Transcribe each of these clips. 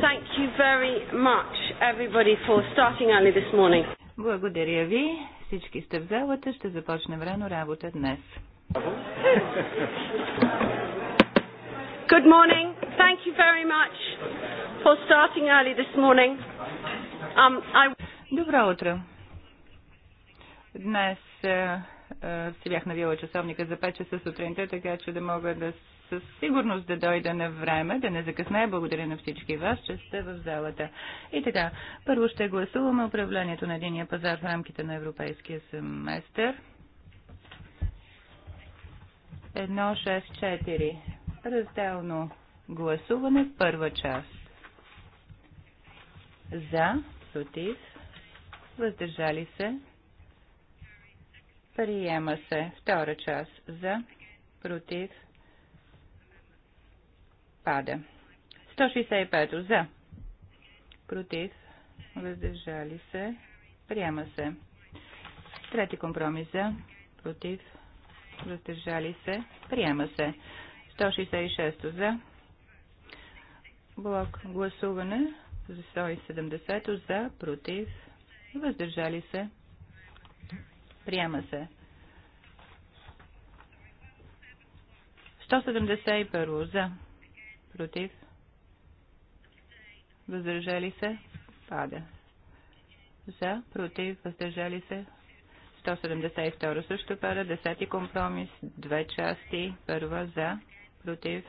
Thank you very much, everybody, for starting early this morning. Благодаря ви. Всички сте в залата. Ще започнем рано работа днес. Good morning. Thank you very much for starting early this morning. Um, I... Добро утро. Днес е, си бях навила часовника за 5 часа сутринта, така че да мога да със сигурност да дойда на време, да не закъсная. Благодаря на всички вас, че сте в залата. И така, първо ще гласуваме управлението на единия пазар в рамките на европейския семестър. 164. Разделно гласуване, първа част. За, против, въздържали се, Приема се. Втора част за, против, пада. 165 за, против, въздържали се, приема се. Трети компромис за, против, въздържали се, приема се. 166 за, блок гласуване за 170 за, против, въздържали се, Приема се. 171 за. Против. Въздържали се. Пада. За. Против. Въздържали се. 172 също пада. Десети компромис. Две части. Първа за. Против.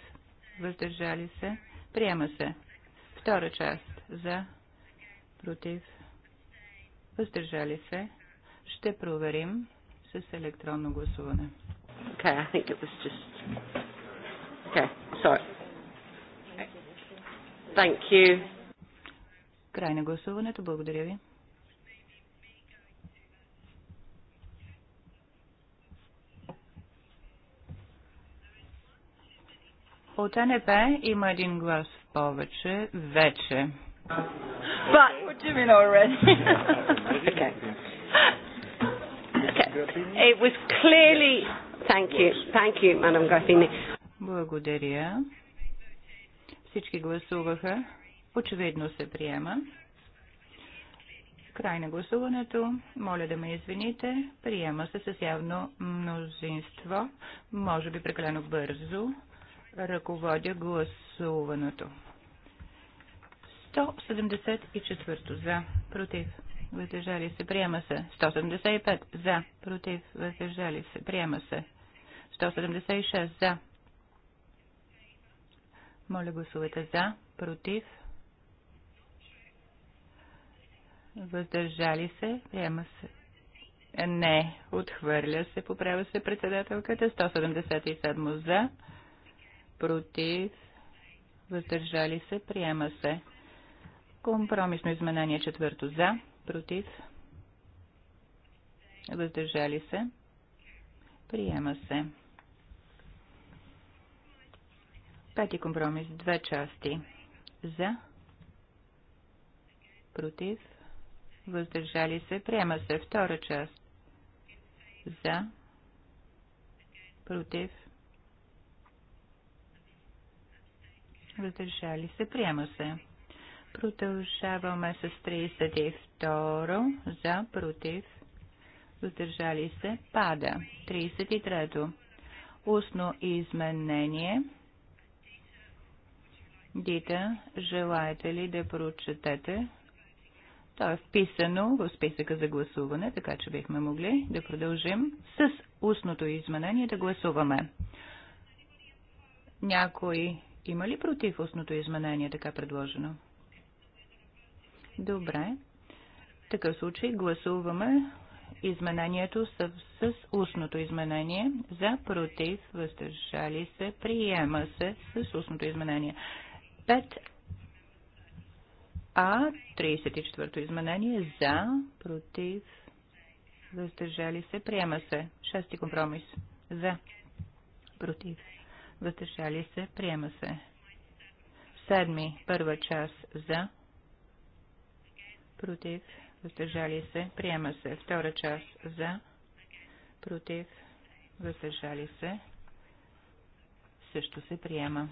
Въздържали се. Приема се. Втора част. За. Против. Въздържали се. Ще проверим с електронно гласуване. Okay, I think it was just... Okay, sorry. Thank you. Край на гласуването. Благодаря ви. От НП има един глас в повече вече. But, what do you mean already? okay. It was clearly... Thank you. Thank you, Madam Graffini. Благодаря. Всички гласуваха. Очевидно се приема. Край на гласуването. Моля да ме извините. Приема се с явно мнозинство. Може би прекалено бързо. Ръководя гласуването. 174 за. Против въздържали се, приема се. 175 за, против, въздържали се, приема се. 176 за. Моля гласувайте за, против, въздържали се, приема се. Не, отхвърля се, поправя се председателката. 177 за, против, въздържали се, приема се. Компромисно изменение четвърто за, против, въздържали се, приема се. Пети компромис, две части. За, против, въздържали се, приема се. Втора част. За, против, въздържали се, приема се. Продължаваме с 32 за, против, въздържали се, пада. 33 Устно изменение. Дита, желаете ли да прочетете? То е вписано в списъка за гласуване, така че бихме могли да продължим с устното изменение да гласуваме. Някой има ли против устното изменение така предложено? Добре. В такъв случай гласуваме изменението с, с устното изменение. За, против, въздържали се, приема се с устното изменение. 5А, 34-то изменение. За, против, въздържали се, приема се. Шести компромис. За, против, въздържали се, приема се. Седми, първа част за, против, въздържали се, приема се. Втора част за, против, въздържали се, също се приема.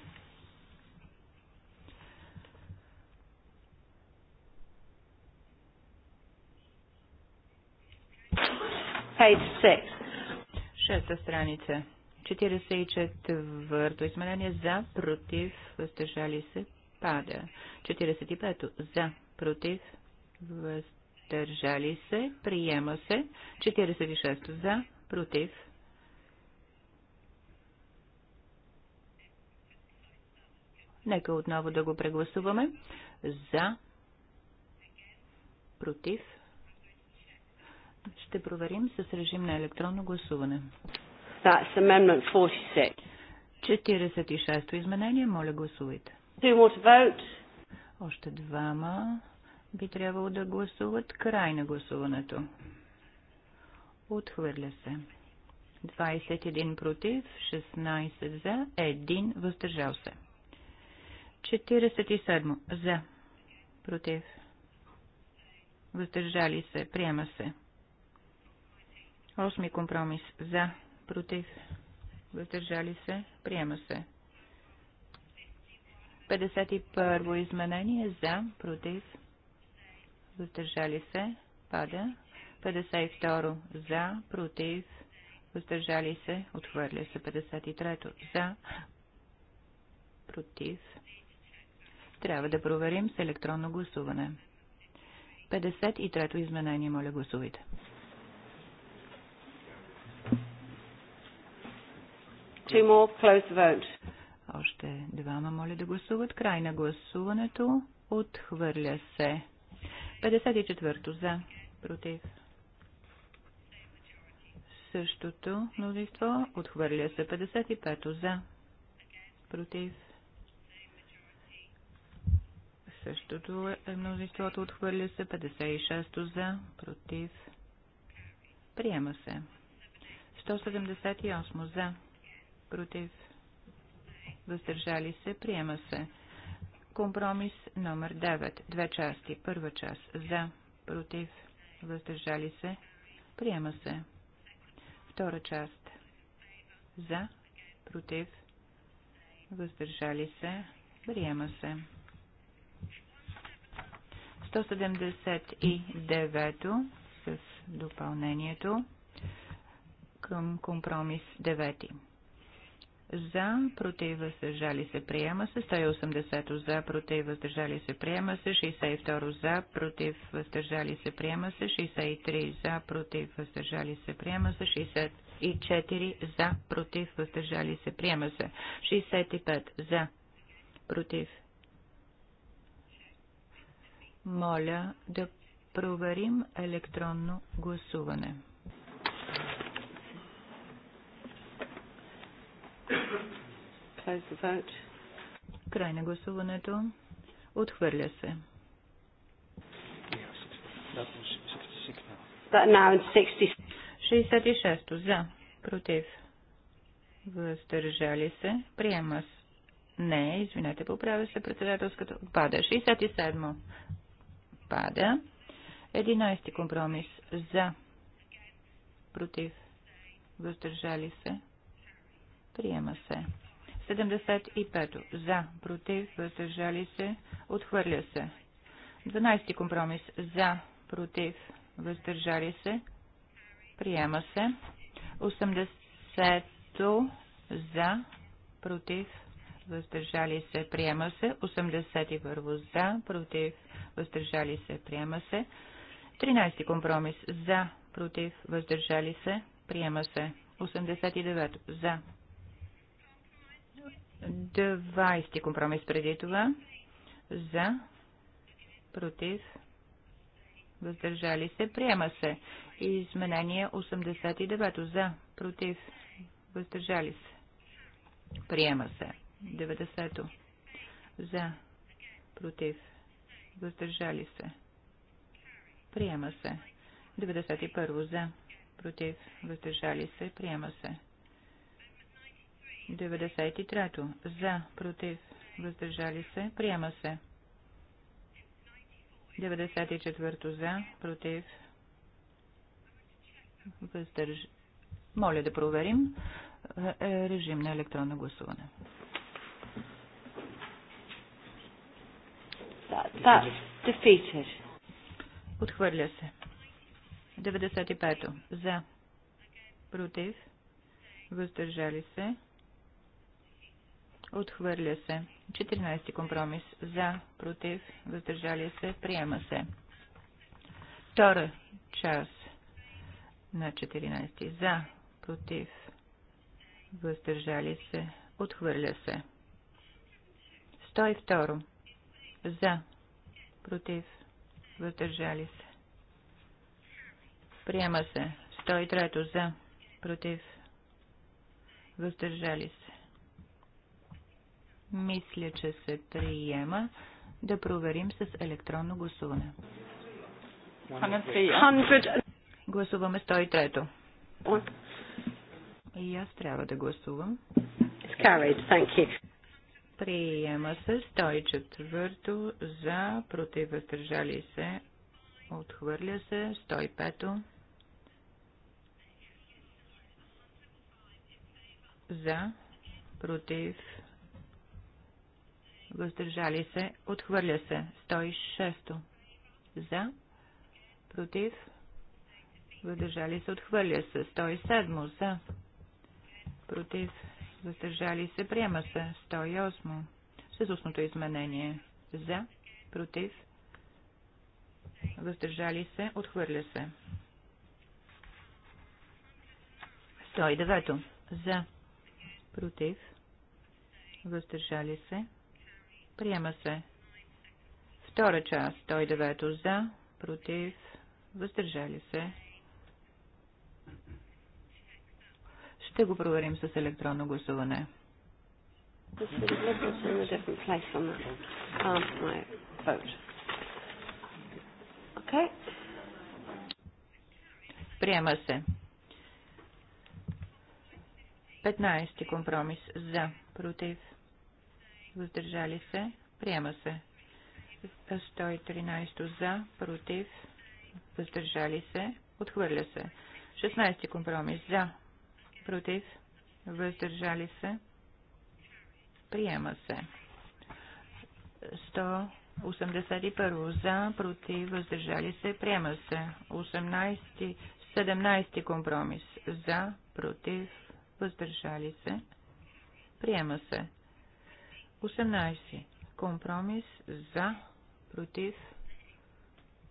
6. Шеста страница. 44-то измерение за, против, въздържали се, пада. 45-то за, против, въздържали се, приема се, 46 за, против. Нека отново да го прегласуваме. За, против. Ще проверим с режим на електронно гласуване. 46. 46-то изменение. Моля гласувайте. Още двама би трябвало да гласуват край на гласуването. Отхвърля се. 21 против, 16 за, 1 въздържал се. 47 за, против, въздържали се, приема се. 8 компромис за, против, въздържали се, приема се. 51 изменение за, против, въздържали се, пада. 52 за, против, въздържали се, отхвърля се. 53 за, против. Трябва да проверим с електронно гласуване. 53-то изменение, моля гласувайте. Two more close vote. Още двама моля да гласуват. Край на гласуването. Отхвърля се. 54 за, против. Същото мнозинство отхвърля се 55 за, против. Същото е мнозинството отхвърля се 56 за, против. Приема се. 178 за, против. Въздържали се, приема се. Компромис номер 9. Две части. Първа част. За. Против. Въздържали се. Приема се. Втора част. За. Против. Въздържали се. Приема се. 179 с допълнението към компромис 9 за, против, въздържали се, приема се. 180 за, против, въздържали се, приема се. 62 за, против, въздържали се, приема се. 63 за, против, въздържали се, приема се. 64 за, против, въздържали се, приема се. 65 за, против. Моля да проверим електронно гласуване. Close the vote. Край на гласуването. Отхвърля се. now 66 за, против, въздържали се, приема с. Не, извинете, поправя се председателската. Пада. 67. Пада. 11 компромис. За. Против. Въздържали се. Приема се. 75. За, против, въздържали се, отхвърля се. 12. Компромис. За, против, въздържали се, приема се. 80. За, против, въздържали се, приема се. 81. За, против, въздържали се, приема се. 13. Компромис. За, против, въздържали се, приема се. 89. За, 20 компромис преди това. За, против, въздържали се, приема се. Изменение 89 за, против, въздържали се, приема се. 90 за, против, въздържали се, приема се. 91 за, против, въздържали се, приема се. 93. За, против, въздържали се, приема се. 94. За, против, въздърж... Моля да проверим е, режим на електронно гласуване. Отхвърля се. 95. За. Против. Въздържали се. Отхвърля се. 14 компромис. За, против, въздържали се, приема се. Втора част на 14. За, против, въздържали се, отхвърля се. 102. За, против, въздържали се. Приема се. 103. За, против, въздържали се. Мисля, че се приема. Да проверим с електронно гласуване. Гласуваме 103-то. И аз трябва да гласувам. Приема се 104-то за, против въздържали се, отхвърля се 105-то. За, против въздържали се, отхвърля се. 106 за, против, въздържали се, отхвърля се. 107 за, против, въздържали се, приема се. 108 с устното изменение за, против, въздържали се, отхвърля се. 109 за, против, въздържали се, Приема се. Втора част. 109 за. Против. Въздържали се. Ще го проверим с електронно гласуване. Приема се. 15 компромис за, против, въздържали се, приема се. 113 за, против, въздържали се, отхвърля се. 16 компромис за, против, въздържали се, приема се. 181 за, против, въздържали се, приема се. 18, 17 компромис за, против, въздържали се, приема се. 18. Компромис за, против,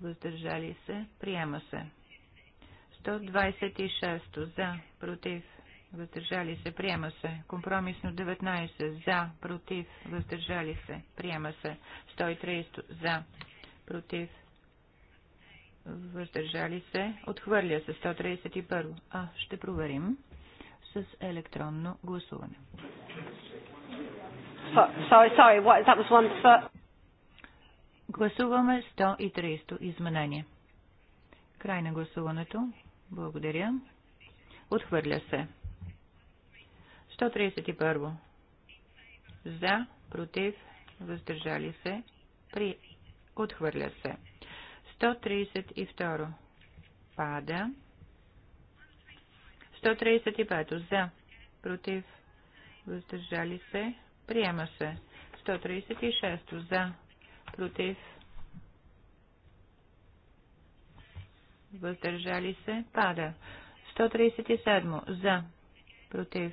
въздържали се, приема се. 126. За, против, въздържали се, приема се. Компромисно 19. За, против, въздържали се, приема се. 130. За, против, въздържали се, отхвърля се. 131. А, ще проверим с електронно гласуване. Sorry, sorry, what, that was one for... Гласуваме 130 изменение. Край на гласуването. Благодаря. Отхвърля се. 131. За, против, въздържали се, при... Отхвърля се. 132. Пада. 135. За, против, въздържали се, Приема се. 136 за. Против. Въздържали се. Пада. 137 за. Против.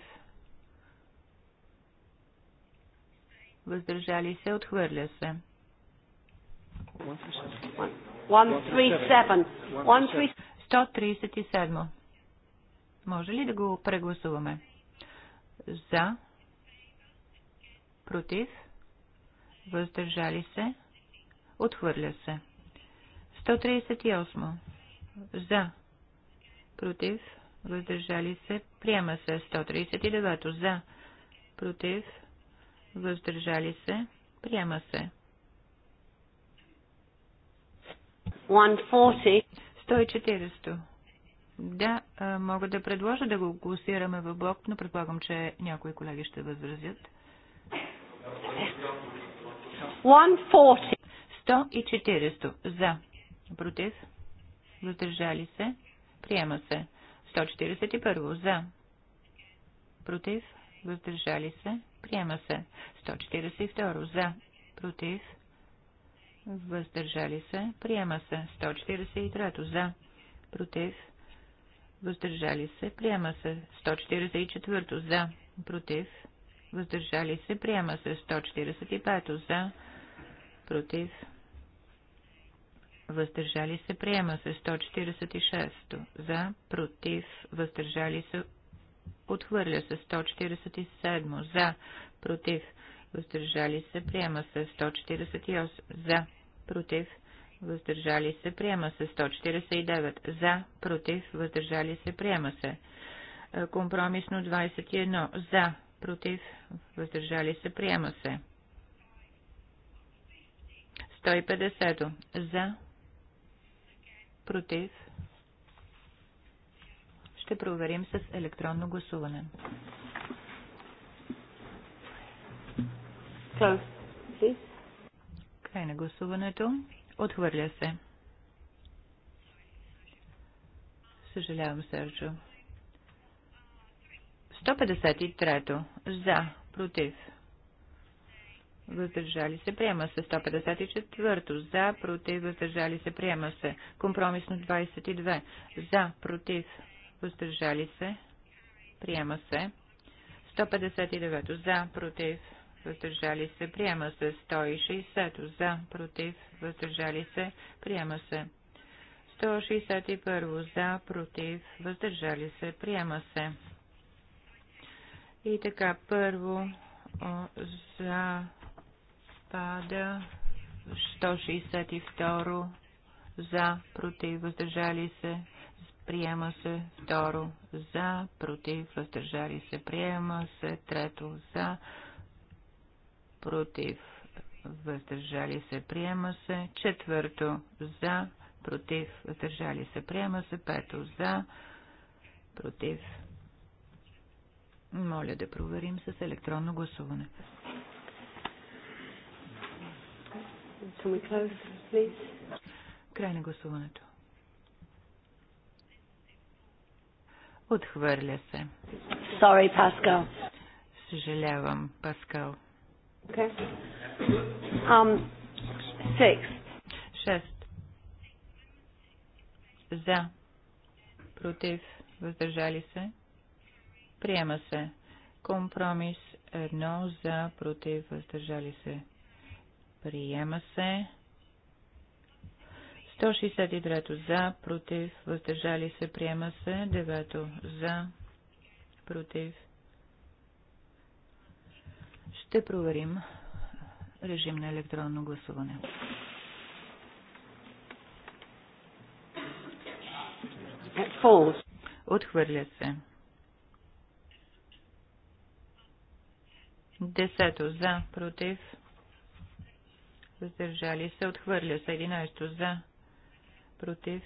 Въздържали се. Отхвърля се. 137. Може ли да го прегласуваме? За против, въздържали се, отхвърля се. 138. За, против, въздържали се, приема се. 139. За, против, въздържали се, приема се. 140. 140. Да, мога да предложа да го гласираме в блок, но предполагам, че някои колеги ще възразят. 140. за. Против. Въздържали се. Приема се. 141 за. Против. Въздържали се. Приема се. 142 за. Против. Въздържали се. Приема се. 143 за. Против. Въздържали се. Приема се. 144 за. Против въздържали се, приема се 145 за, против, въздържали се, приема се 146 за, против, въздържали се, отхвърля се 147 за, против, въздържали се, приема се 148 за, против, въздържали се, приема се 149 за, против, въздържали се, приема се. Компромисно 21 за, против, въздържали се, приема се. 150 за, против, ще проверим с електронно гласуване. Край на гласуването. Отхвърля се. Съжалявам, Серджо. 153. За. Против. Въздържали се. Приема се. 154. За. Против. Въздържали се. Приема се. Компромисно 22. За. Против. Въздържали се. Приема се. 159. За. Против. Въздържали се. Приема се. 160. За. Против. Въздържали се. Приема се. 161. За. Против. Въздържали се. Приема се. И така, първо за спада 162 за, против, въздържали се, приема се, второ за, против, въздържали се, приема се, трето за, против, въздържали се, приема се, четвърто за, против, въздържали се, приема се, пето за, против, моля да проверим с електронно гласуване. Край на гласуването. Отхвърля се. Sorry, Pascal. Съжалявам, Паскал. Okay. Um, Шест. За. Против. Въздържали се. Приема се. Компромис 1 за, против, въздържали се. Приема се. 163 за, против, въздържали се, приема се. 9 за, против. Ще проверим режим на електронно гласуване. Отхвърля се. Десето за, против, въздържали се, отхвърля се. Единайсто за, против.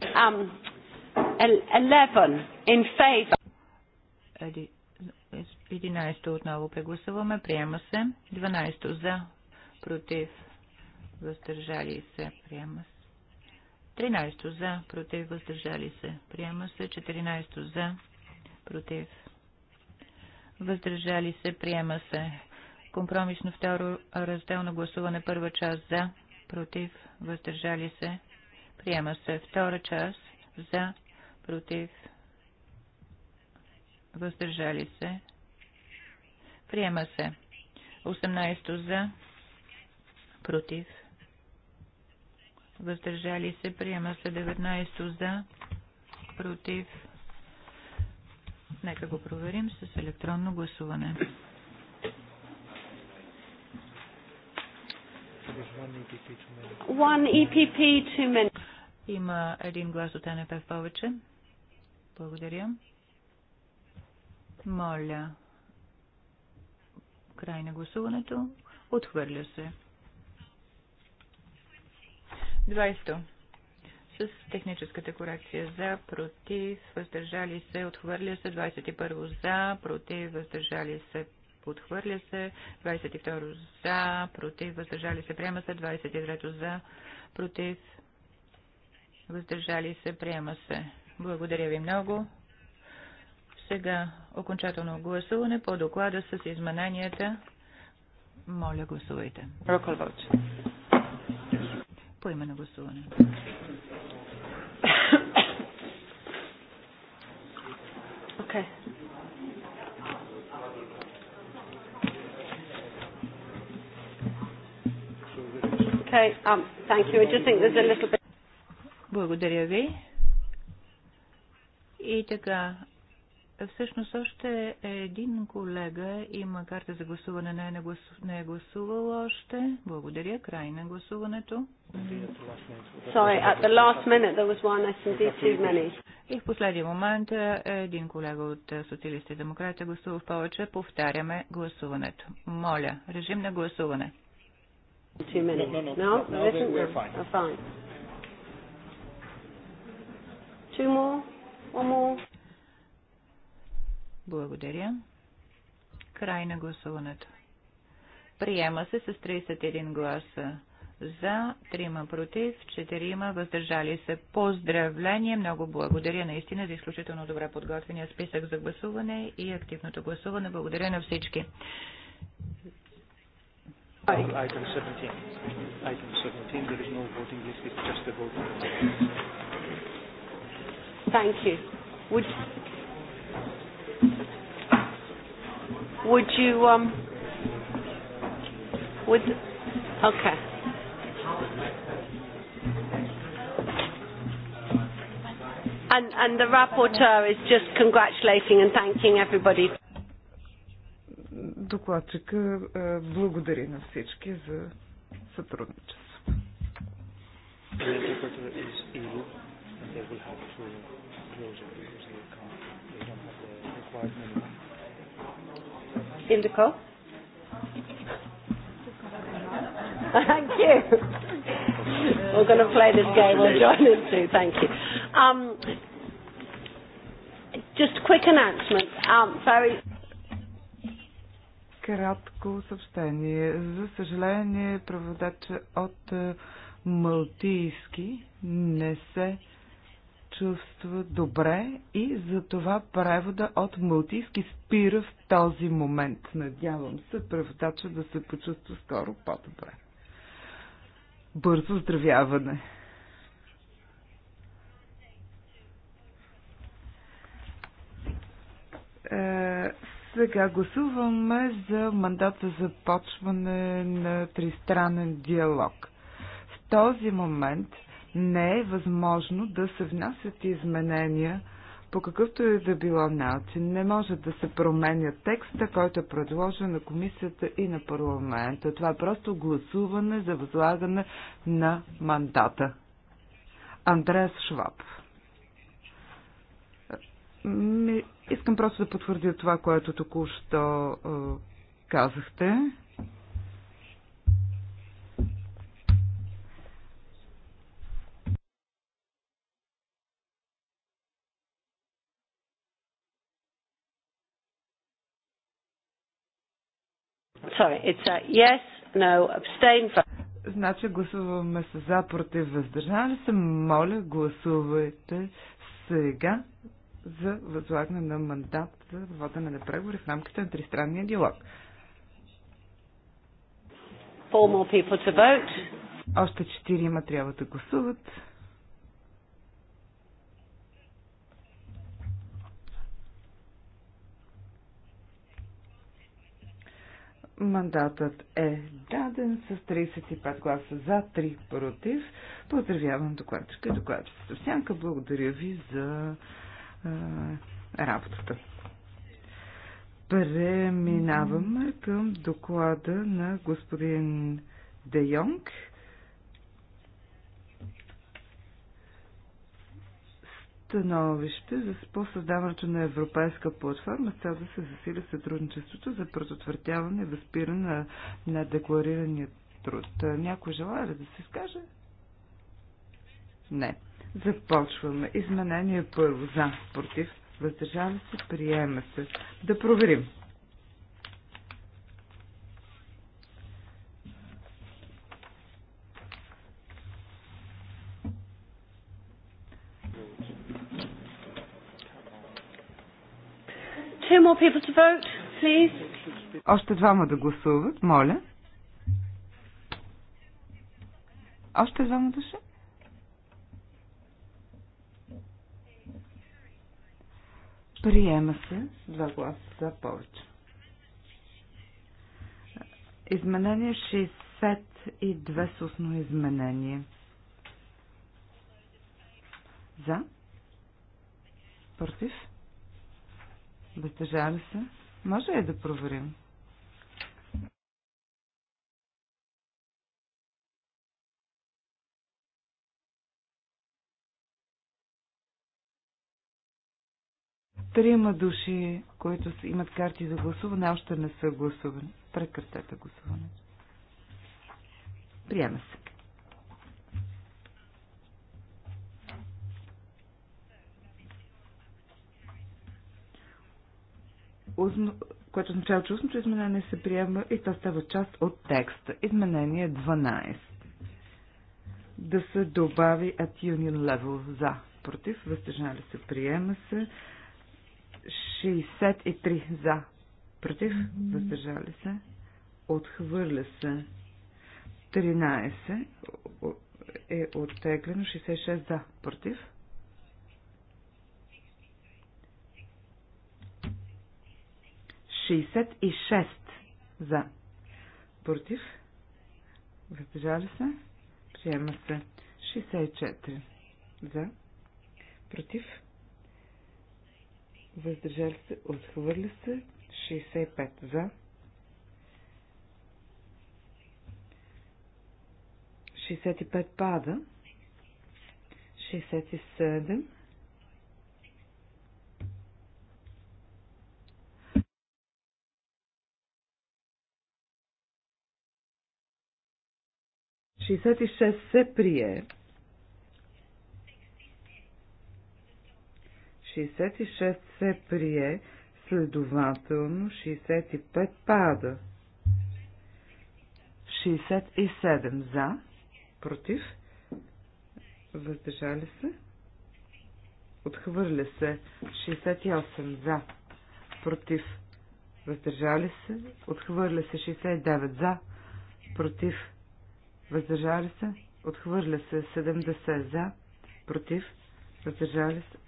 Um, 11 in favor. 11 отново прегласуваме, приема се. 12 за, против, въздържали се, приема се. 13 за, против, въздържали се, приема се. 14 за, против, въздържали се, приема се. Компромисно второ разделно гласуване, първа част за, против, въздържали се, приема се. Втора част за, против, въздържали се, приема се. 18 за, против, въздържали се, приема се. 19 за, против, Нека го проверим с електронно гласуване. E Има един глас от НП в повече. Благодаря. Моля. Край на гласуването. Отхвърля се. 20 с техническата корекция за, против, въздържали се, отхвърля се, 21 за, против, въздържали се, отхвърля се, 22 за, против, въздържали се, приема се, 23 за, против, въздържали се, приема се. Благодаря ви много. Сега окончателно гласуване по доклада с измененията. Моля, гласувайте. Рокъл по гласуване. Okay. Okay, um, thank you. I just think there's a little bit... Благодаря ви. И така, Всъщност още един колега има карта за гласуване, не е, не гласу... не е гласувал още. Благодаря. Край на гласуването. Sorry, at the last minute there was one too many. И в последния момент е, един колега от е, социалисти и демократа е гласува в повече. Повтаряме гласуването. Моля, режим на гласуване. Too many. No, no, no. no? no we're fine. We're oh, fine. Two more? One more? Благодаря. Край на гласуването. Приема се с 31 гласа за, 3 против, 4 въздържали се. Поздравление, много благодаря наистина за изключително добре подготвения списък за гласуване и активното гласуване. Благодаря на всички. Thank you. Would... Would you, um, would, okay. And, and the rapporteur is just congratulating and thanking everybody. Докладчика благодари на всички за сътрудничество. requirement in the cup? Thank you. We're going to play this game. We'll join in too. Thank you. Um, just a quick announcement. Um, very кратко съобщение. За съжаление, преводач от малтийски не се чувства добре и за това превода от малтийски спира в този момент. Надявам се преводача да се почувства скоро по-добре. Бързо здравяване! Е, сега гласуваме за мандата за започване на тристранен диалог. В този момент – не е възможно да се внасят изменения по какъвто и е да било начин. Не може да се променя текста, който е предложен на комисията и на парламента. Това е просто гласуване за възлагане на мандата. Андреас Шваб. Искам просто да потвърдя това, което току-що е, казахте. sorry, it's a yes, no, abstain vote. Значи гласуваме с за, против, въздържали се. Моля, гласувайте сега за възлагане на мандат за водене на преговори в рамките на тристранния диалог. Още четирима трябва да гласуват. Мандатът е даден с 35 гласа за, 3 против. Поздравявам докладчика и докладчицата. Сянка, благодаря ви за е, работата. Преминаваме към доклада на господин Де Йонг. становище за по създаването на европейска платформа с цел да се засили сътрудничеството за предотвратяване и възпиране на, на декларирания труд. Някой желая ли да се изкаже? Не. Започваме. Изменение първо. За, против, въздържава се, приема се. Да проверим. more people to vote, please? Още двама да гласуват, моля. Още двама души? Приема се с два гласа за повече. Изменение 62 с устно изменение. За? Против? Въздържали се? Може ли да проверим? Трима души, които имат карти за гласуване, още не са гласувани. Прекратете гласуването. Приема се. което означава, че устното изменение се приема и то става част от текста. Изменение 12. Да се добави at union level за. Против, въздържали се, приема се. 63 за. Против, въздържали се. Отхвърля се. 13 е оттеглено. 66 за. Против, 66 за. Против. Въздържали се. Приема се. 64 за. Против. Въздържали се. Отхвърля се. 65 за. 65 пада. 67 66 се прие. 66 се прие, следователно 65 пада. 67 за, против, въздържали се, отхвърля се, 68 за, против, въздържали се, отхвърля се, 69 за, против, въздържали се, отхвърля се 70 за, против, въздържали се,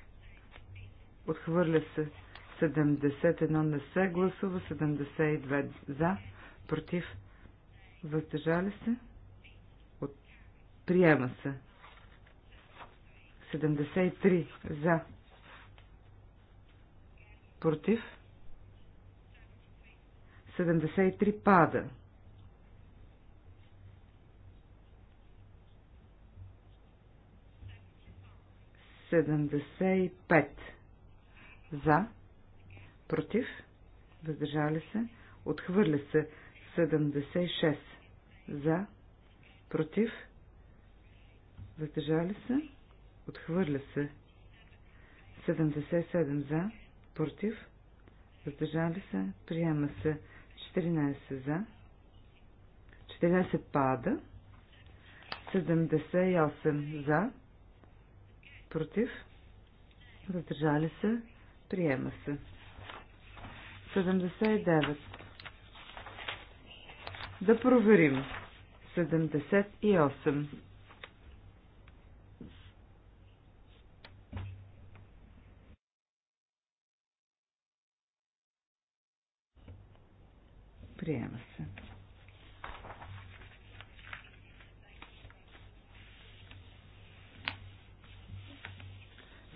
отхвърля се 71 не се гласува, 72 за, против, въздържали се, от... приема се 73 за, против, 73 пада. 75 за, против, въздържали се, отхвърля се 76 за, против, въздържали се, отхвърля се 77 за, против, въздържали се, приема се 14 за, 14 пада, 78 за, против, въздържали се, приема се. 79. Да проверим. 78. Приема се.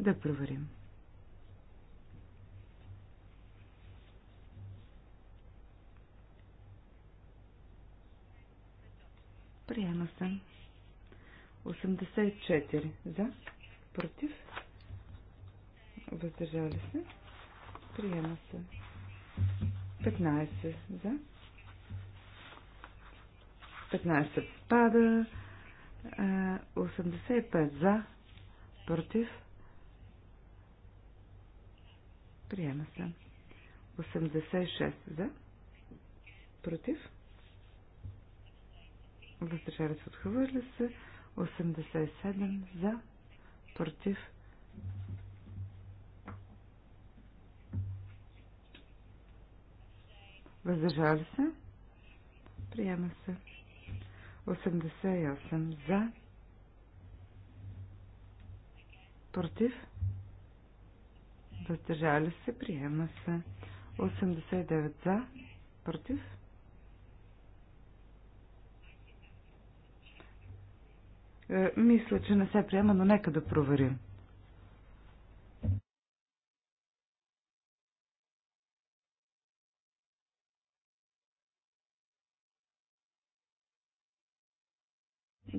Да проверим. Приема се. 84 за, против, въздържали се, приема се. 15 за, 15 пада. 85 за, против, Приема се. 86 за. Против. Въздържали се. Отхвърля се. 87 за. Против. Въздържали се. Приема се. 88 за. Против въздържали се, приема се. 89 за, против. Е, мисля, че не се приема, но нека да проверим.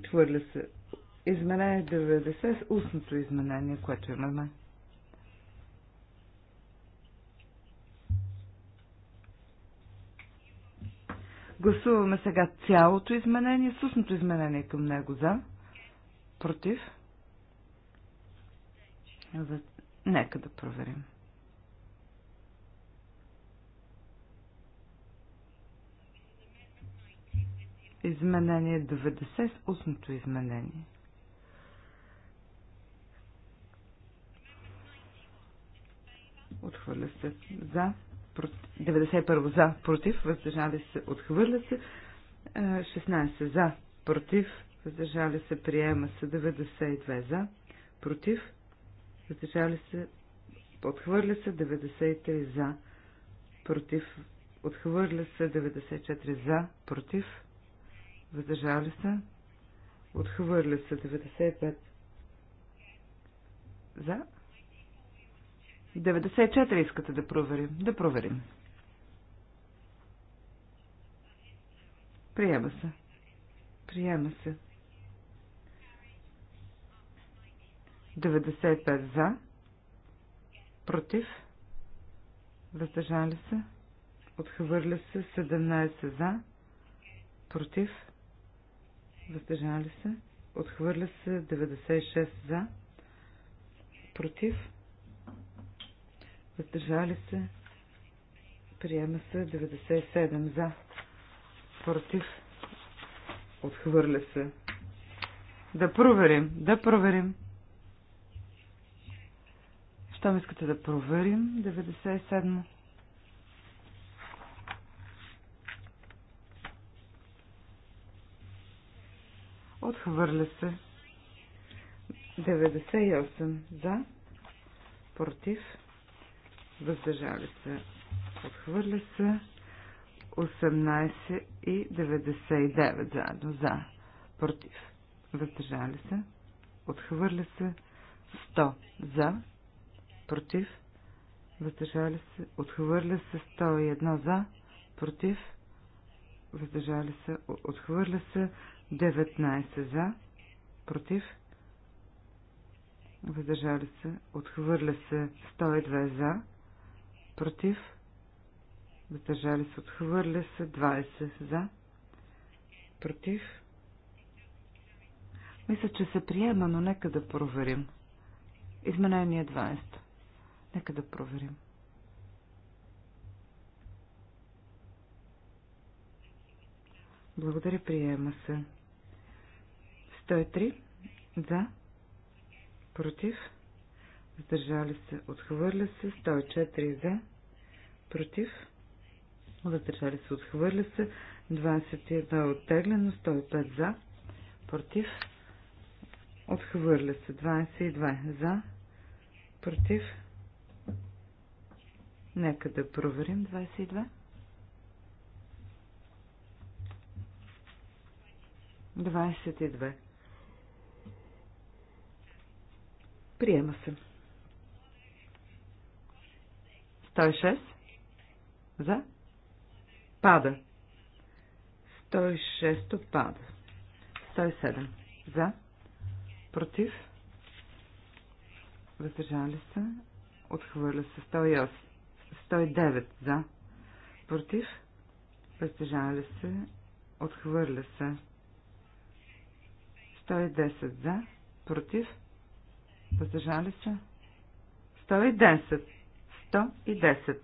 Хвърля се. Изменение 90, устното изменение, което имаме. Гласуваме сега цялото изменение, сусното изменение към него за. Против. За... Нека да проверим. Изменение 90 устното изменение. Отхвърля се за. 91 за, против, въздържали се, отхвърля се. 16 за, против, въздържали се, приема се. 92 за, против, въздържали се, отхвърля се. 93 за, против, отхвърля се. 94 за, против, въздържали се, отхвърля се. 95 за, 94 искате да проверим. Да проверим. Приема се. Приема се. 95 за. Против. Въздържали се. Отхвърля се. 17 за. Против. Въздържали се. Отхвърля се. 96 за. Против въздържали се, приема се 97 за, против, отхвърля се. Да проверим, да проверим. Щом искате да проверим 97 Отхвърля се. 98 за, против, въздържали се, отхвърля се, 18 и 99 заедно за, против, въздържали се, отхвърля се, 100 за, против, въздържали се, отхвърля се, 101 за, против, въздържали се, отхвърля се, 19 за, против, въздържали се, отхвърля се 102 за, против, въздържали се, отхвърля се, 20 за, против. Мисля, че се приема, но нека да проверим. Изменение 20. Нека да проверим. Благодаря, приема се. 103 за, против, въздържали се, отхвърля се, 104 за, против, въздържали се, отхвърля се, 21 е оттеглено, 105 за, против, отхвърля се, 22 за, против, нека да проверим, 22. 22. Приема се. 106. За. Пада. 106 отпада. 107. За. Против. Въздържали се. Отхвърля се. 108. 109. За. Против. Въздържали се. Отхвърля се. 110. За. Против. Въздържали се. 110. 110.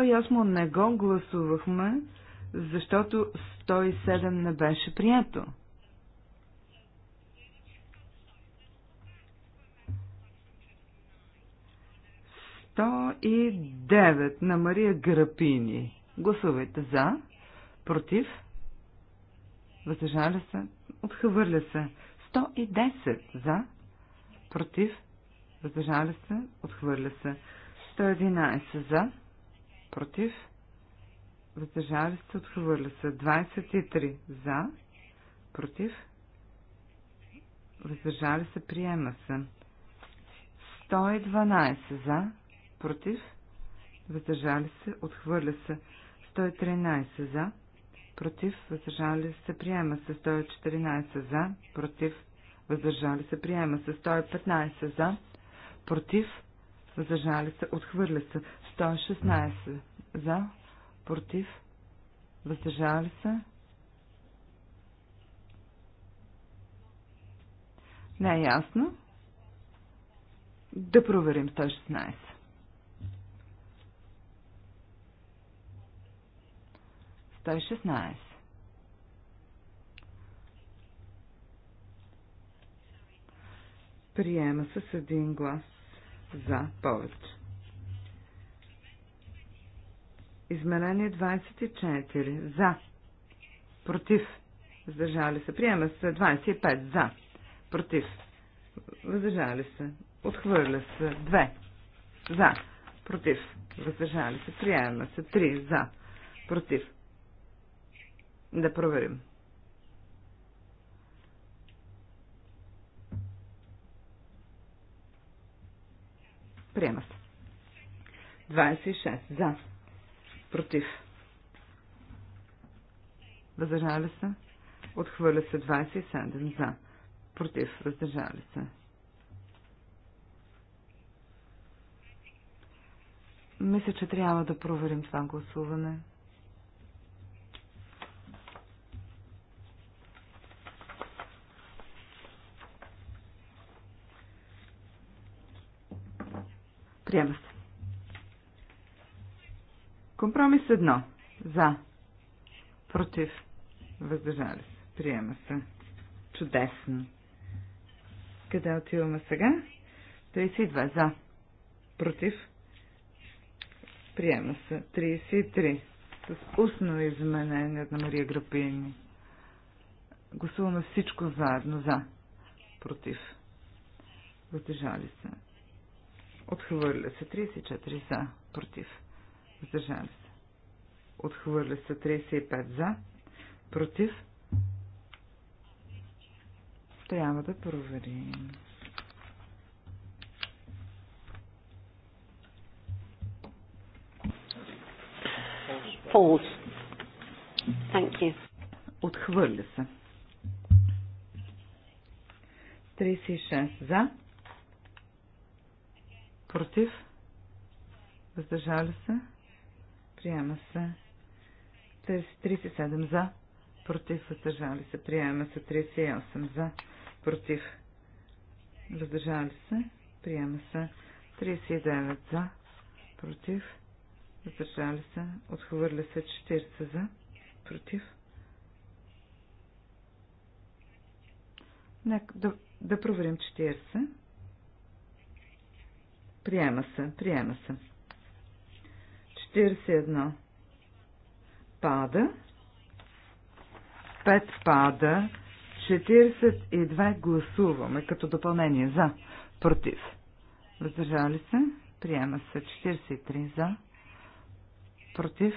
108 не го гласувахме, защото 107 не беше прието. Сто и девет на Мария Грапини. Гласувайте за, против, въздържали се, отхвърля се. 110 за, против, въздържали се, отхвърля се. 111 за, против, въздържали се, отхвърля се. 23 за, против, въздържали се, приема се. 112 за, против, въздържали се, отхвърля се. 113 за, против, въздържали се, приема се. 114 за, против, въздържали се, приема се. 115 за, против, въздържали се, отхвърля се. 116 за, против, въздържали се. Не е ясно. Да проверим 116. Той 16. Приема се с един глас за повече. Измерение 24. За. Против. Въздържали се. Приема се 25. За. Против. Въздържали се. Отхвърля се. 2. За. Против. Въздържали се. Приема се. 3. За. Против. Да проверим. Приема се. 26. За. Против. Въздържали се. Отхвърля се 27. За. Против. Въздържали се. Мисля, че трябва да проверим това гласуване. Приема се. Компромис 1. За. Против. Въздържали се. Приема се. Чудесно. Къде отиваме сега? 32. За. Против. Приема се. 33. С устно изменение на Мария Грапини. Гласуваме всичко заедно. За. Против. Въздържали се. Отхвърля се 34 за. Против. Въздържали се. Отхвърля се 35 за. Против. Трябва да проверим. False. Thank you. Отхвърля се. 36 за Против. Въздържали се. Приема се. 37 за. Против. Въздържали се. Приема се. 38 за. Против. Въздържали се. Приема се. 39 за. Против. Въздържали се. Отхвърля се. 40 за. Против. Нека да, да проверим 40. Приема се, приема се. 41. Пада. 5 пада. 42 гласуваме като допълнение за. Против. Въздържали се. Приема се. 43 за. Против.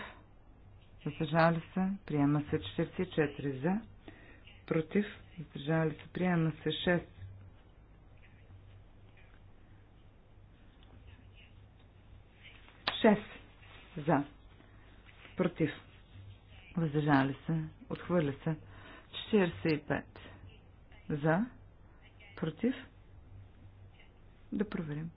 Въздържали се. Приема се. 44 за. Против. Въздържали се. Приема се. 6 6 за. Против. Въздържали се. Отхвърля се. 45 за. Против. Да проверим.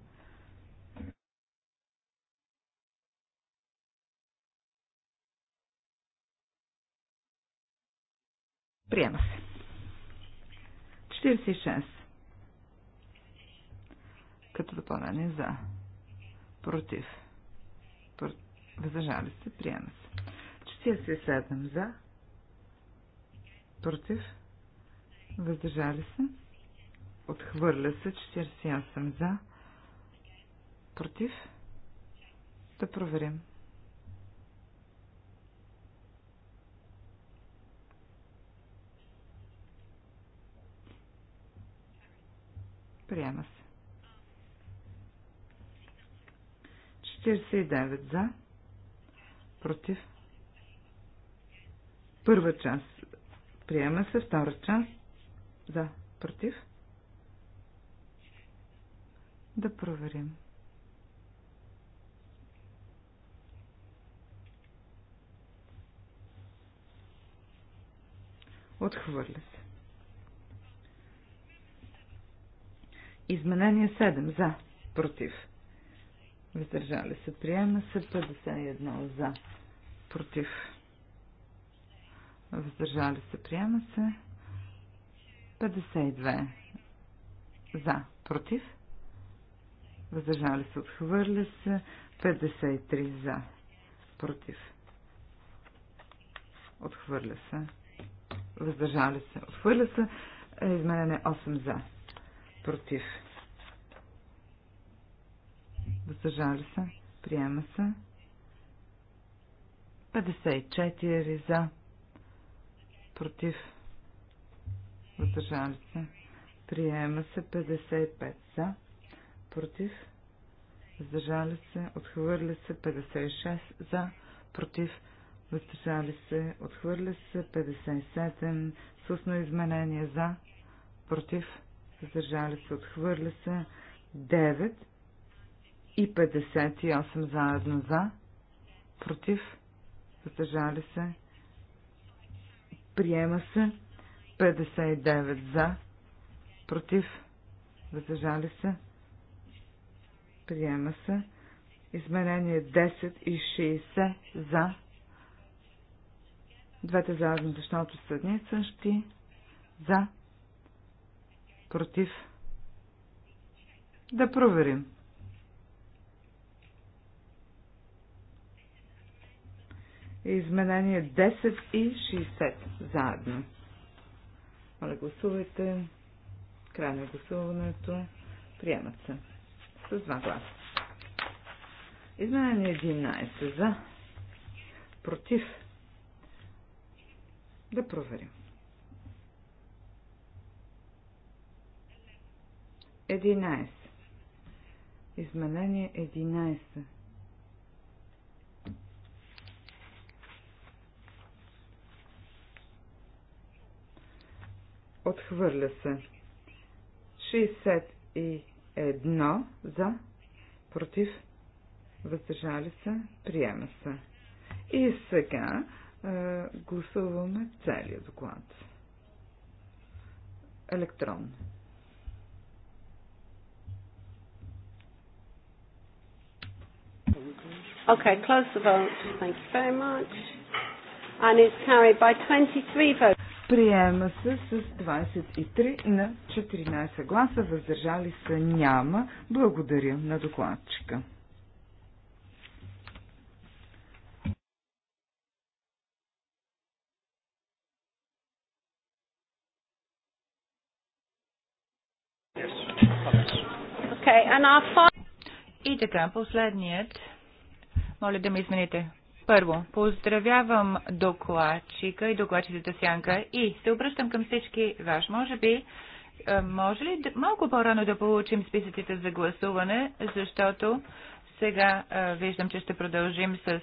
Приема се. 46. Като допълнение за. Против въздържали се, приема се. 47 за, против, въздържали се, отхвърля се, 48 за, против, да проверим. Приема се. 49 за, против. Първа част. Приема се. Втора част. За, против. Да проверим. Отхвърля се. Изменение 7. За. Против. Въздържали се. Приема се 51 за. Против. Въздържали се. Приема се. 52 за. Против. Въздържали се. Отхвърля се. 53 за. Против. Отхвърля се. Въздържали се. Отхвърля се. Е, Изменене 8 за. Против въздържали се, приема се. 54 за, против, въздържали се, приема се. 55 за, против, въздържали се, отхвърля се. 56 за, против, въздържали се, отхвърля се. 57 Сусно изменение за, против, въздържали се, отхвърля се. 9 и 58 заедно за, против, въздържали се, приема се, 59 за, против, въздържали се, приема се, изменение 10 и 60 за, двете заедно, защото са дни същи, за, против, да проверим. Изменение 10 и 60 заедно. Моля, гласувайте. Край на гласуването. Приемат се. С два гласа. Изменение 11 за. Против. Да проверим. 11. Изменение 11. Отхвърля се. 61 за, против, въздържали се, приема се. И сега е, гласуваме целият доклад. Електрон. Okay, close the vote. Thank you very much. And it's carried by 23 votes. Приема се с 23 на 14 гласа, въздържали се няма. Благодаря на докладчика. И така, последният. Моля да ме измените. Първо, поздравявам докладчика и докладчицата Сянка и се обръщам към всички вас. Може би, е, може ли малко по-рано да получим списъците за гласуване, защото сега виждам, че ще продължим с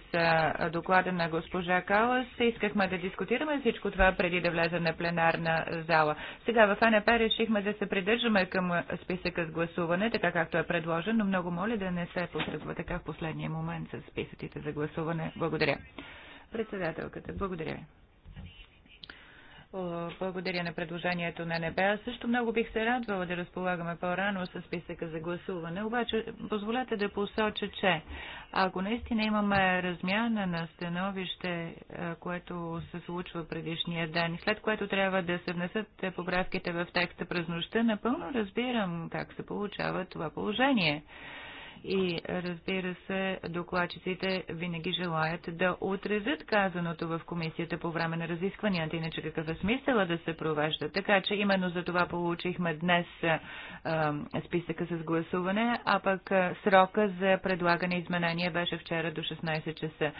доклада на госпожа Калас. Искахме да дискутираме всичко това преди да влезе на пленарна зала. Сега в АНП решихме да се придържаме към списъка с гласуване, така както е предложен, но много моля да не се постъпва така в последния момент с списъците за гласуване. Благодаря. Председателката, благодаря ви. Благодаря на предложението на НБ. Аз също много бих се радвала да разполагаме по-рано с списъка за гласуване, обаче позволете да посоча, че ако наистина имаме размяна на становище, е, което се случва предишния ден, след което трябва да се внесат поправките в текста през нощта, напълно разбирам как се получава това положение. И разбира се, докладчиците винаги желаят да отрезат казаното в комисията по време на разискванията, иначе какъв е смисъла да се провежда. Така че именно за това получихме днес е, списъка с гласуване, а пък срока за предлагане изменения беше вчера до 16 часа.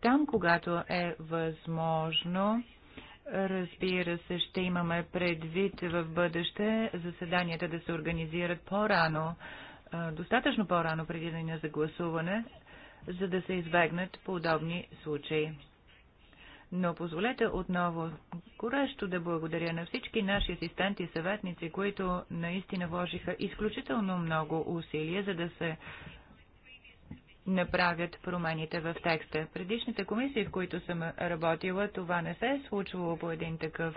Там, когато е възможно, Разбира се, ще имаме предвид в бъдеще заседанията да се организират по-рано, достатъчно по-рано преди деня за гласуване, за да се избегнат подобни случаи. Но позволете отново горещо да благодаря на всички наши асистенти и съветници, които наистина вложиха изключително много усилия, за да се направят промените в текста. Предишните комисии, в които съм работила, това не се е случвало по един такъв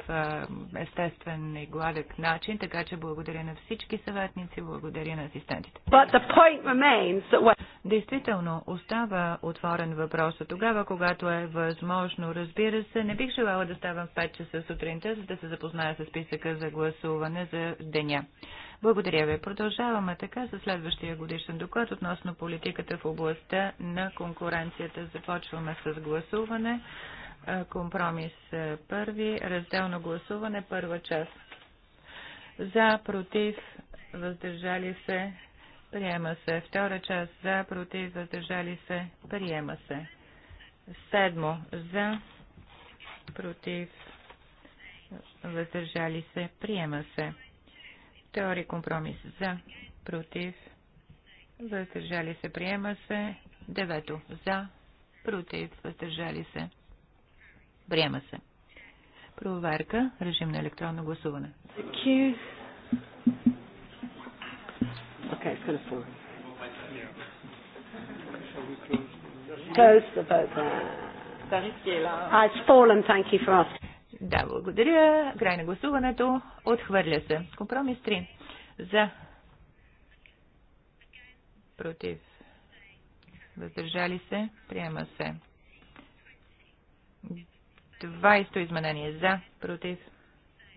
естествен и гладък начин, така че благодаря на всички съветници, благодаря на асистентите. That... Действително, остава отворен въпрос. Тогава, когато е възможно, разбира се, не бих желала да ставам в 5 часа сутринта, за да се запозная с списъка за гласуване за деня. Благодаря ви. Продължаваме така за следващия годишен доклад относно политиката в областта на конкуренцията. Започваме с гласуване. Компромис първи. Разделно гласуване. Първа част. За, против, въздържали се. Приема се. Втора част. За, против, въздържали се. Приема се. Седмо. За, против, въздържали се. Приема се. Втори компромис за, против, въздържали се, приема се. Девето за, против, въздържали се, приема се. Проверка, режим на електронно гласуване. Okay, it's going to fall. Close the vote there. Ah, it's fallen, thank you for asking. Да, благодаря. Край на гласуването. Отхвърля се. Компромис 3. За. Против. Въздържали се. Приема се. 20 изменение. За. Против.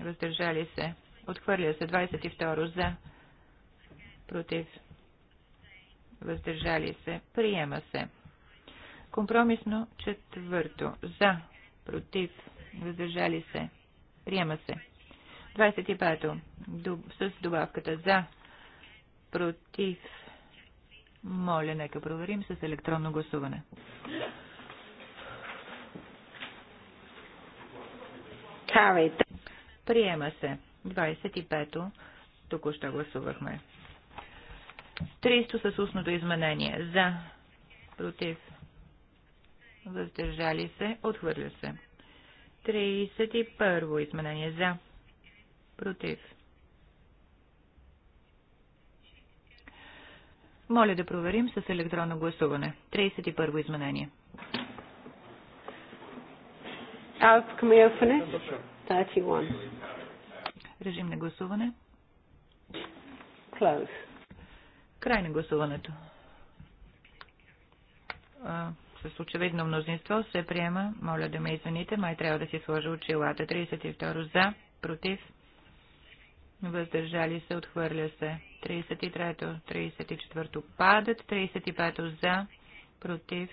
Въздържали се. Отхвърля се. 22 за. Против. Въздържали се. Приема се. Компромисно четвърто. За. Против въздържали се, приема се. 25. С добавката за, против, моля, нека проверим с електронно гласуване. Приема се. 25-то. Току-що гласувахме. 300 с устното изменение. За. Против. Въздържали се. Отхвърля се. 31 изменение за. Против. Моля да проверим с електронно гласуване. 31 изменение. 31. Режим на гласуване. Close. Край на гласуването с очевидно мнозинство се приема, моля да ме извините, май трябва да си сложа очилата. 32 за, против, въздържали се, отхвърля се. 33, 34 падат, 35 за, против,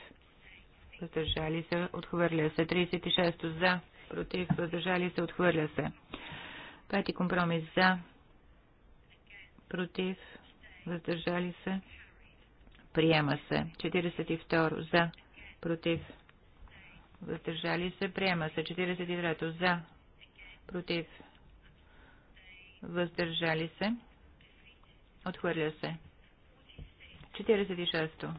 въздържали се, отхвърля се. 36 за, против, въздържали се, отхвърля се. Пети компромис за, против, въздържали се, приема се. 42 за, против, въздържали се, приема се. 43-то за, против, въздържали се, отхвърля се. 46-то.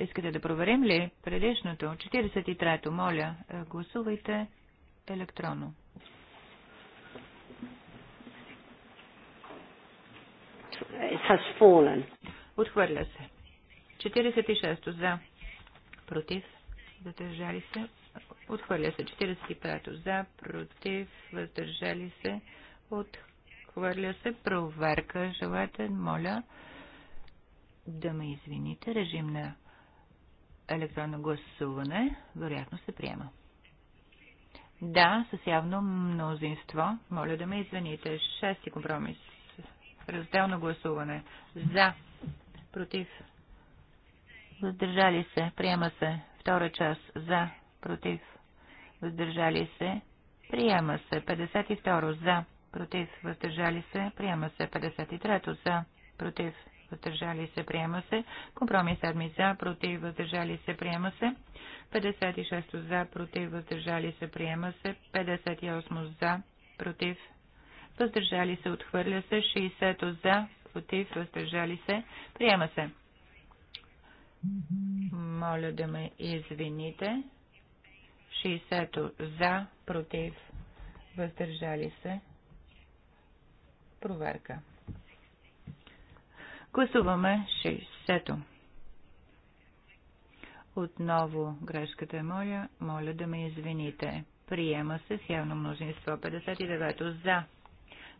Искате да проверим ли предишното? 43-то, моля, е, гласувайте електронно. It has fallen. Отхвърля се. 46 за, против, въздържали се, отхвърля се. 45 за, против, въздържали се, отхвърля се. Проверка желаете, моля да ме извините. Режим на електронно гласуване вероятно се приема. Да, с явно мнозинство. Моля да ме извините. Шести компромис. Разделно гласуване. За. Против въздържали се, приема се. Втора част за, против, въздържали се, приема се. 52 за, против, въздържали се, приема се. 53 за, против, въздържали се, приема се. Компромис 7 за, против, въздържали се, приема се. 56 за, против, въздържали се, приема се. 58 за, против, въздържали се, отхвърля се. 60 за, против, въздържали се, приема се. Моля да ме извините. 60-то за, против, въздържали се. Проверка. Гласуваме 60-то. Отново грешката е моя. Моля да ме извините. Приема се с явно множество. 59-то за,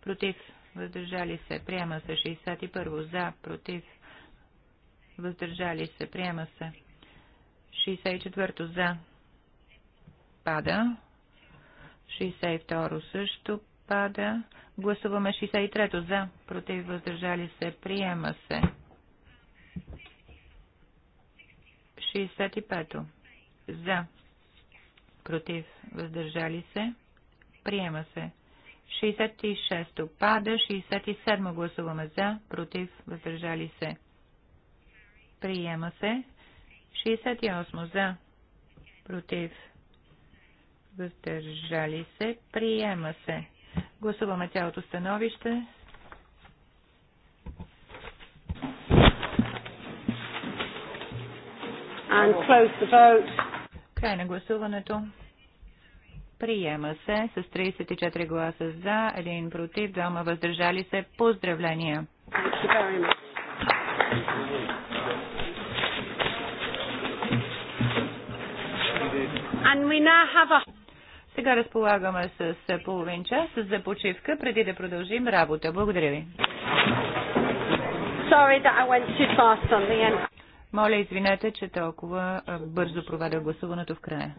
против, въздържали се. Приема се 61-то за, против, въздържали се, приема се. 64 за, пада. 62 също пада. Гласуваме 63 за, против, въздържали се, приема се. 65 за, против, въздържали се, приема се. 66 пада, 67 гласуваме за, против, въздържали се. Приема се. 68 за. Против. Въздържали се. Приема се. Гласуваме цялото становище. And close the vote. Край на гласуването. Приема се с 34 гласа за, 1 против, двама въздържали се. Поздравления! Thank you very much. A... Сега разполагаме с половин час за почивка, преди да продължим работа. Благодаря ви. Sorry that I went too fast on the end. Моля, извинете, че толкова бързо проведа гласуването в края.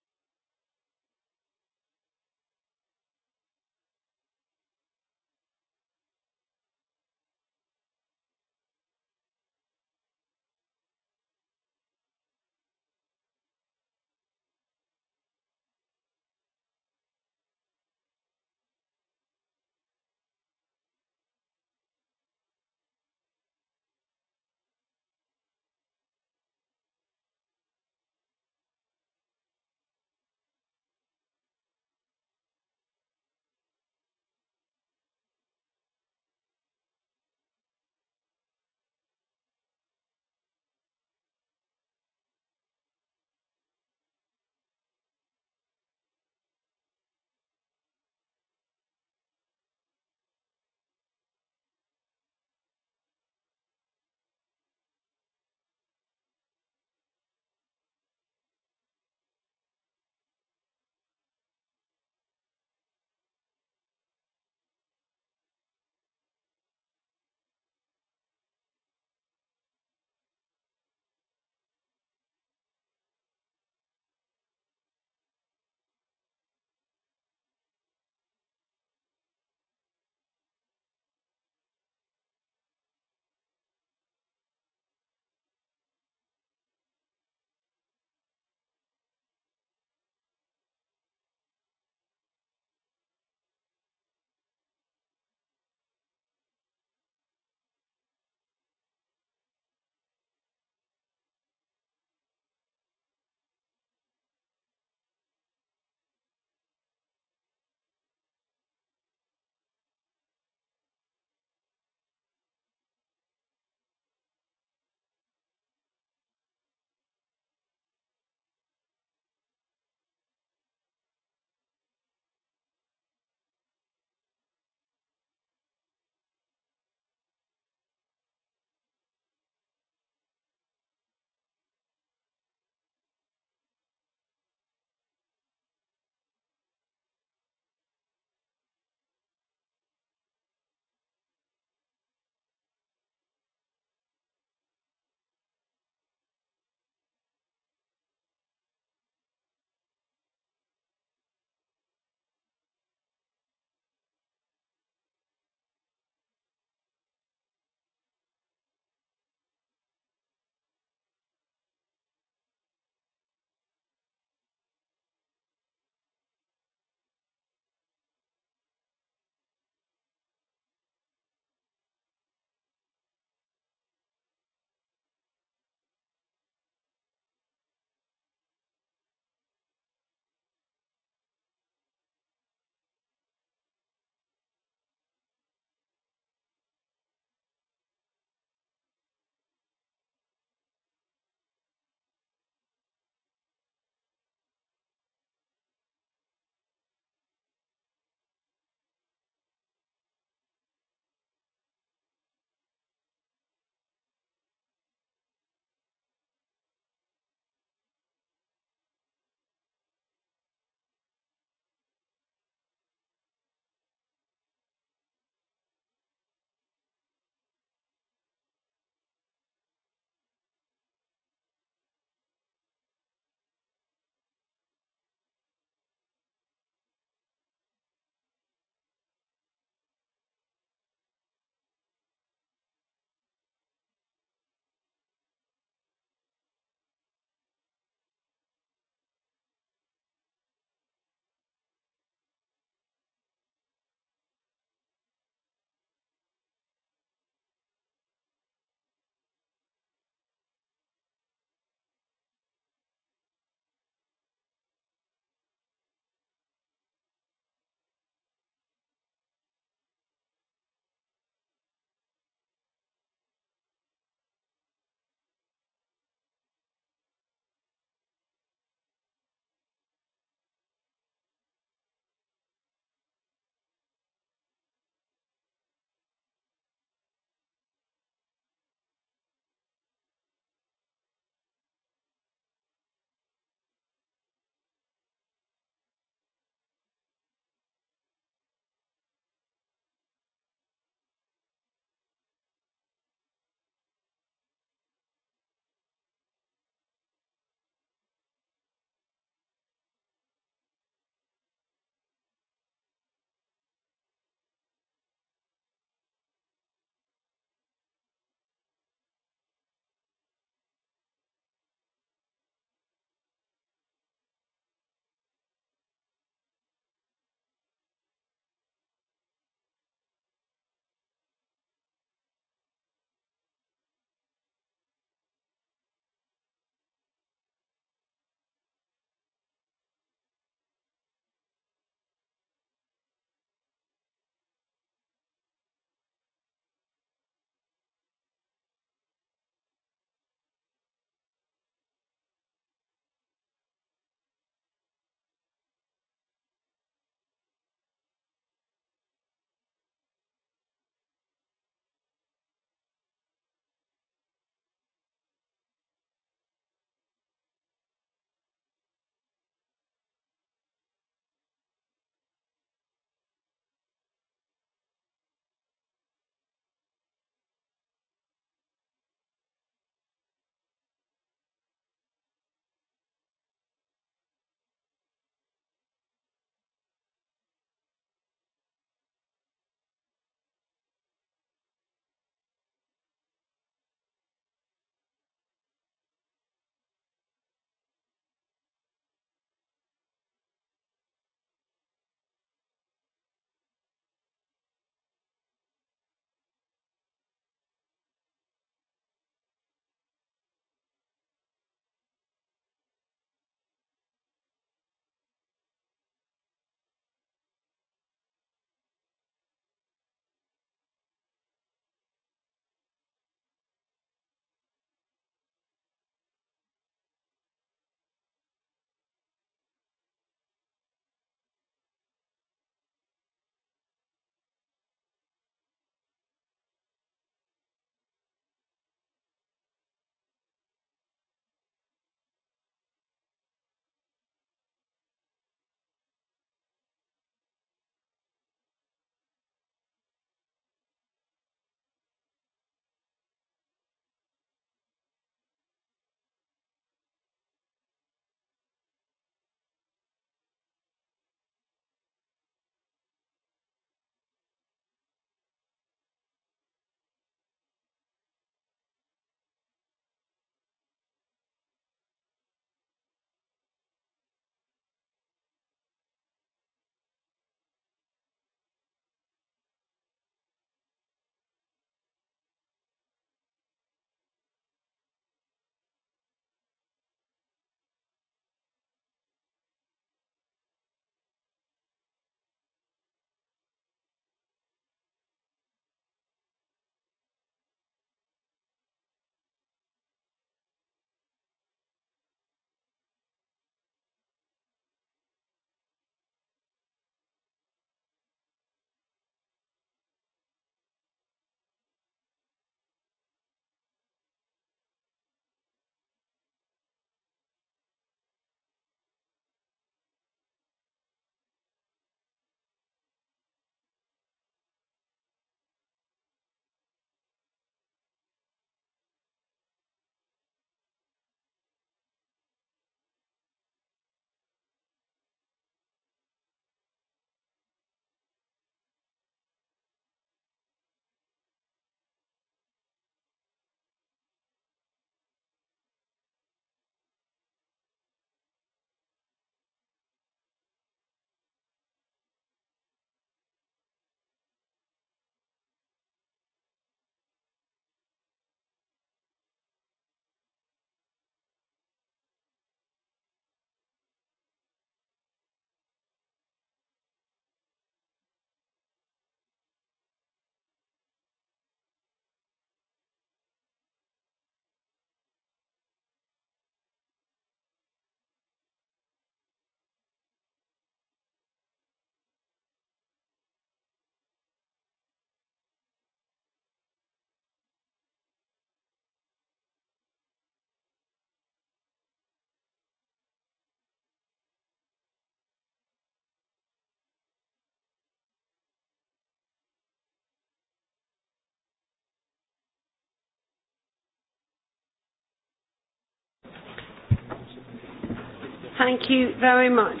Thank you very much,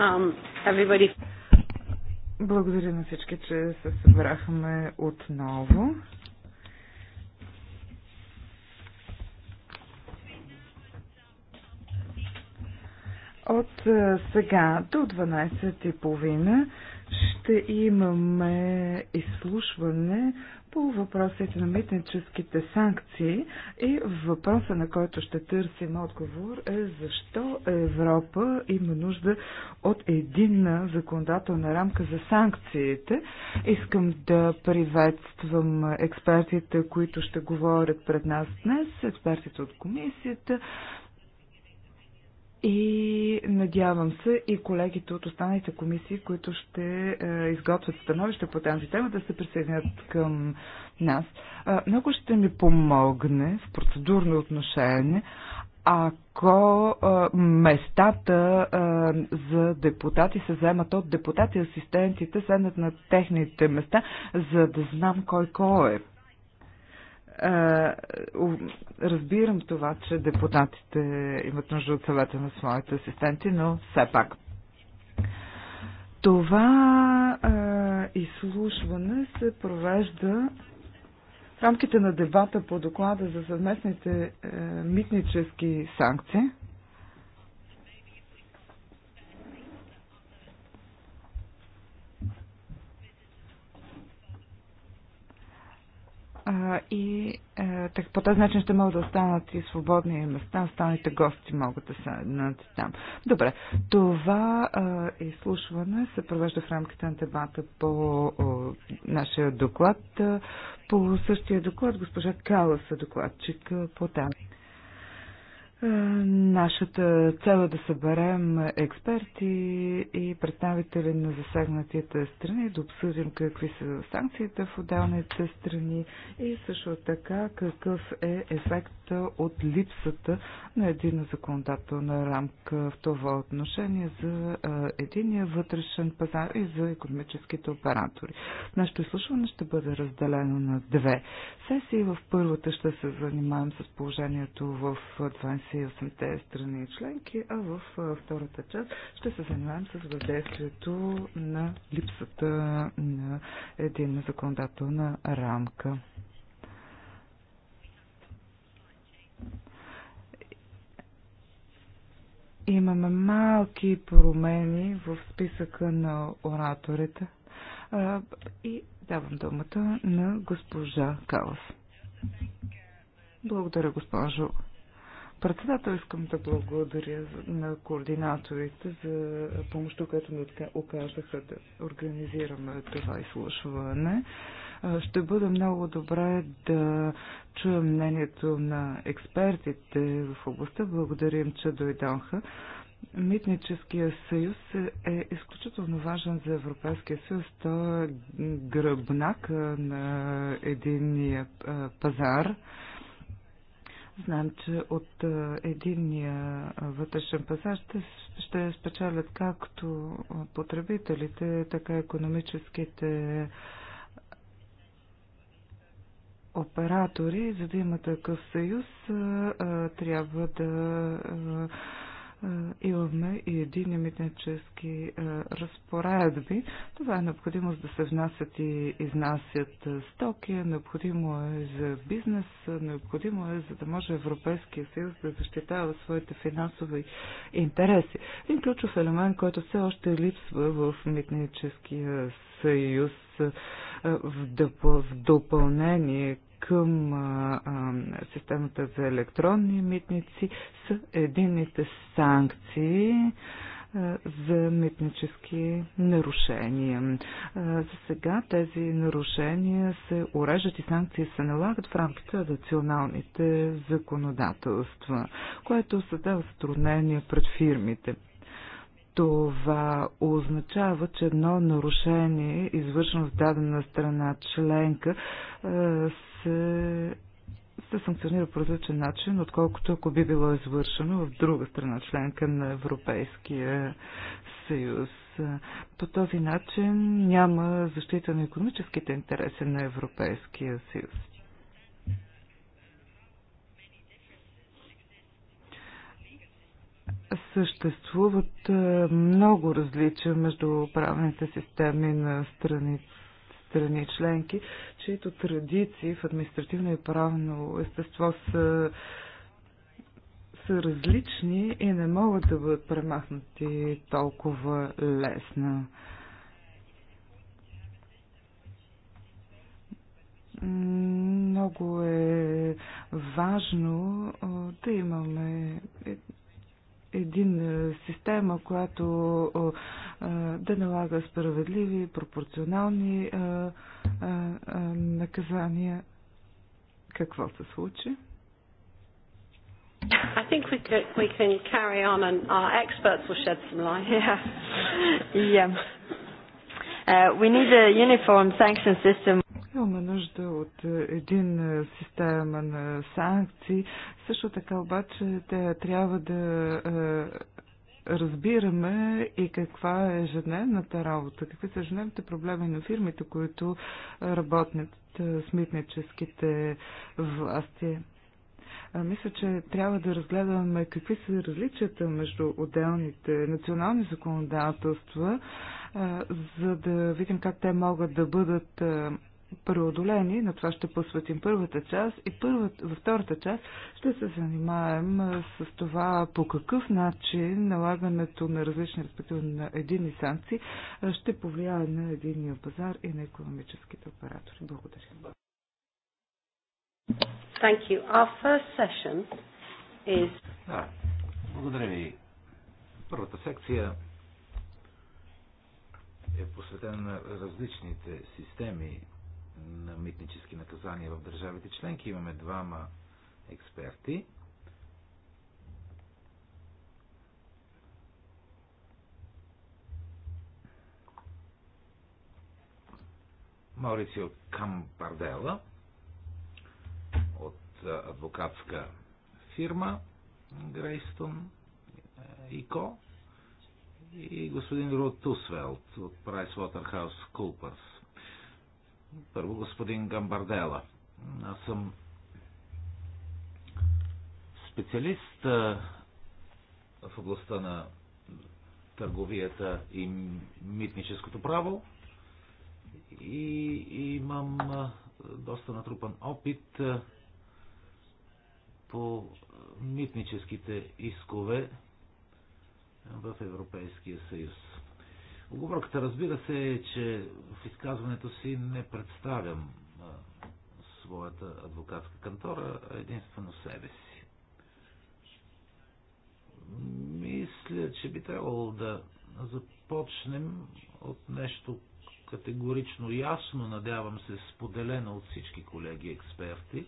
um, everybody. Благодаря на всички, че се събрахме отново. От е, сега до 12.30 ще имаме изслушване по въпросите на митническите санкции и въпроса, на който ще търсим отговор е защо Европа има нужда от единна законодателна рамка за санкциите. Искам да приветствам експертите, които ще говорят пред нас днес, експертите от комисията, и надявам се и колегите от останалите комисии, които ще е, изготвят становище по тази тема, да се присъединят към нас. Е, много ще ми помогне в процедурно отношение, ако е, местата е, за депутати се вземат от депутати, асистентите седнат на техните места, за да знам кой кой е. Е, разбирам това, че депутатите имат нужда от съвета на своите асистенти, но все пак. Това а, е, изслушване се провежда в рамките на дебата по доклада за съвместните а, е, митнически санкции. а, и а, е, так, по този начин ще могат да останат и свободни места, останалите гости могат да са там. Добре, това а, е, изслушване се провежда в рамките на дебата по о, нашия доклад. Е, по същия доклад госпожа Кала са докладчик по тази. Е, нашата цел е да съберем експерти и представители на засегнатите страни, да обсъдим какви са санкциите в отделните страни и също така какъв е ефект от липсата на едина законодателна рамка в това отношение за е, единия вътрешен пазар и за економическите оператори. Нашето изслушване ще бъде разделено на две сесии. В първата ще се занимаем с положението в 20 28-те страни членки, а в втората част ще се занимаем с въздействието на липсата на единна законодателна рамка. Имаме малки промени в списъка на ораторите и давам думата на госпожа Калас. Благодаря, госпожо председател, искам да благодаря на координаторите за помощта, която ми оказаха да организираме това изслушване. Ще бъде много добре да чуем мнението на експертите в областта. Благодарим, че дойдоха. Митническия съюз е, е изключително важен за Европейския съюз. Той е гръбнак на единния пазар. Знам, че от единния вътрешен пазар ще, ще спечелят както потребителите, така и економическите оператори. За да има такъв съюз, трябва да имаме и едини митнически разпоредби. Това е необходимост да се внасят и изнасят стоки, необходимо е за бизнес, необходимо е за да може Европейския съюз да защитава своите финансови интереси. Един ключов елемент, който все още липсва в митническия съюз в допълнение към а, а, системата за електронни митници са единните санкции а, за митнически нарушения. А, за сега тези нарушения се уреждат и санкции се налагат в рамките на националните законодателства, което създава затруднения пред фирмите. Това означава, че едно нарушение, извършено в дадена страна членка, се, се санкционира по различен начин, отколкото ако би било извършено в друга страна, членка на Европейския съюз. По този начин няма защита на економическите интереси на Европейския съюз. Съществуват много различия между правните системи на страните страни членки, чието традиции в административно и правно естество са са различни и не могат да бъдат премахнати толкова лесно. Много е важно да имаме един система, която да налага справедливи, пропорционални наказания. Какво се случи? I think we could, we can carry on, and our experts will shed some light. Yeah, yeah. Uh, we need a uniform sanction system. Имаме нужда от един е, система на санкции. Също така обаче те трябва да е, разбираме и каква е ежедневната работа, какви са ежедневните проблеми на фирмите, които работят е, с митническите власти. Мисля, че трябва да разгледаме какви са различията между отделните национални законодателства, за да видим как те могат да бъдат преодолени. На това ще посветим първата част и първата, във втората част ще се занимаем с това по какъв начин налагането на различни, респективно на едини санкции, ще повлияе на единия пазар и на економическите оператори. Благодаря. Thank you. Our first session is... Да. Благодаря ви. Първата секция е посветена на различните системи на митнически наказания в държавите членки. Имаме двама експерти. маурицио Кампардела от адвокатска фирма Грейстон и Ко и господин Род Тусвелт от PricewaterhouseCoopers. Първо господин Гамбардела. Аз съм специалист в областта на търговията и митническото право и имам доста натрупан опит по митническите искове в Европейския съюз. Оговорката, разбира се, е, че в изказването си не представям своята адвокатска кантора, а единствено себе си. Мисля, че би трябвало да започнем от нещо категорично ясно, надявам се, споделено от всички колеги експерти,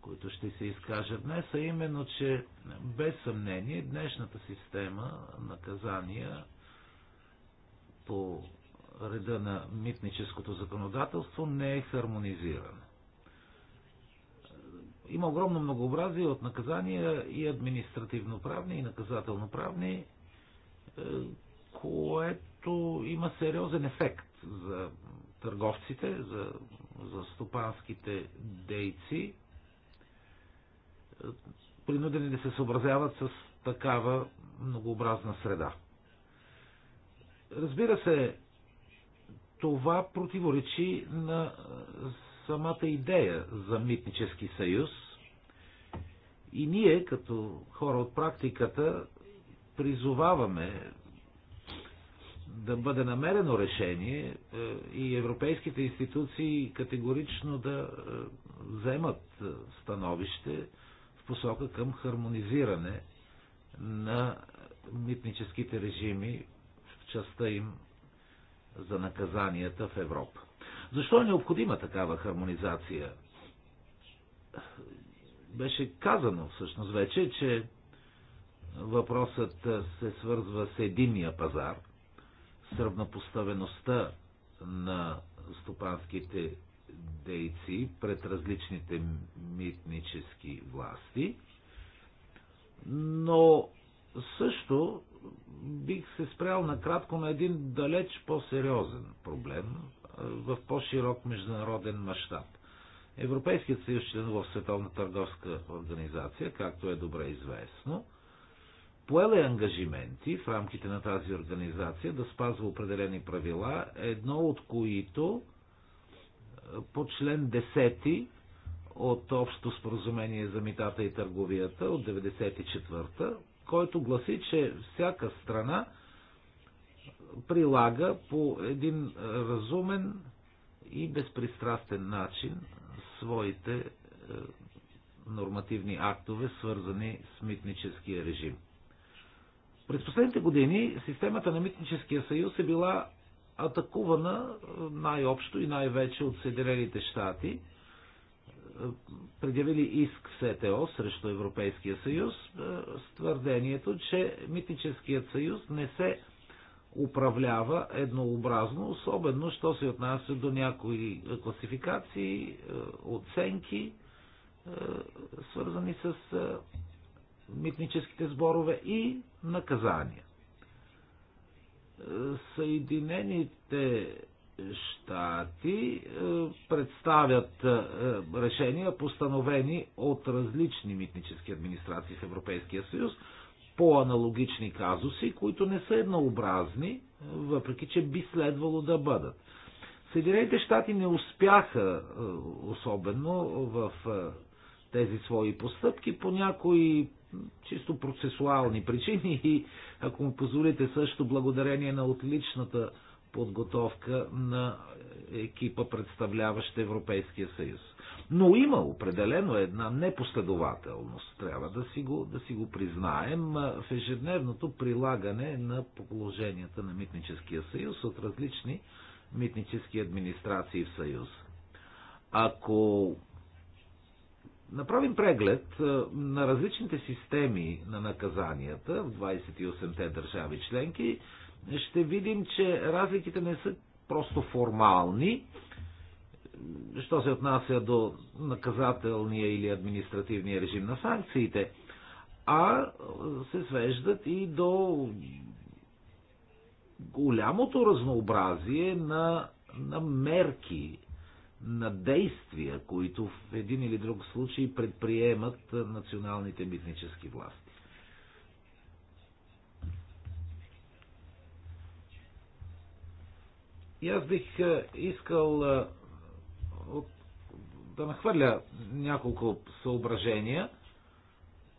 които ще се изкажат днес, а именно, че без съмнение днешната система наказания по реда на митническото законодателство не е хармонизиран. Има огромно многообразие от наказания и административноправни, и наказателноправни, е, което има сериозен ефект за търговците, за, за стопанските дейци, е, принудени да се съобразяват с такава многообразна среда. Разбира се, това противоречи на самата идея за митнически съюз. И ние, като хора от практиката, призоваваме да бъде намерено решение е, и европейските институции категорично да е, вземат е, становище в посока към хармонизиране на митническите режими частта им за наказанията в Европа. Защо е необходима такава хармонизация? Беше казано всъщност вече, че въпросът се свързва с единния пазар, с равнопоставеността на стопанските дейци пред различните митнически власти, но също бих се спрял накратко на един далеч по-сериозен проблем в по-широк международен мащаб. Европейският съюз членува в Световна търговска организация, както е добре известно, поела е ангажименти в рамките на тази организация да спазва определени правила, едно от които по член 10 от Общо споразумение за митата и търговията от 1994-та който гласи, че всяка страна прилага по един разумен и безпристрастен начин своите е, нормативни актове, свързани с митническия режим. През последните години системата на Митническия съюз е била атакувана е, най-общо и най-вече от Съединените щати – предявили иск в СТО срещу Европейския съюз е, с твърдението, че митническият съюз не се управлява еднообразно, особено, що се отнася до някои класификации, е, оценки, е, свързани с митническите сборове и наказания. Съединените щати е, представят е, решения, постановени от различни митнически администрации в Европейския съюз по аналогични казуси, които не са еднообразни, въпреки че би следвало да бъдат. Съединените щати не успяха е, особено в тези свои постъпки по някои чисто процесуални причини и, ако ми позволите, също благодарение на отличната подготовка на екипа, представляващ Европейския съюз. Но има определено една непоследователност, трябва да си го, да си го признаем, в ежедневното прилагане на положенията на Митническия съюз от различни митнически администрации в съюз. Ако направим преглед на различните системи на наказанията в 28-те държави членки, ще видим, че разликите не са просто формални, що се отнася до наказателния или административния режим на санкциите, а се свеждат и до голямото разнообразие на, на мерки, на действия, които в един или друг случай предприемат националните митнически власти. И аз бих е, искал е, да нахвърля няколко съображения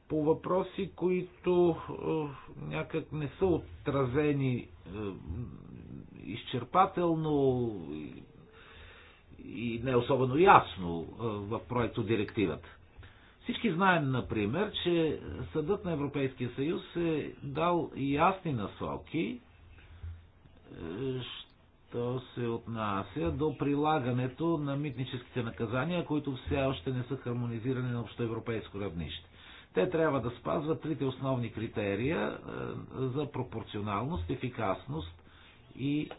по въпроси, които е, някак не са отразени изчерпателно и не особено ясно в проекто директивата. Всички знаем, например, че Съдът на Европейския съюз е дал ясни насоки, що се отнася до прилагането на митническите наказания, които все още не са хармонизирани на общоевропейско равнище. Те трябва да спазват трите основни критерия е, за пропорционалност, ефикасност и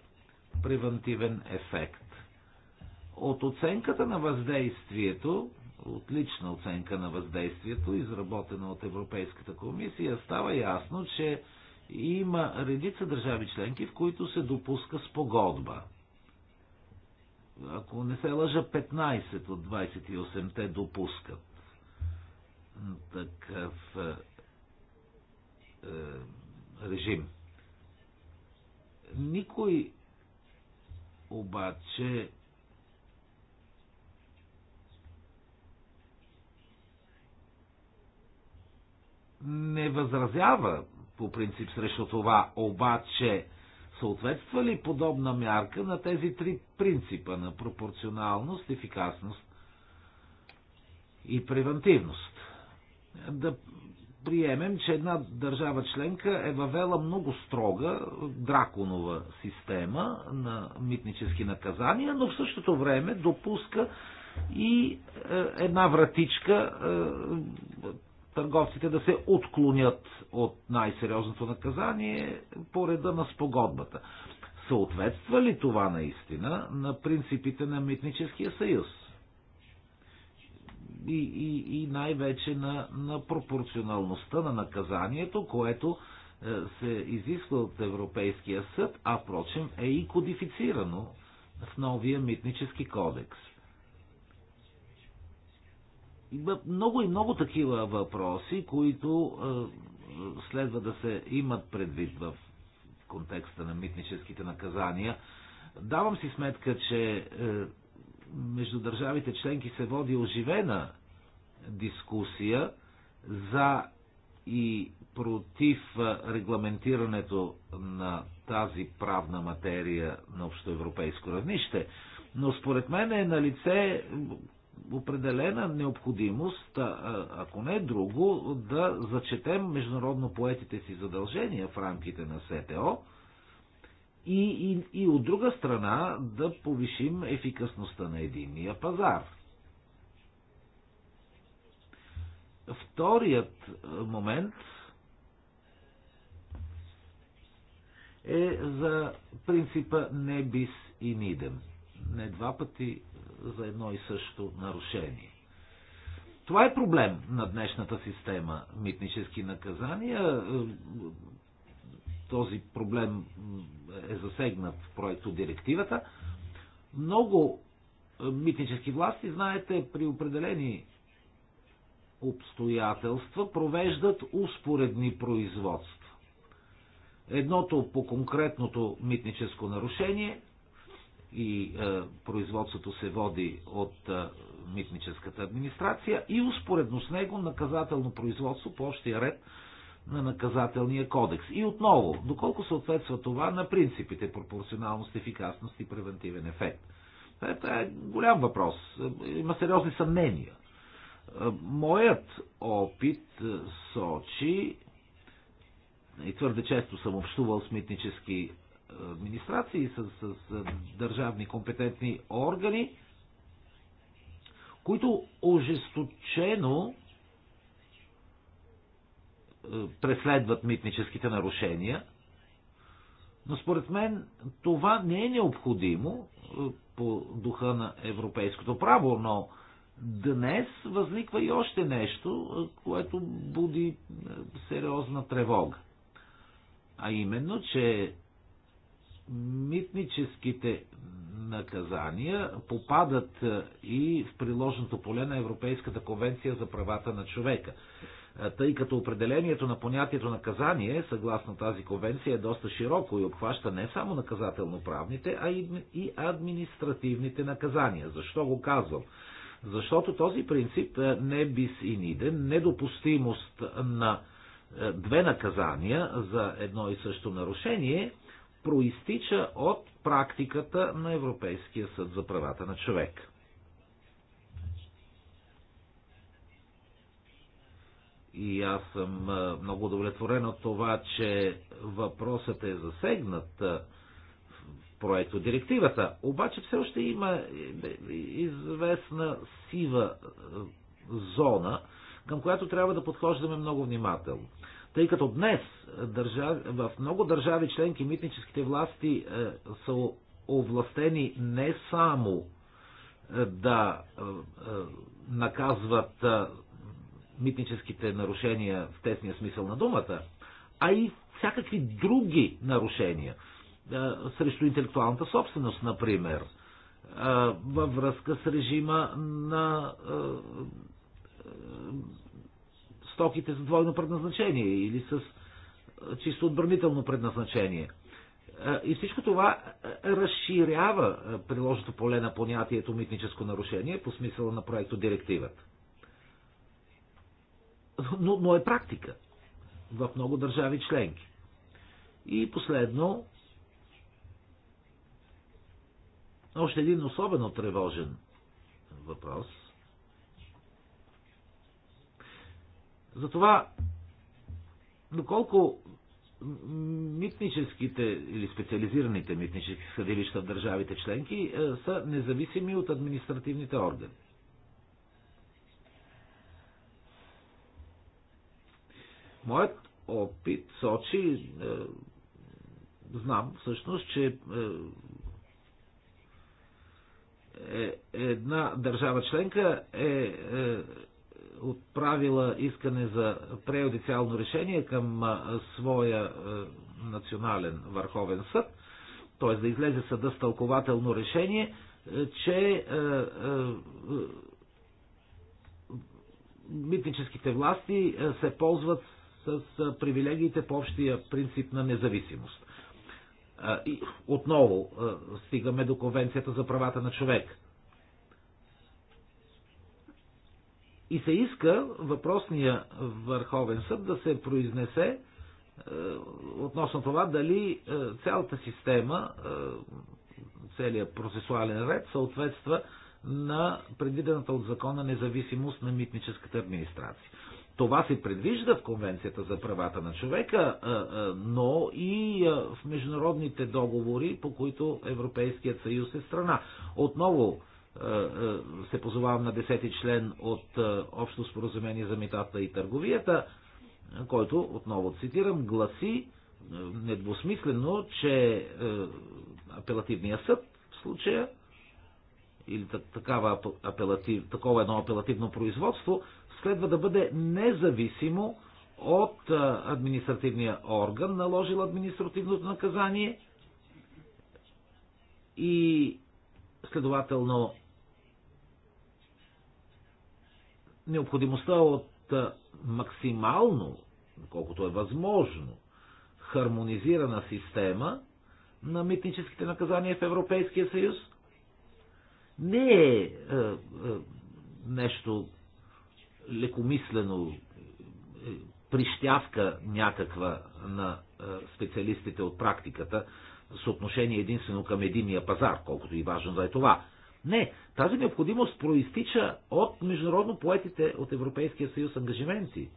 превентивен ефект. От оценката на въздействието, отлична оценка на въздействието, изработена от Европейската комисия, става ясно, че има редица държави членки, в които се допуска спогодба. Ако не се лъжа, 15 от 28-те допускат такъв е, е, режим. Никой обаче не възразява по принцип срещу това, обаче съответства ли подобна мярка на тези три принципа на пропорционалност, ефикасност и превентивност? Да приемем, че една държава членка е въвела много строга драконова система на митнически наказания, но в същото време допуска и е, една вратичка е, търговците да се отклонят от най-сериозното наказание по реда на спогодбата. Съответства ли това наистина на принципите на Митническия съюз? И, и, и най-вече на, на пропорционалността на наказанието, което е, се изисква от Европейския съд, а впрочем е и кодифицирано в новия митнически кодекс. Има много и много такива въпроси, които следва да се имат предвид в контекста на митническите наказания. Давам си сметка, че между държавите членки се води оживена дискусия за и против регламентирането на тази правна материя на общоевропейско равнище. Но според мен е на лице определена необходимост, ако не друго, да зачетем международно поетите си задължения в рамките на СТО и, и, и от друга страна да повишим ефикасността на единния пазар. Вторият момент е за принципа не бис и нидем. Не два пъти за едно и също нарушение. Това е проблем на днешната система митнически наказания. Този проблем е засегнат в проекто директивата. Много митнически власти, знаете, при определени обстоятелства провеждат успоредни производства. Едното по конкретното митническо нарушение, и е, производството се води от е, митническата администрация и успоредно с него наказателно производство по общия ред на наказателния кодекс. И отново, доколко съответства това на принципите пропорционалност, ефикасност и превентивен ефект. Това е, е голям въпрос. Има сериозни съмнения. Моят опит сочи, и твърде често съм общувал с митнически администрации, с, с, с държавни компетентни органи, които ожесточено е, преследват митническите нарушения. Но според мен това не е необходимо е, по духа на европейското право, но днес възниква и още нещо, е, което буди сериозна тревога. А именно, че митническите наказания попадат е, и в приложното поле на Европейската конвенция за правата на човека. Е, тъй като определението на понятието наказание, съгласно тази конвенция, е доста широко и обхваща не само наказателно-правните, а и административните наказания. Защо го казвам? Защото този принцип е, не бис и ниден, недопустимост на две наказания за едно и също нарушение, проистича от практиката на Европейския съд за правата на човек. И аз съм много удовлетворен от това, че въпросът е засегнат в проекто директивата. Обаче все още има е, е, е, известна сива зона, към която трябва да подхождаме много внимателно. Тъй като днес в много държави членки митническите власти е, са овластени не само е, да е, наказват митническите нарушения в тесния смисъл на думата, а и всякакви други нарушения срещу интелектуалната собственост, например, във връзка с режима на стоките с двойно предназначение или с чисто отбранително предназначение. И всичко това разширява приложното поле на понятието митническо нарушение по смисъла на проекто директивата. Но, но е практика в много държави членки. И последно, още един особено тревожен въпрос – Затова, доколко митническите или специализираните митнически съдилища в държавите членки е, са независими от административните органи. Моят опит сочи, е, знам всъщност, че е, една държава членка е отправила искане за преодициално решение към своя национален върховен съд, т.е. да излезе съда с тълкователно решение, че митническите власти се ползват с привилегиите по общия принцип на независимост. И отново стигаме до Конвенцията за правата на човека И се иска въпросния Върховен съд да се произнесе е, относно това дали е, цялата система, е, целият процесуален ред съответства на предвидената от закона независимост на митническата администрация. Това се предвижда в Конвенцията за правата на човека, но и в международните договори, по които Европейският съюз е страна. Отново е, е, се позовавам на 10 ти член от е, Общо споразумение за метата и търговията, който, отново цитирам, гласи недвусмислено, че апелативният съд в случая или такава апелатив, такова едно апелативно производство следва да бъде независимо от административния орган, наложил административното наказание и следователно необходимостта от максимално, колкото е възможно, хармонизирана система на митническите наказания в Европейския съюз не е, е, е нещо лекомислено, е, прищявка някаква на е, специалистите от практиката с отношение единствено към единия пазар, колкото и важно да е това. Не, тази необходимост проистича от международно поетите от Европейския съюз ангажименти.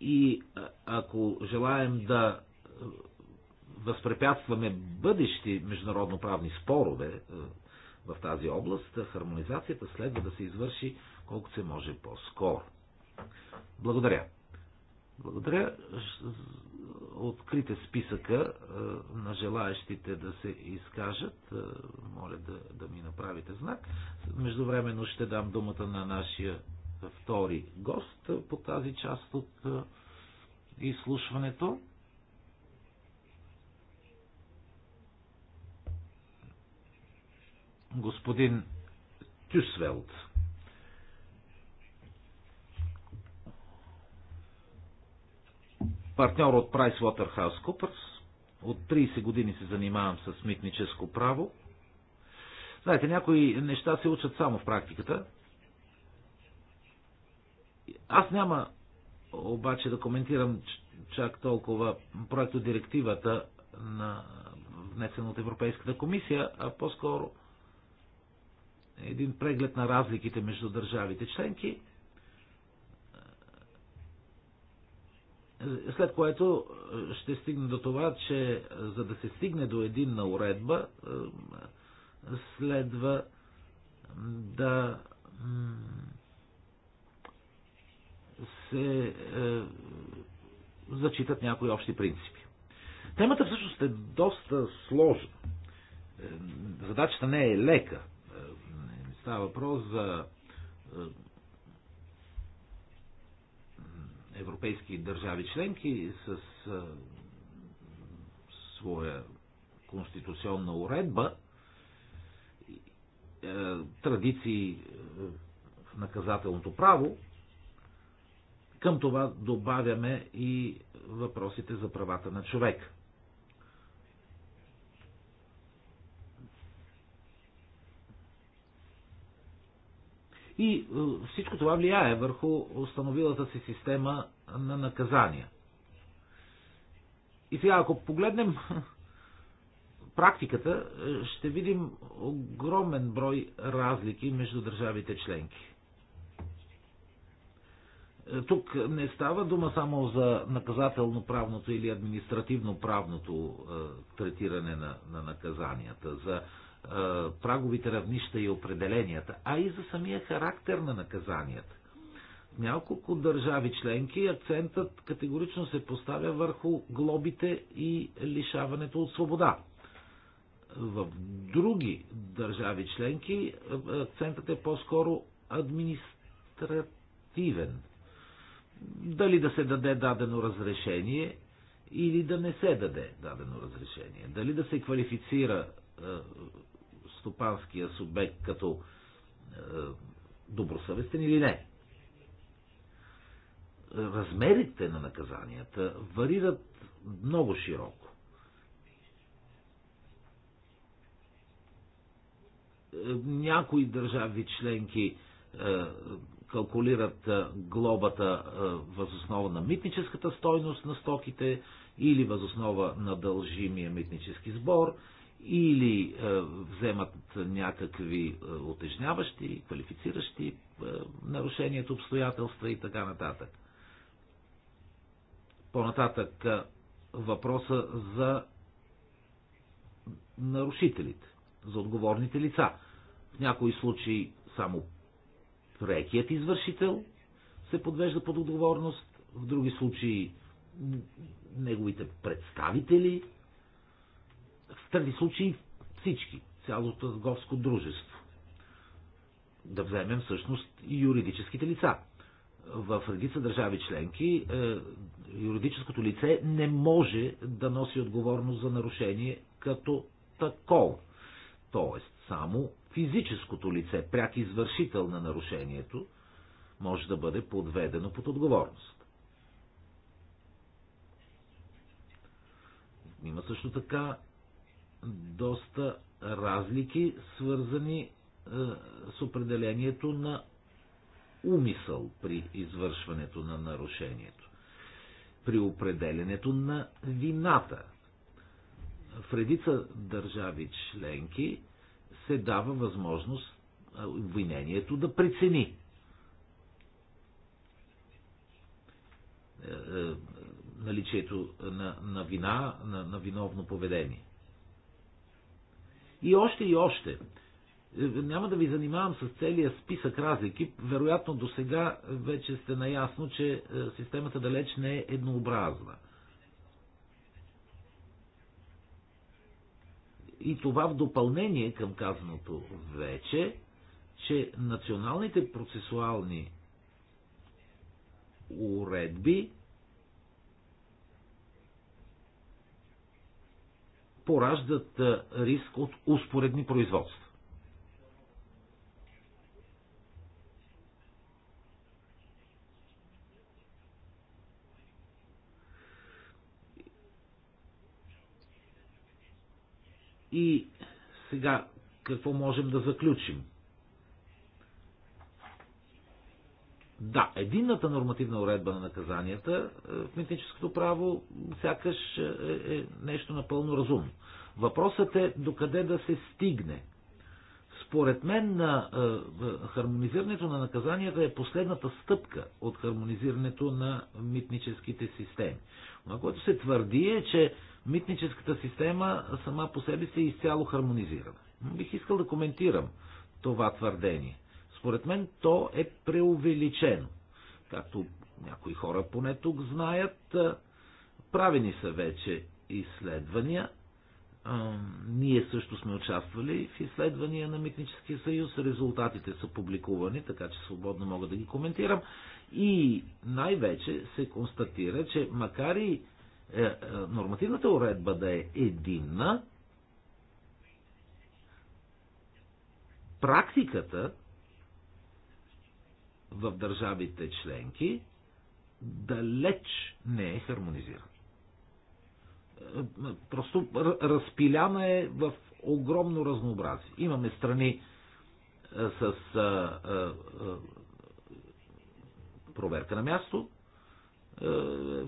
И ако желаем да възпрепятстваме бъдещи международно-правни спорове в тази област, хармонизацията следва да се извърши колкото се може по-скоро. Благодаря. Благодаря открите списъка е, на желаящите да се изкажат. Е, моля да, да ми направите знак. Междувременно ще дам думата на нашия втори гост по тази част от е, изслушването. Господин Тюсвелд, партньор от PricewaterhouseCoopers. От 30 години се занимавам с митническо право. Знаете, някои неща се учат само в практиката. Аз няма обаче да коментирам чак толкова проекто директивата на внесен от Европейската комисия, а по-скоро един преглед на разликите между държавите членки След което е, ще стигне до това, че е, за да се стигне до единна уредба, е, следва да се зачитат някои общи принципи. Темата всъщност е доста сложна. Задачата не е лека. Става въпрос за европейски държави членки с своя конституционна уредба, традиции в наказателното право, към това добавяме и въпросите за правата на човека. И е, всичко това влияе върху установилата си система на наказания. И сега, ако погледнем практиката, ще видим огромен брой разлики между държавите членки. Е, тук не става дума само за наказателно-правното или административно-правното е, третиране на, на наказанията, за праговите равнища и определенията, а и за самия характер на наказанията. В няколко държави членки акцентът категорично се поставя върху глобите и лишаването от свобода. В други държави членки акцентът е по-скоро административен. Дали да се даде дадено разрешение или да не се даде дадено разрешение. Дали да се квалифицира стопанския субект като е, добросъвестен или не. Размерите на наказанията варират много широко. Е, някои държави членки е, калкулират глобата възоснова на митническата стойност на стоките или възоснова на дължимия митнически сбор – или е, вземат някакви отежняващи, е, квалифициращи е, нарушението обстоятелства и така нататък. По-нататък въпроса за нарушителите, за отговорните лица. В някои случаи само прекият извършител се подвежда под отговорност, в други случаи неговите представители в тези случаи всички, цялото търговско дружество. Да вземем всъщност и юридическите лица. В редица държави членки е, юридическото лице не може да носи отговорност за нарушение като такова. Тоест, само физическото лице, пряк извършител на нарушението, може да бъде подведено под отговорност. Има също така доста разлики, свързани е, с определението на умисъл при извършването на нарушението, при определенето на вината. В редица държави членки се дава възможност е, обвинението да прецени. Е, наличието на, на вина, на, на виновно поведение. И още и още. Е, няма да ви занимавам с целия списък разлики. Вероятно до сега вече сте наясно, че е, системата далеч не е еднообразна. И това в допълнение към казаното вече, че националните процесуални уредби пораждат риск от успоредни производства. И сега какво можем да заключим? Да, единната нормативна уредба на наказанията е, в митническото право сякаш е, е, е нещо напълно разумно. Въпросът е докъде да се стигне. Според мен на хармонизирането на наказанията е последната стъпка от хармонизирането на митническите системи. Това, което се твърди е, че митническата система сама по себе си е изцяло хармонизирана. Бих искал да коментирам това твърдение. Според мен то е преувеличено. Както някои хора поне тук знаят, правени са вече изследвания. Ние също сме участвали в изследвания на Митническия съюз. Резултатите са публикувани, така че свободно мога да ги коментирам. И най-вече се констатира, че макар и е, е, нормативната уредба да е единна, практиката в държавите членки далеч не е хармонизиран. Просто разпиляна е в огромно разнообразие. Имаме страни е, с е, е, проверка на място,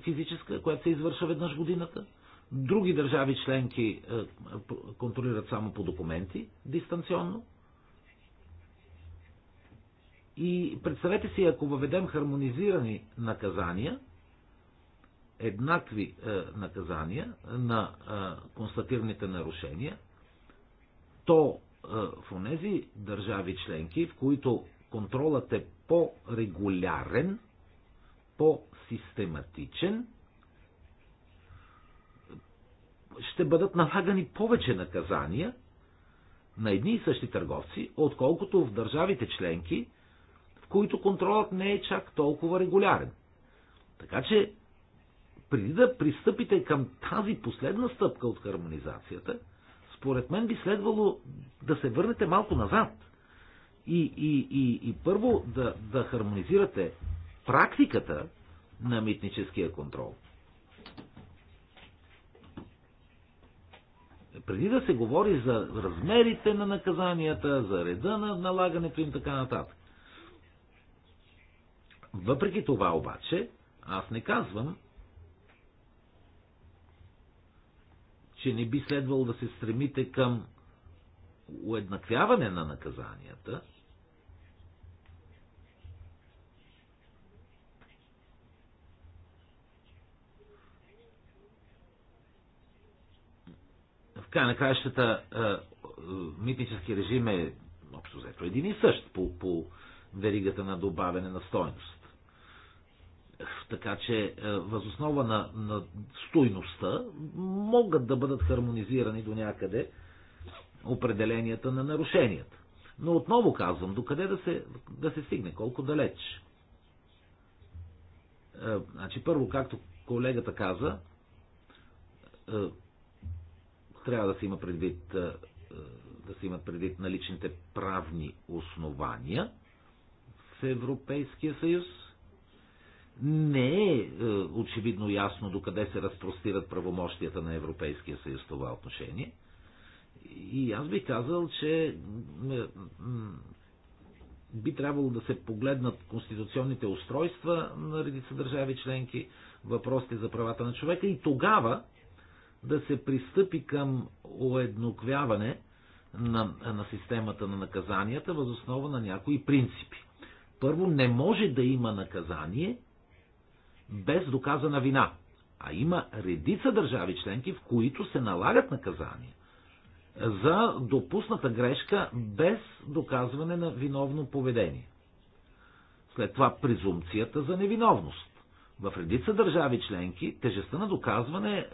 физическа, която се извършва веднъж годината. Други държави членки контролират само по документи, дистанционно. И представете си, ако въведем хармонизирани наказания, еднакви е, наказания на е, констатираните нарушения, то е, в тези държави членки, в които контролът е по-регулярен, по-систематичен, ще бъдат налагани повече наказания на едни и същи търговци, отколкото в държавите членки, които контролът не е чак толкова регулярен. Така че, преди да пристъпите към тази последна стъпка от хармонизацията, според мен би следвало да се върнете малко назад и, и, и, и първо да, да хармонизирате практиката на митническия контрол. Преди да се говори за размерите на наказанията, за реда на налагането им, така нататък. Въпреки това обаче, аз не казвам, че не би следвало да се стремите към уеднаквяване на наказанията, в край на краищата митнически режим е общо взето един и същ по, по веригата на добавяне на стойност. Така че е, възоснова на, на стойността могат да бъдат хармонизирани до някъде определенията на нарушенията. Но отново казвам, докъде да се, да се стигне, колко далеч. Е, значи първо, както колегата каза, е, трябва да се има предвид да се имат предвид наличните правни основания в Европейския съюз – не е, е очевидно ясно до къде се разпростират правомощията на Европейския съюз в това отношение. И аз би казал, че би трябвало да се погледнат конституционните устройства на редица държави членки, въпросите за правата на човека и тогава да се пристъпи към уедноквяване на, на системата на наказанията възоснова на някои принципи. Първо, не може да има наказание, без доказана вина. А има редица държави членки, в които се налагат наказания за допусната грешка без доказване на виновно поведение. След това презумпцията за невиновност. В редица държави членки тежестта на доказване е,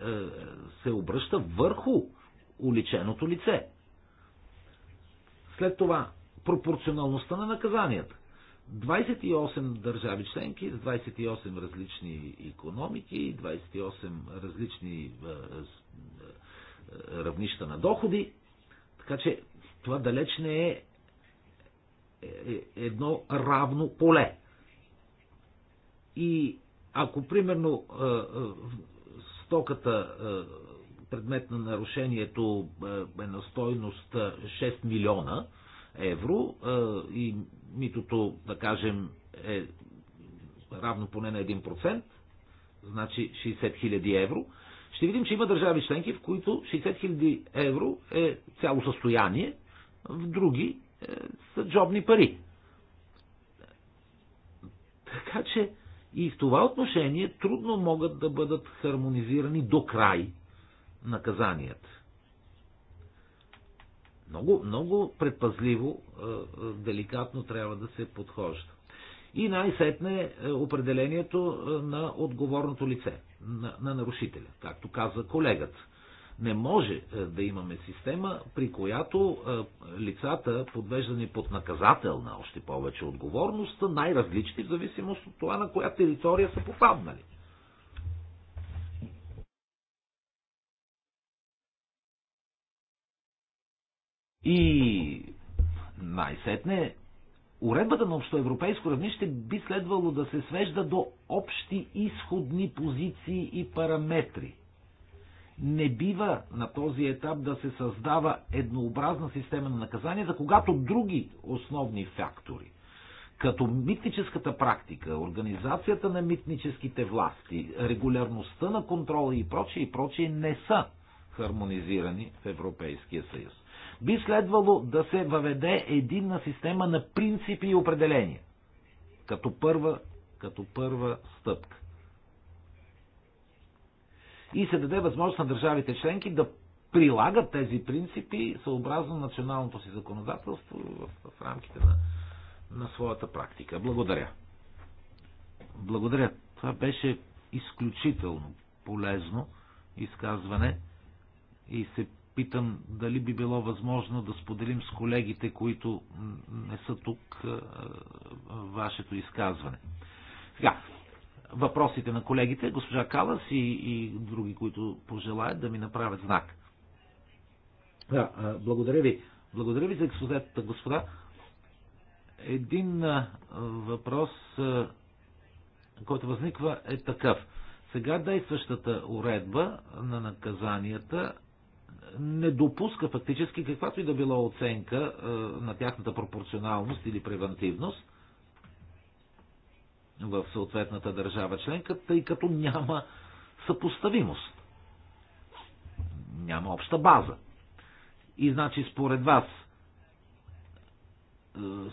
се обръща върху уличеното лице. След това пропорционалността на наказанията. 28 държави членки с 28 различни економики, 28 различни е, е, е, равнища на доходи. Така че това далеч не е едно равно поле. И ако примерно стоката предмет на нарушението е на стойност 6 милиона, евро и митото, да кажем, е равно поне на 1%, значи 60 000 евро, ще видим, че има държави членки, в които 60 000 евро е цяло състояние, в други е, са джобни пари. Така че и в това отношение трудно могат да бъдат хармонизирани до край наказанията. Много, много предпазливо, е, е, деликатно трябва да се подхожда. И най-сетне е, определението на отговорното лице, на, на нарушителя, както каза колегата. Не може да имаме система, при която лицата, подвеждани под наказателна, още повече отговорност, са най-различни в зависимост от това на коя територия са попаднали. И най-сетне, уредбата на общоевропейско равнище би следвало да се свежда до общи изходни позиции и параметри. Не бива на този етап да се създава еднообразна система на за когато други основни фактори, като митническата практика, организацията на митническите власти, регулярността на контрола и прочие и прочие не са хармонизирани в Европейския съюз би следвало да се въведе единна система на принципи и определения. Като първа, като първа стъпка. И се даде възможност на държавите членки да прилагат тези принципи съобразно националното си законодателство в, в рамките на, на своята практика. Благодаря. Благодаря. Това беше изключително полезно изказване и се питам дали би било възможно да споделим с колегите, които не са тук, вашето изказване. Сега, въпросите на колегите, госпожа Калас и, и други, които пожелаят да ми направят знак. Да, благодаря ви. Благодаря ви за експозетата, господа. Един въпрос, който възниква, е такъв. Сега действащата уредба на наказанията не допуска фактически каквато и да била оценка на тяхната пропорционалност или превентивност в съответната държава членка, тъй като няма съпоставимост. Няма обща база. И значи според вас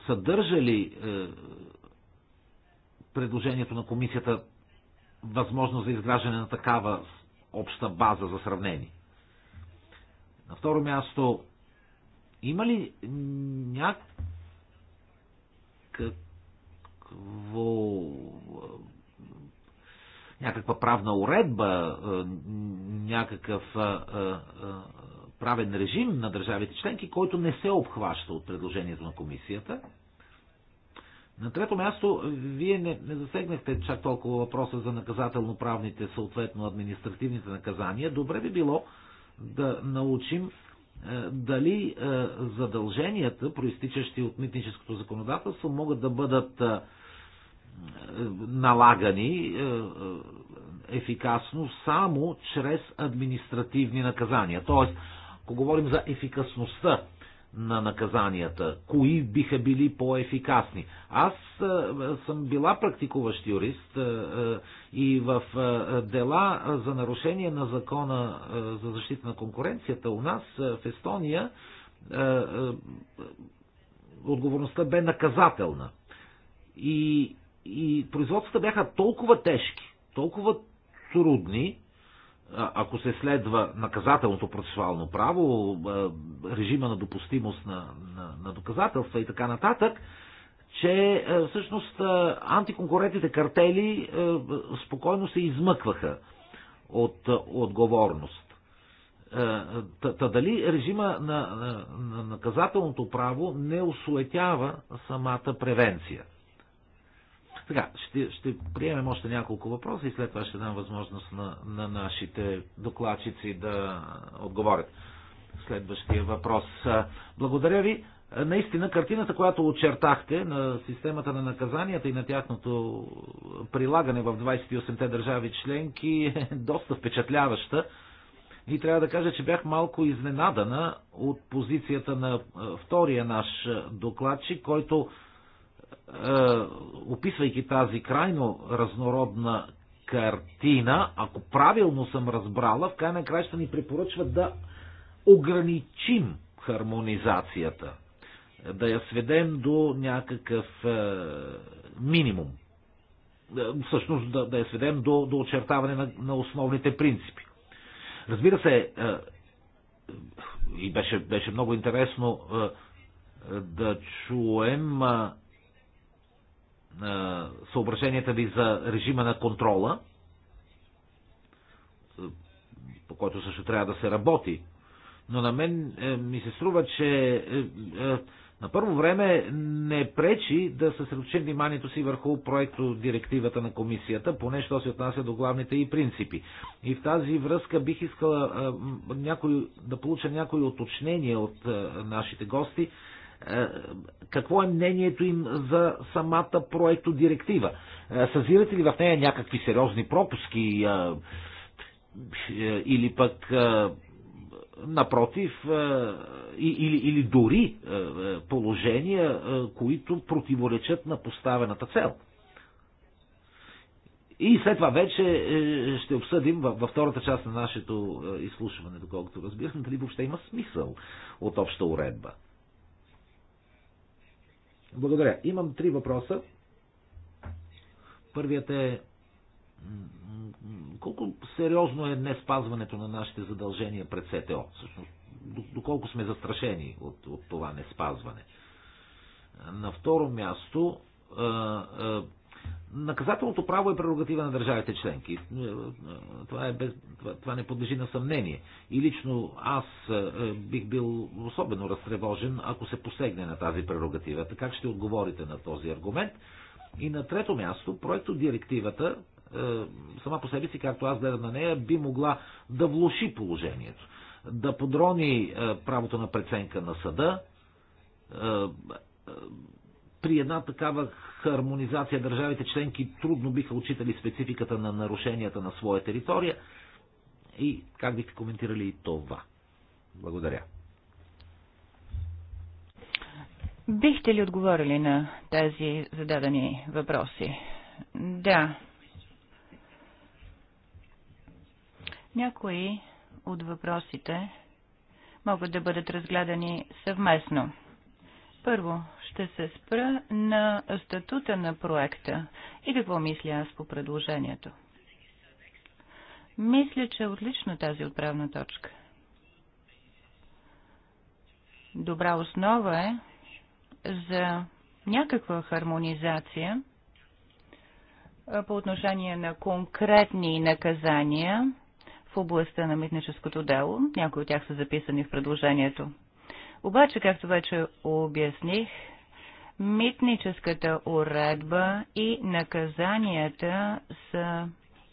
съдържа ли предложението на комисията възможност за изграждане на такава обща база за сравнение? На второ място, има ли някакво някаква правна уредба, някакъв правен режим на държавите членки, който не се обхваща от предложението на комисията. На трето място, вие не, не засегнахте чак толкова въпроса за наказателно-правните, съответно административните наказания. Добре би било да научим е, дали е, задълженията, проистичащи от митническото законодателство, могат да бъдат е, налагани ефикасно само чрез административни наказания. Тоест, ако говорим за ефикасността на наказанията, кои биха били по-ефикасни. Аз е, съм била практикуващ юрист е, е, и в дела за нарушение на закона за защита на конкуренцията у нас в Естония отговорността бе наказателна. И, и производствата бяха толкова тежки, толкова трудни, ако се следва наказателното процесуално право, режима на допустимост на, на, на доказателства и така нататък, че всъщност антиконкурентните картели спокойно се измъкваха от отговорност. Та, та дали режима на, на, на наказателното право не осуетява самата превенция? Сега, ще, ще приемем още няколко въпроса и след това ще дам възможност на, на нашите докладчици да отговорят. Следващия въпрос. Благодаря ви. Наистина, картината, която очертахте на системата на наказанията и на тяхното прилагане в 28-те държави членки е доста впечатляваща. И трябва да кажа, че бях малко изненадана от позицията на втория наш докладчик, който е, описвайки тази крайно разнородна картина, ако правилно съм разбрала, в край на краща ни препоръчва да ограничим хармонизацията, да я сведем до някакъв е, минимум. Е, всъщност да, да я сведем до, до очертаване на, на основните принципи. Разбира се, и беше, беше много интересно да чуем съображенията ви за режима на контрола, по който също трябва да се работи. Но на мен е, ми се струва, че е, е, на първо време не пречи да съсредоточим вниманието си върху проекто директивата на комисията, поне що се отнася до главните и принципи. И в тази връзка бих искала някой, да получа някои уточнения от нашите гости е, какво е мнението им за самата проекто директива? Е, съзирате ли в нея някакви сериозни пропуски е, или пък напротив или, или дори положения, които противоречат на поставената цел? И след това вече ще обсъдим във втората част на нашето изслушване, доколкото разбирам, дали въобще има смисъл от обща уредба. Благодаря. Имам три въпроса. Първият е колко сериозно е не спазването на нашите задължения пред СТО? Всъщност, доколко сме застрашени от, от това не спазване? На второ място, Наказателното право е прерогатива на държавите членки. Е, е, това, е без, това не подлежи на съмнение. И лично аз е, бих бил особено разтревожен, ако се посегне на тази прерогатива. така ще отговорите на този аргумент? И на трето място, проекто директивата, сама по себе си, както аз гледам на нея, би могла да влуши положението. Да подрони правото на преценка на съда, при една такава хармонизация държавите членки трудно биха отчитали спецификата на нарушенията на своя територия. И как бихте коментирали и това? Благодаря. Бихте ли отговорили на тези зададени въпроси? Да. Някои от въпросите могат да бъдат разгледани съвместно. Първо, ще се спра на статута на проекта и какво мисля аз по предложението. Мисля, че е отлично тази отправна точка. Добра основа е за някаква хармонизация по отношение на конкретни наказания в областта на митническото дело. Някои от тях са записани в предложението. Обаче, както вече обясних, митническата уредба и наказанията са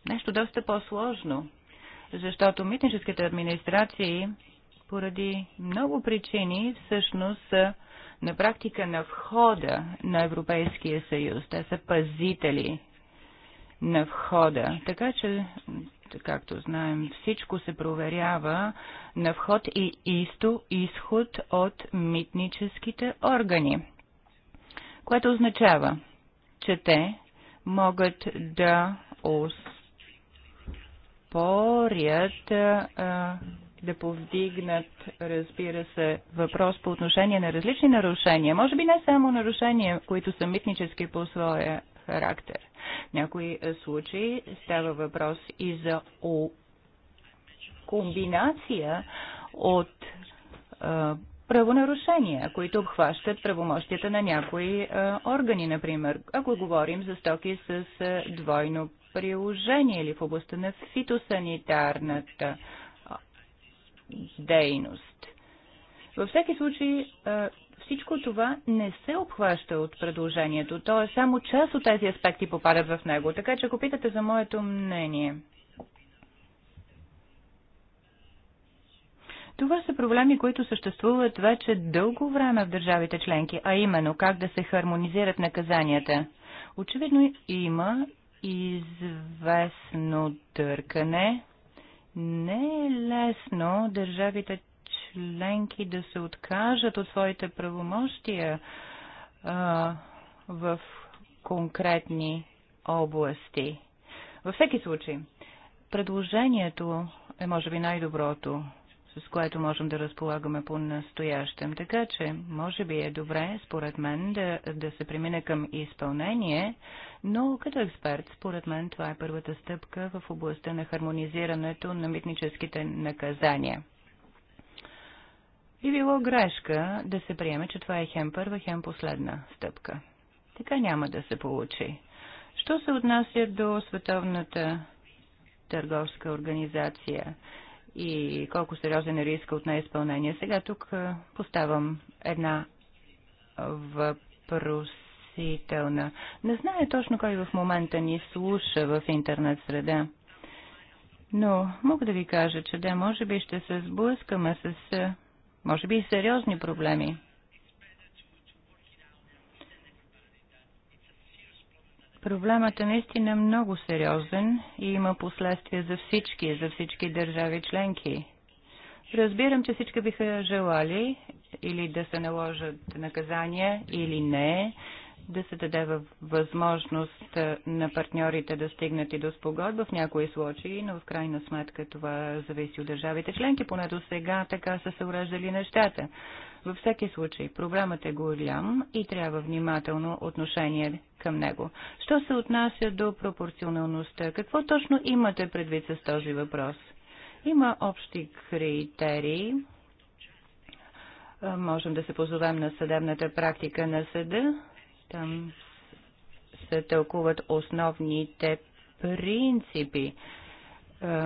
нещо доста по-сложно, защото митническите администрации поради много причини всъщност са на практика на входа на Европейския съюз. Те са пазители на входа. Така че Както знаем, всичко се проверява на вход и исто, изход от митническите органи. Което означава, че те могат да успорят да повдигнат, разбира се, въпрос по отношение на различни нарушения. Може би не само нарушения, които са митнически по своя характер. В някои е, случаи става въпрос и за комбинация от е, правонарушения, които обхващат правомощията на някои а, е, органи, например, ако говорим за стоки с а, двойно приложение или в областта на фитосанитарната дейност. Във всеки случай всичко това не се обхваща от предложението. То е само част от тези аспекти попадат в него. Така че ако питате за моето мнение, Това са проблеми, които съществуват вече дълго време в държавите членки, а именно как да се хармонизират наказанията. Очевидно има известно търкане. Не е лесно държавите членки да се откажат от своите правомощия а, в конкретни области. Във всеки случай, предложението е може би най-доброто, с което можем да разполагаме по-настоящем. Така че, може би е добре, според мен, да, да се премине към изпълнение, но като експерт, според мен, това е първата стъпка в областта на хармонизирането на митническите наказания би било грешка да се приеме, че това е хем първа, хем последна стъпка. Така няма да се получи. Що се отнася до Световната търговска организация и колко сериозен е риска от неизпълнение, сега тук поставам една въпрос Не знае точно кой в момента ни слуша в интернет среда. Но мога да ви кажа, че да, може би ще се сблъскаме с може би и сериозни проблеми. Проблемът е наистина много сериозен и има последствия за всички, за всички държави членки. Разбирам, че всички биха желали или да се наложат наказания или не, да се даде възможност на партньорите да стигнат и до спогодба в някои случаи, но в крайна сметка това зависи от държавите членки, поне до сега така са се уреждали нещата. Във всеки случай, проблемът е голям и трябва внимателно отношение към него. Що се отнася до пропорционалността? Какво точно имате предвид с този въпрос? Има общи критерии, можем да се позовем на съдебната практика на съда, там се тълкуват основните принципи. Е,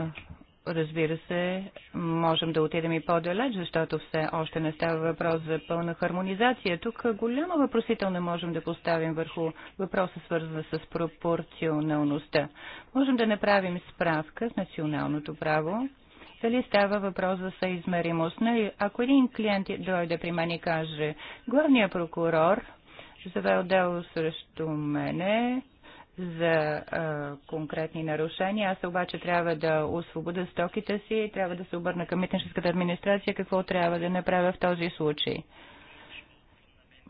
разбира се, можем да отидем и по-далеч, защото все още не става въпрос за пълна хармонизация. Тук голяма въпросителна можем да поставим върху въпроса, свързана с пропорционалността. Можем да направим справка с националното право, дали става въпрос за съизмеримост. Нали, ако един клиент дойде при мен и каже, главният прокурор се завел дело срещу мене за а, конкретни нарушения. Аз обаче трябва да освобода стоките си и трябва да се обърна към митническата администрация. Какво трябва да направя в този случай?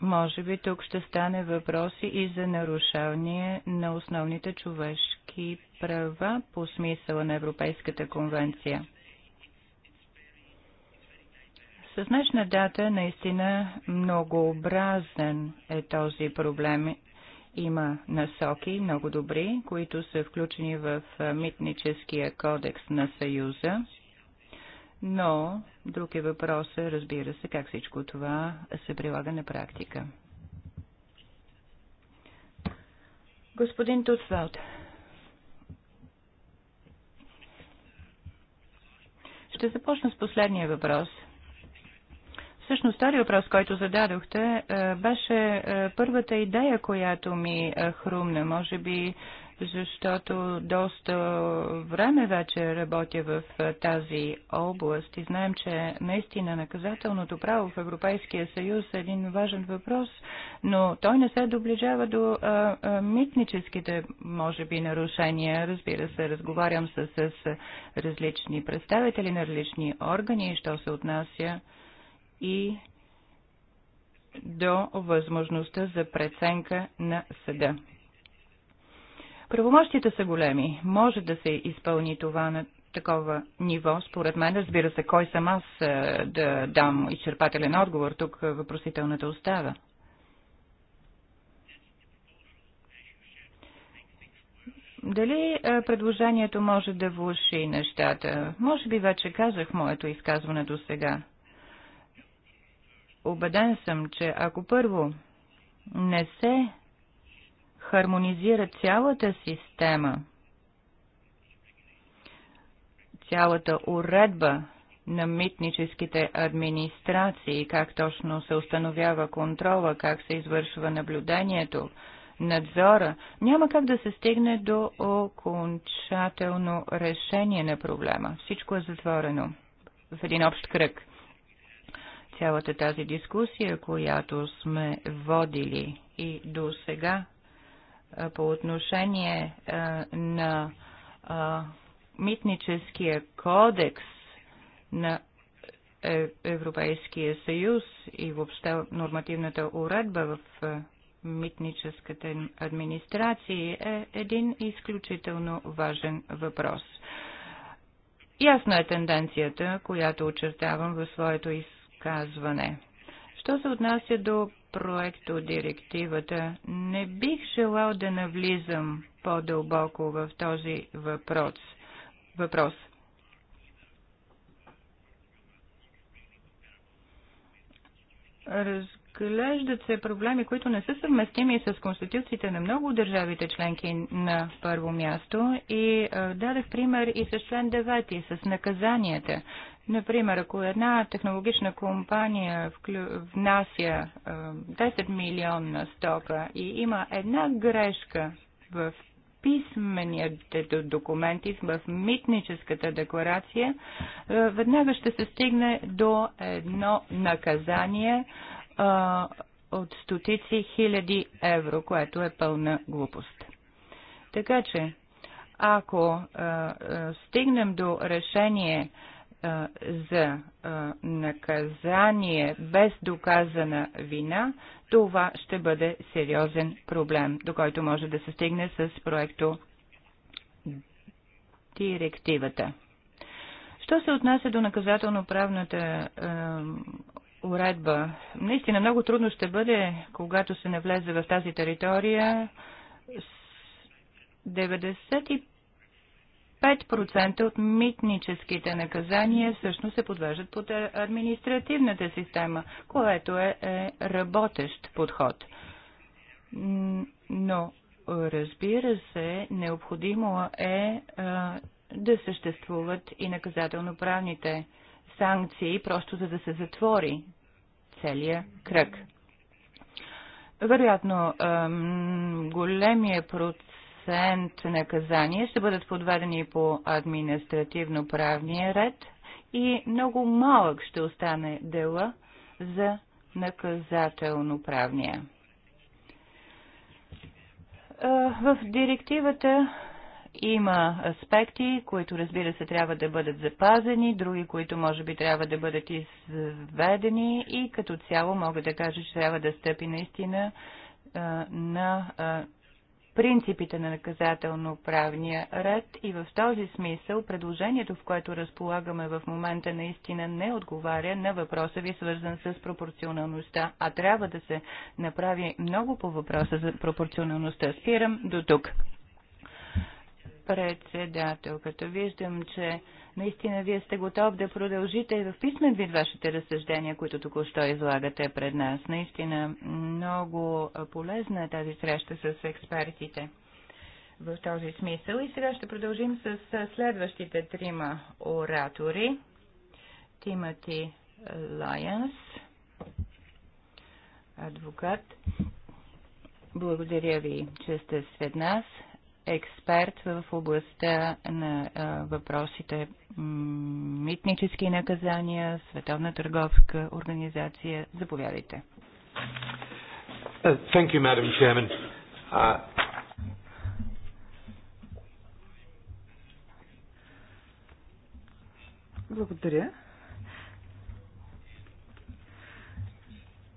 Може би тук ще стане въпроси и за нарушаване на основните човешки права по смисъла на Европейската конвенция. С днешна дата наистина многообразен е този проблем. Има насоки, много добри, които са включени в митническия кодекс на Съюза. Но друг е въпрос, разбира се, как всичко това се прилага на практика. Господин Тутсвалд, ще започна с последния въпрос – Всъщност, стария въпрос, който зададохте, е, беше е, първата идея, която ми е, хрумна. Може би защото доста време вече работя в тази област и знаем, че наистина наказателното право в Европейския съюз е един важен въпрос, но той не се доближава до а, а, митническите, може би, нарушения. Разбира се, разговарям с, с различни представители на различни органи, що се отнася и до възможността за преценка на съда. Правомощите са големи. Може да се изпълни това на такова ниво, според мен. Разбира се, кой съм аз е, да дам изчерпателен отговор, тук е, въпросителната остава. Дали е, предложението може да влуши нещата? Може би вече казах моето изказване до сега убеден съм, че ако първо не се хармонизира цялата система, цялата уредба на митническите администрации, как точно се установява контрола, как се извършва наблюдението, надзора, няма как да се стигне до окончателно решение на проблема. Всичко е затворено в един общ кръг цялата тази дискусия, която сме водили и до сега по отношение на митническия кодекс на е, Европейския съюз и въобще нормативната уредба в митническата администрация е един изключително важен въпрос. Ясна е тенденцията, която очертавам в своето изказване. Що се отнася до проекто директивата, не бих желал да навлизам по-дълбоко в този въпрос. въпрос. Разглеждат се проблеми, които не са съвместими с конституциите на много държавите членки на първо място и дадах пример и с член 9, с наказанията. Например, ако една технологична компания внася 10 милиона стока и има една грешка в писмените документи, в митническата декларация, веднага ще се стигне до едно наказание от стотици хиляди евро, което е пълна глупост. Така че, ако стигнем до решение, за наказание без доказана вина, това ще бъде сериозен проблем, до който може да се стигне с проекто директивата. Що се отнася до наказателно-правната е, уредба, наистина много трудно ще бъде, когато се навлезе в тази територия. 95 5% от митническите наказания всъщност се подвеждат под е, административната система, което е, е работещ подход. Но, разбира се, необходимо е, е да съществуват и наказателно-правните санкции, просто за да се затвори целият кръг. Вероятно, големия процес процент наказание ще бъдат подведени по административно-правния ред и много малък ще остане дела за наказателно-правния. В директивата има аспекти, които разбира се трябва да бъдат запазени, други, които може би трябва да бъдат изведени и като цяло мога да кажа, че трябва да стъпи наистина на принципите на наказателно-правния ред и в този смисъл предложението, в което разполагаме в момента, наистина не отговаря на въпроса ви, свързан с пропорционалността, а трябва да се направи много по въпроса за пропорционалността. Спирам до тук. Председател, като виждам, че наистина вие сте готов да продължите и в писмен вид вашите разсъждения, които току-що излагате пред нас. Наистина много полезна е тази среща с експертите в този смисъл. И сега ще продължим с следващите трима оратори. Тимати Лайънс, адвокат. Благодаря ви, че сте сред нас експерт в областта на въпросите митнически наказания, Световна търговска организация. Заповядайте. Uh, thank you, Madam Chairman. Uh... Благодаря.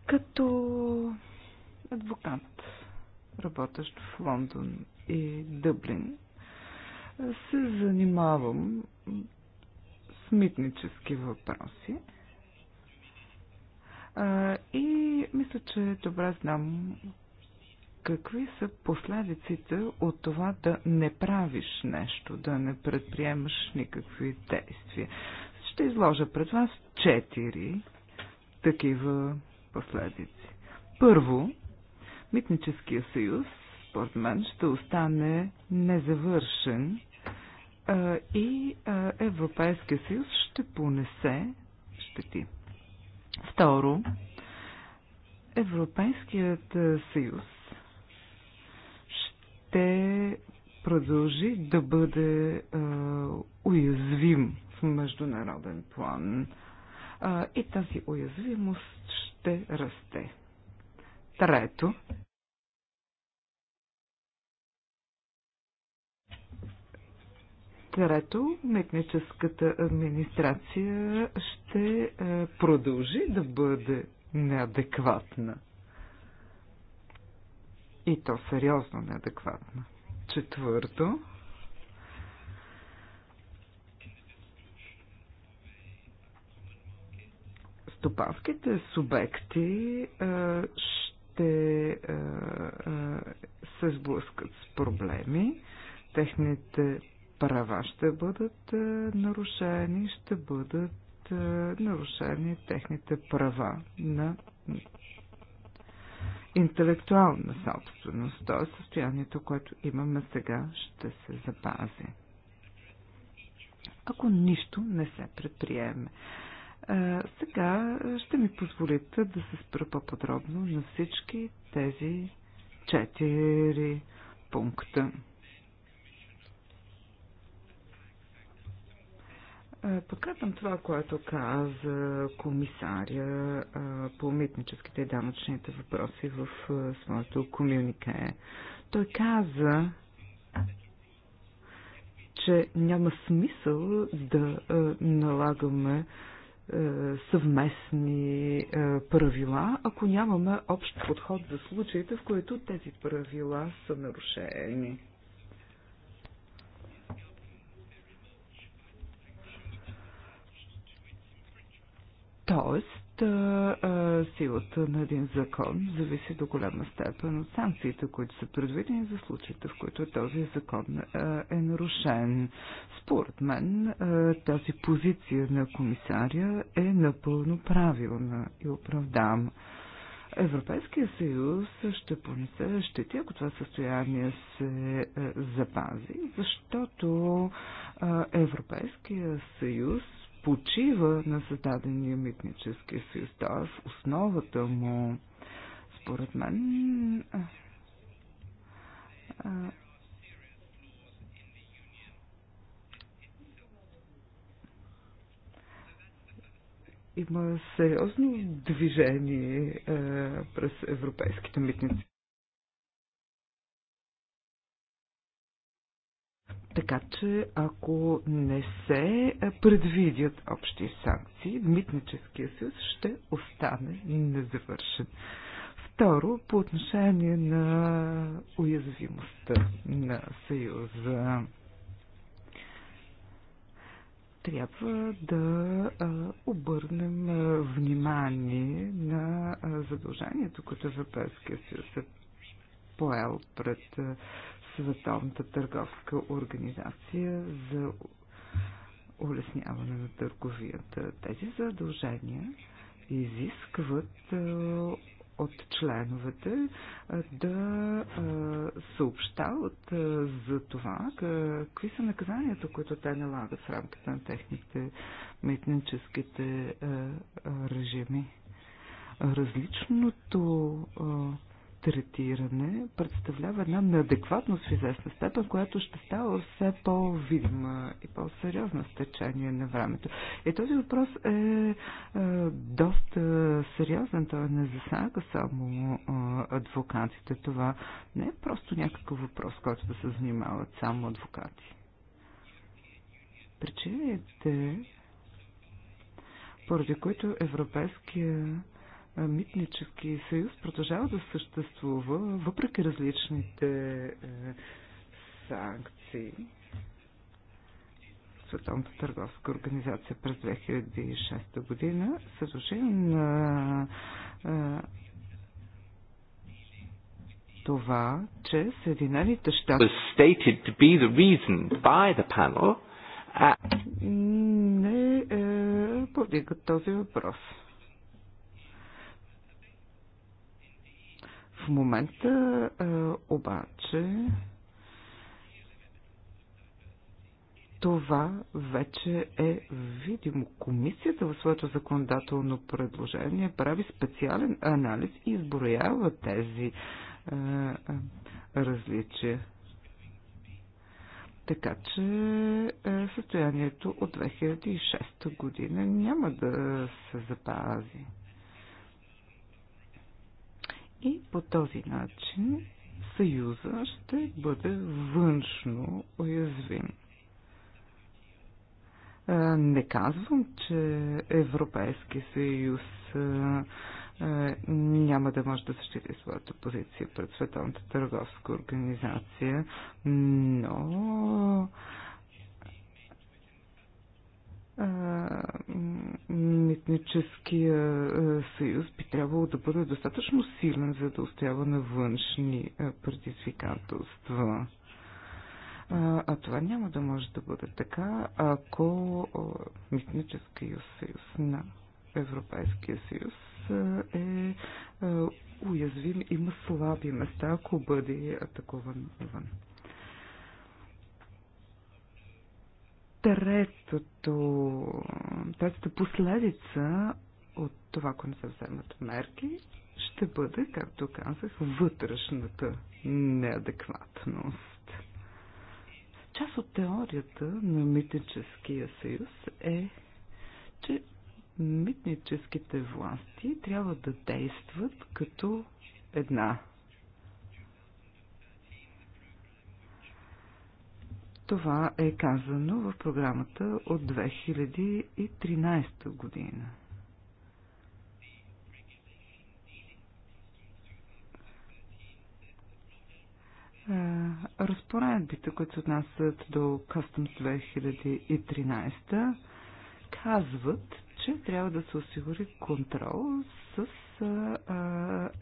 Като адвокат, работещ в Лондон и Дъблин се занимавам с митнически въпроси. А, и мисля, че добре знам какви са последиците от това да не правиш нещо, да не предприемаш никакви действия. Ще изложа пред вас четири такива последици. Първо, Митническия съюз според мен, ще остане незавършен и Европейския съюз ще понесе щети. Второ, Европейският съюз ще продължи да бъде а, уязвим в международен план а, и тази уязвимост ще расте. Трето, Трето, митническата администрация ще е, продължи да бъде неадекватна. И то сериозно неадекватна. Четвърто, стопанските субекти а, е, ще а, е, а, се сблъскат с проблеми, техните права ще бъдат е, нарушени, ще бъдат е, нарушени техните права на интелектуална собственост, т.е. състоянието, което имаме сега, ще се запази. Ако нищо не се предприеме. Е, сега ще ми позволите да се спра по-подробно на всички тези четири пункта. Е, подкрепям това, което каза комисаря е, по митническите и данъчните въпроси в е, своето комюнике. Той каза, че няма смисъл да налагаме съвместни правила, ако нямаме общ подход за случаите, в които тези правила са нарушени. Тоест, силата на един закон зависи до голяма степен от санкциите, които са предвидени за случаите, в които този закон е нарушен. Според мен тази позиция на комисаря е напълно правилна и оправдам. Европейския съюз ще понесе щети, ако това състояние се запази, защото Европейския съюз почива на създадения митнически съюз. Тоест основата му, според мен. има сериозно движение през европейските митници. Така че, ако не се предвидят общи санкции, митническия съюз ще остане незавършен. Второ, по отношение на уязвимостта на съюза. Трябва да обърнем внимание на задължението, което Европейския съюз е поел пред Световната търговска организация за улесняване на търговията. Тези задължения изискват е, от членовете е, да е, съобщават за това какви са наказанията, които те налагат в рамките на техните митническите режими. Различното третиране представлява една неадекватност в известна степен, която ще става все по-видима и по-сериозна с течение на времето. И този въпрос е, е доста сериозен. Той не засяга само е, адвокатите. Това не е просто някакъв въпрос, който да се занимават само адвокати. Причините, поради които Европейския митнически съюз продължава да съществува, въпреки различните е, санкции. Световната търговска организация през 2006 година съдължение на е, това, че Съединените щати uh, не е, повдигат този въпрос. момента е, обаче това вече е видимо. Комисията в своето законодателно предложение прави специален анализ и изброява тези а, е, а, е, различия. Така че състоянието от 2006 година няма да се запази. И по този начин Съюза ще бъде външно уязвим. Не казвам, че Европейски съюз няма да може да защити своята позиция пред Световната търговска организация, но митническия съюз би трябвало да бъде достатъчно силен, за да устоява на външни предизвикателства. А това няма да може да бъде така, ако етническия съюз на Европейския съюз е уязвим, има слаби места, ако бъде атакуван навън. Третото, третата последица от това, ако не се вземат мерки, ще бъде, както казах, вътрешната неадекватност. Част от теорията на митническия съюз е, че митническите власти трябва да действат като една Това е казано в програмата от 2013 година. Е, разпоредбите, които се отнасят до Customs 2013, казват, че трябва да се осигури контрол с а,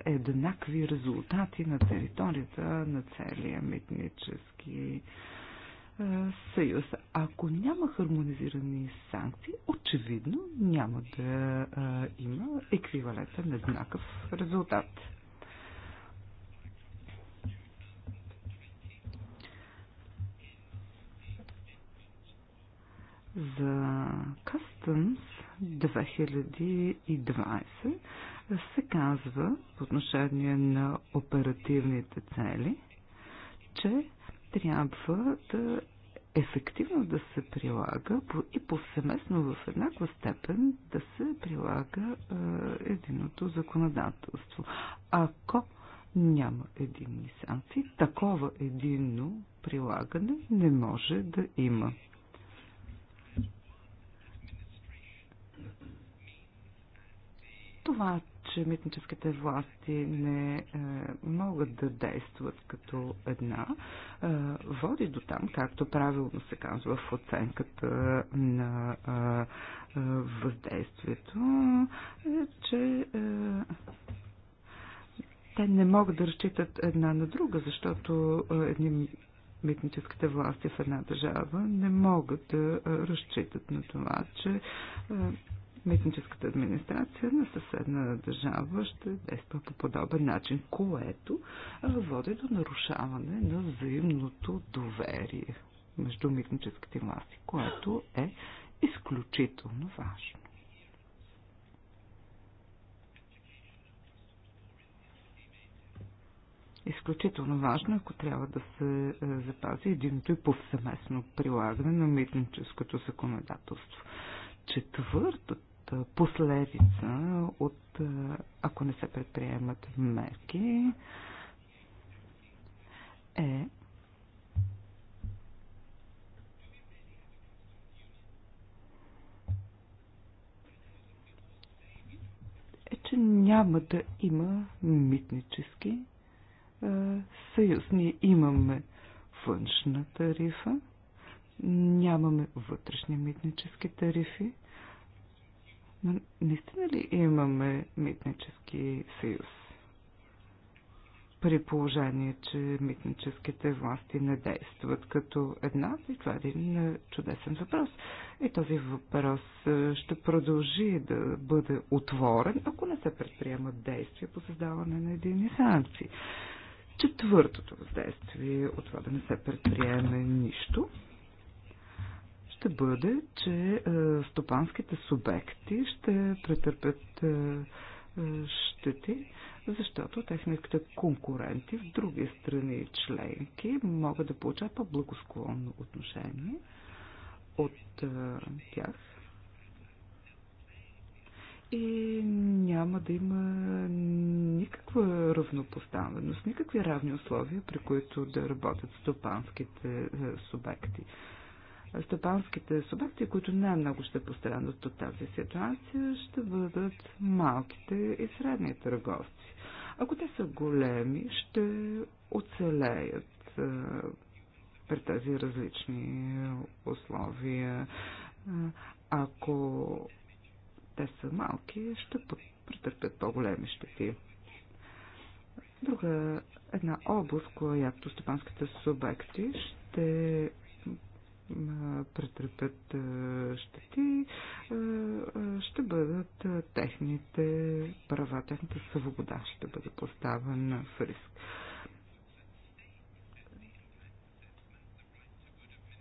е, е, еднакви резултати на територията на целия митнически а, Съюз. Ако няма хармонизирани санкции, очевидно няма да има еквивалентен еднакъв резултат. за Customs 2020 се казва по отношение на оперативните цели, че трябва да ефективно да се прилага и повсеместно в еднаква степен да се прилага единото законодателство. Ако няма единни санкции, такова единно прилагане не може да има. Това че митническите власти не е, могат да действат като една, е, води до там, както правилно се казва в оценката на е, въздействието, че те не могат да разчитат една на друга, защото едни митническите власти в една държава не могат да разчитат на това, че митническата администрация на съседна държава ще действа по подобен начин, което води до нарушаване на взаимното доверие между митническите власти, което е изключително важно. изключително важно, ако трябва да се е, запази единото и повсеместно прилагане на митническото законодателство. Четвъртото последица от ако не се предприемат мерки е е, че няма да има митнически е, съюз. Ние имаме външна тарифа, нямаме вътрешни митнически тарифи, но наистина ли имаме митнически съюз? При положение, че митническите власти не действат като една, и това е един е, чудесен въпрос. И този въпрос е, ще продължи да бъде отворен, ако не се предприемат действия по създаване на едини санкции. Четвъртото въздействие от това да не се предприеме нищо ще бъде, че е, стопанските субекти ще претърпят е, е, щети, защото техните конкуренти в други страни членки могат да получат по-благосклонно отношение от тях и няма да има никаква равнопоставеност, никакви равни условия, при които да работят стопанските субекти стопанските субекти, които най-много ще пострадат от тази ситуация, ще бъдат малките и средни търговци. Ако те са големи, ще оцелеят при тези различни условия. Ако те са малки, ще претърпят по-големи щети. Друга една област, която стопанските субекти ще претърпят щети, ще бъдат техните права, техната свобода ще бъде поставена в риск.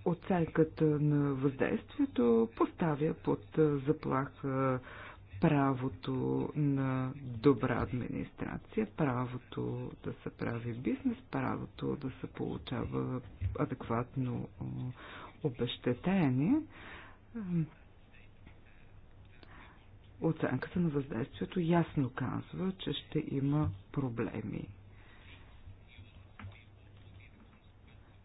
Оценката на въздействието поставя под заплаха правото на добра администрация, правото да се прави бизнес, правото да се получава адекватно Обещетени, Оценката на въздействието ясно казва, че ще има проблеми.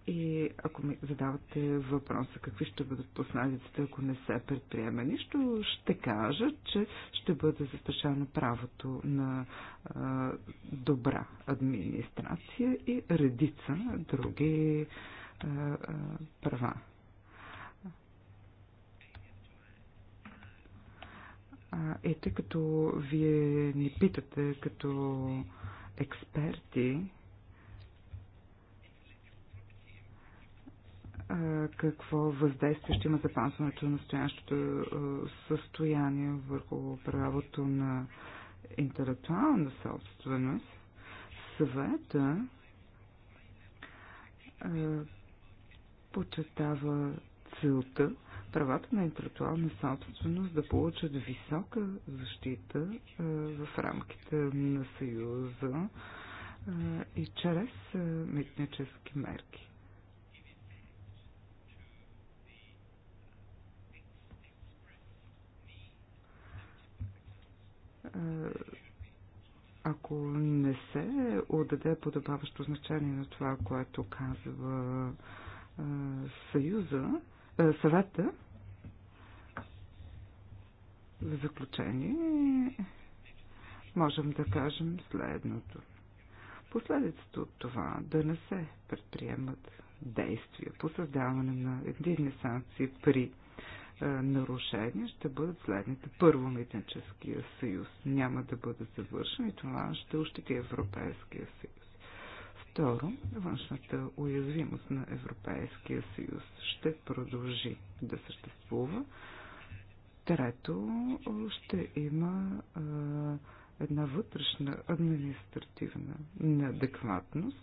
И ако ми задавате въпроса какви ще бъдат последиците, ако не се предприеме нищо, ще кажа, че ще бъде застрашено правото на а, добра администрация и редица други а, а, права. Е, тъй като вие ни питате като експерти, какво въздействие ще има запазването на настоящото състояние върху правото на интелектуална собственост, съвета почетава целта правата на интелектуална собственост да получат висока защита в рамките на Съюза и чрез митнически мерки. Ако не се отдаде подобаващо значение на това, което казва Съюза, е, съвета в заключение можем да кажем следното. Последицата от това да не се предприемат действия по създаване на единни санкции при е, нарушения ще бъдат следните. Първо, митническия съюз няма да бъде завършен и това ще ощети Европейския съюз. Второ, външната уязвимост на Европейския съюз ще продължи да съществува. Трето, ще има а, една вътрешна административна неадекватност,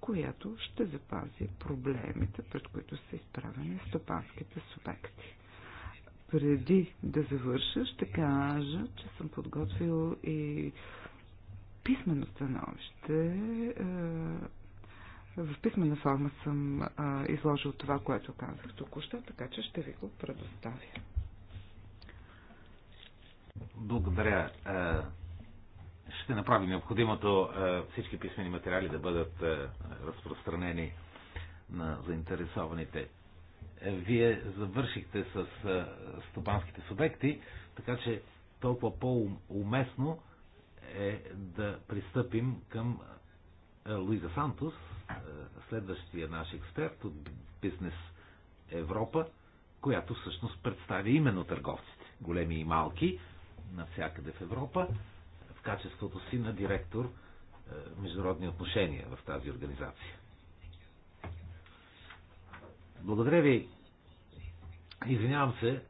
която ще запази проблемите, пред които са изправени стопанските субекти. Преди да завърша, ще кажа, че съм подготвил и писмено становище. Е, в писмена форма съм е, изложил това, което казах току-що, така че ще ви го предоставя. Благодаря. Е, ще направим необходимото всички писмени материали да бъдат разпространени на заинтересованите. Вие завършихте с стопанските субекти, така че толкова по-уместно е да пристъпим към е, Луиза Сантос, е, следващия наш експерт от Бизнес Европа, която всъщност представя именно търговците, големи и малки, навсякъде в Европа, в качеството си на директор е, международни отношения в тази организация. Благодаря ви. Извинявам се,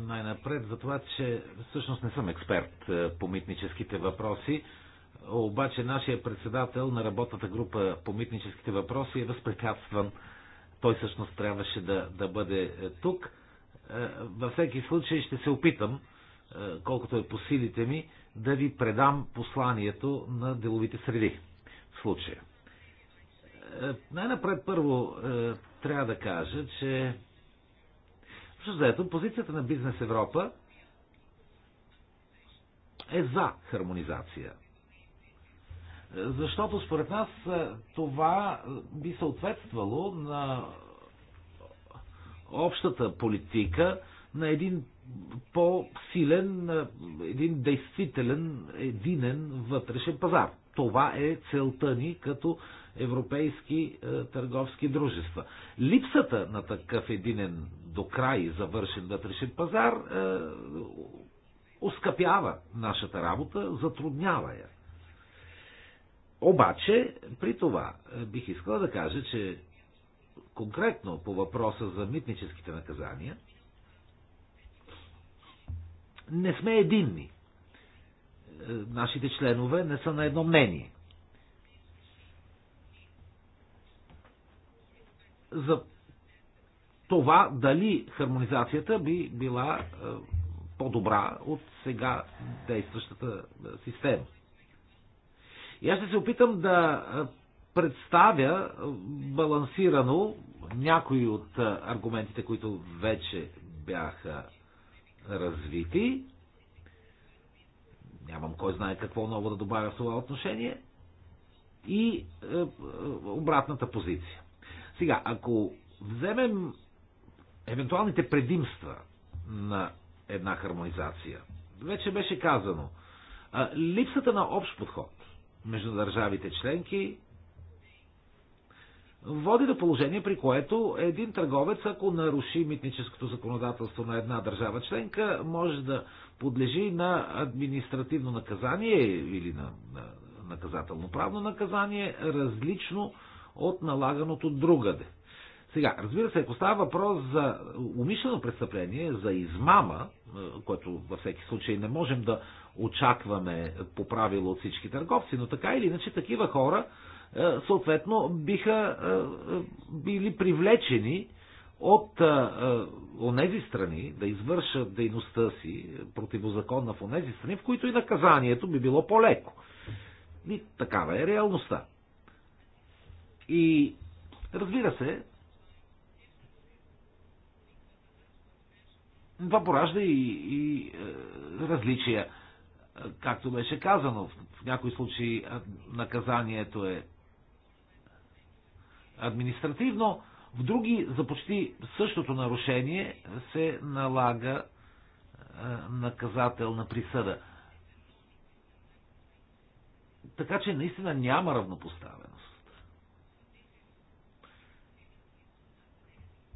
най-напред за това, че всъщност не съм експерт е, по митническите въпроси, обаче нашия председател на работната група по митническите въпроси е възпрепятстван. Той всъщност трябваше да, да бъде е, тук. Е, във всеки случай ще се опитам, колкото е по силите ми, да ви предам посланието на деловите среди в случая. Най-напред първо трябва да кажа, че защото заето, позицията на Бизнес Европа е за хармонизация. Защото според нас е, това би съответствало на общата политика на един по-силен, е, един действителен, единен вътрешен пазар. Това е целта ни като европейски е, търговски дружества. Липсата на такъв единен до край завършен вътрешен пазар, е, оскъпява нашата работа, затруднява я. Обаче, при това, е, бих искала да кажа, че конкретно по въпроса за митническите наказания, не сме единни. Е, нашите членове не са на едно мнение. За това дали хармонизацията би била е, по-добра от сега действащата е, система. И аз ще се опитам да е, представя балансирано някои от аргументите, които вече бяха развити. Нямам кой знае какво ново да добавя в това отношение. И е, обратната позиция. Сега, ако вземем евентуалните предимства на една хармонизация. Вече беше казано. Липсата на общ подход между държавите членки води до положение, при което един търговец, ако наруши митническото законодателство на една държава членка, може да подлежи на административно наказание или на, на наказателно-правно наказание, различно от налаганото другаде. Сега, разбира се, ако става въпрос за умишлено престъпление, за измама, е, което във всеки случай не можем да очакваме по правило от всички търговци, но така или иначе такива хора е, съответно биха е, били привлечени от онези страни да извършат дейността си противозаконна в онези страни, в които и наказанието би било по-леко. И такава е реалността. И разбира се, Това поражда и, и е, различия. Е, както беше казано, в някои случаи е, наказанието е административно, в други за почти същото нарушение се налага е, наказателна присъда. Така че наистина няма равнопоставен.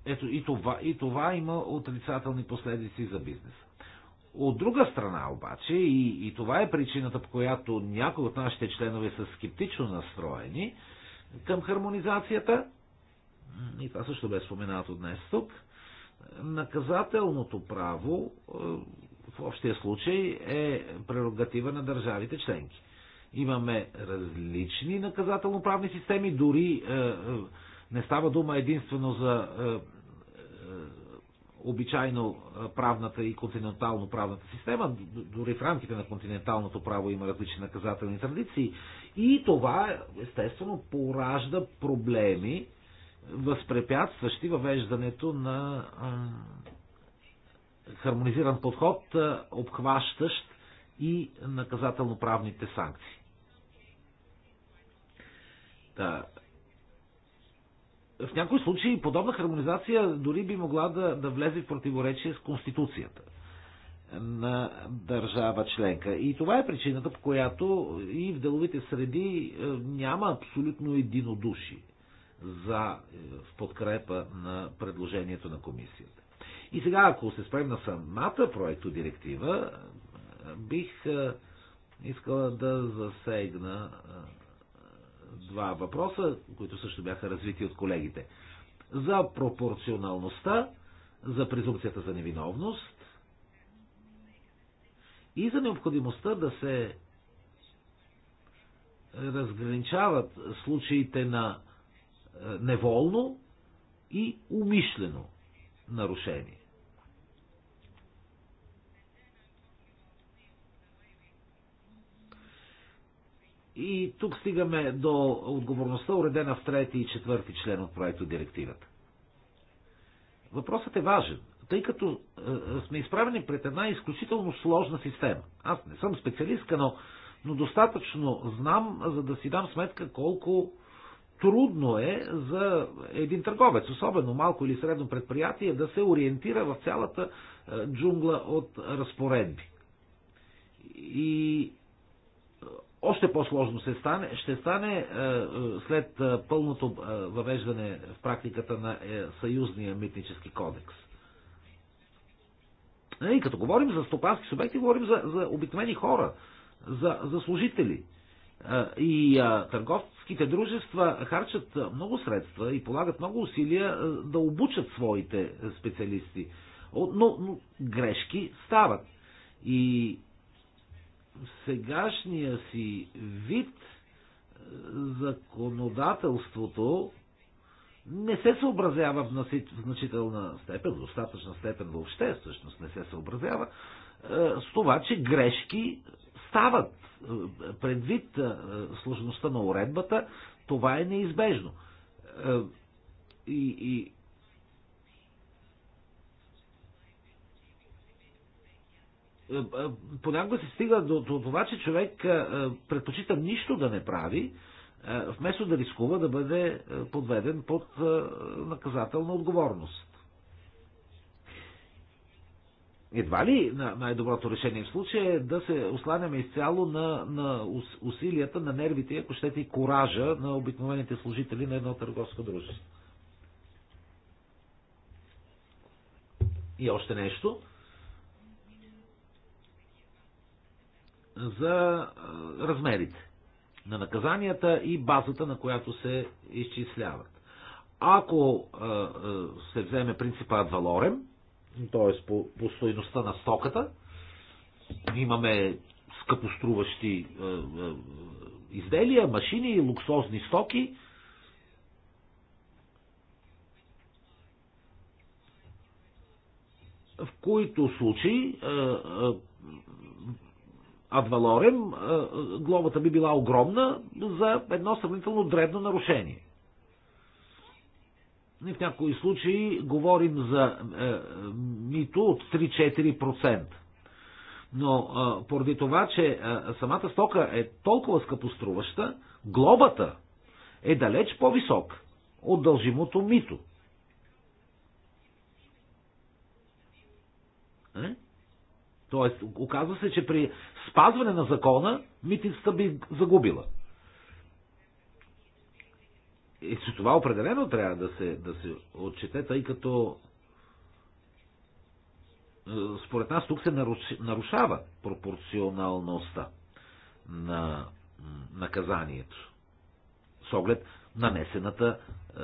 Ето и това, и това има отрицателни последици за бизнеса. От друга страна обаче, и, и това е причината, по която някои от нашите членове са скептично настроени към хармонизацията, и това също бе споменато днес тук, наказателното право е, в общия случай е прерогатива на държавите членки. Имаме различни наказателно-правни системи, дори е, е не става дума единствено за е, обичайно правната и континентално правната система, дори в рамките на континенталното право има различни наказателни традиции. И това, естествено, поражда проблеми, възпрепятстващи въвеждането на хармонизиран подход, обхващащ и наказателно-правните санкции. Да в някои случаи подобна хармонизация дори би могла да, да влезе в противоречие с Конституцията на държава членка. И това е причината, по която и в деловите среди е, няма абсолютно единодуши за е, в подкрепа на предложението на комисията. И сега, ако се спрем на самата проекто директива, е, бих искала да засегна два въпроса, които също бяха развити от колегите. За пропорционалността, за презумпцията за невиновност и за необходимостта да се разграничават случаите на е, неволно и умишлено нарушение. И тук стигаме до отговорността, уредена в трети и четвърти член от проекто директивата. Въпросът е важен, тъй като е, е, сме изправени пред една изключително сложна система. Аз не съм специалистка, но, но достатъчно знам, за да си дам сметка колко трудно е за един търговец, особено малко или средно предприятие, да се ориентира в цялата е, джунгла от разпоредби. И още по-сложно се стане, ще стане е, е, след е, пълното въвеждане в практиката на съюзния митнически кодекс. И като говорим за стопански субекти, говорим за, за обикновени хора, за, за служители. И търговските дружества харчат много средства и полагат много усилия да обучат своите специалисти. Но, но грешки стават. И сегашния си вид е, законодателството не се съобразява в значителна степен, в достатъчна степен въобще, всъщност не се съобразява, е, с това, че грешки стават. Е, предвид сложността на уредбата, това е неизбежно. И, и Е, е, понякога се стига до, до това, че човек е, предпочита нищо да не прави, вместо да рискува да бъде подведен под наказателна отговорност. Едва ли най-доброто решение в случая е да се осланяме изцяло на, на усилията, на нервите, ако щете и коража на обикновените служители на едно търговско дружество. И още нещо – за размерите на наказанията и базата, на която се изчисляват. Ако се вземе принципа ad т.е. по, по стоеността на стоката, имаме скъпоструващи изделия, машини, луксозни стоки. В които случаи адвалорем, глобата би била огромна за едно сравнително дребно нарушение. И в някои случаи говорим за е, е мито от 3-4%. Но е, поради това, че е, самата стока е толкова скъпоструваща, глобата е далеч по-висок от дължимото мито. Е? Тоест, оказва се, че при спазване на закона, митницата би загубила. И с това определено трябва да се, да се отчете, тъй като е, според нас тук се нарушава пропорционалността на наказанието с оглед нанесената е,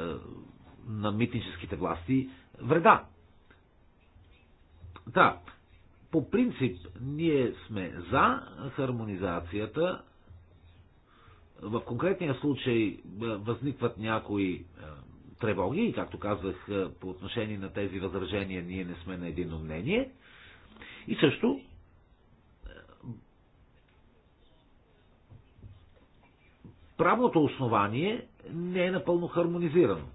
на митническите власти вреда. Да, по принцип ние сме за хармонизацията. В конкретния случай е, възникват някои е, тревоги и, както казах, е, по отношение на тези възражения ние не сме на едино мнение. И също правното основание не е напълно хармонизирано.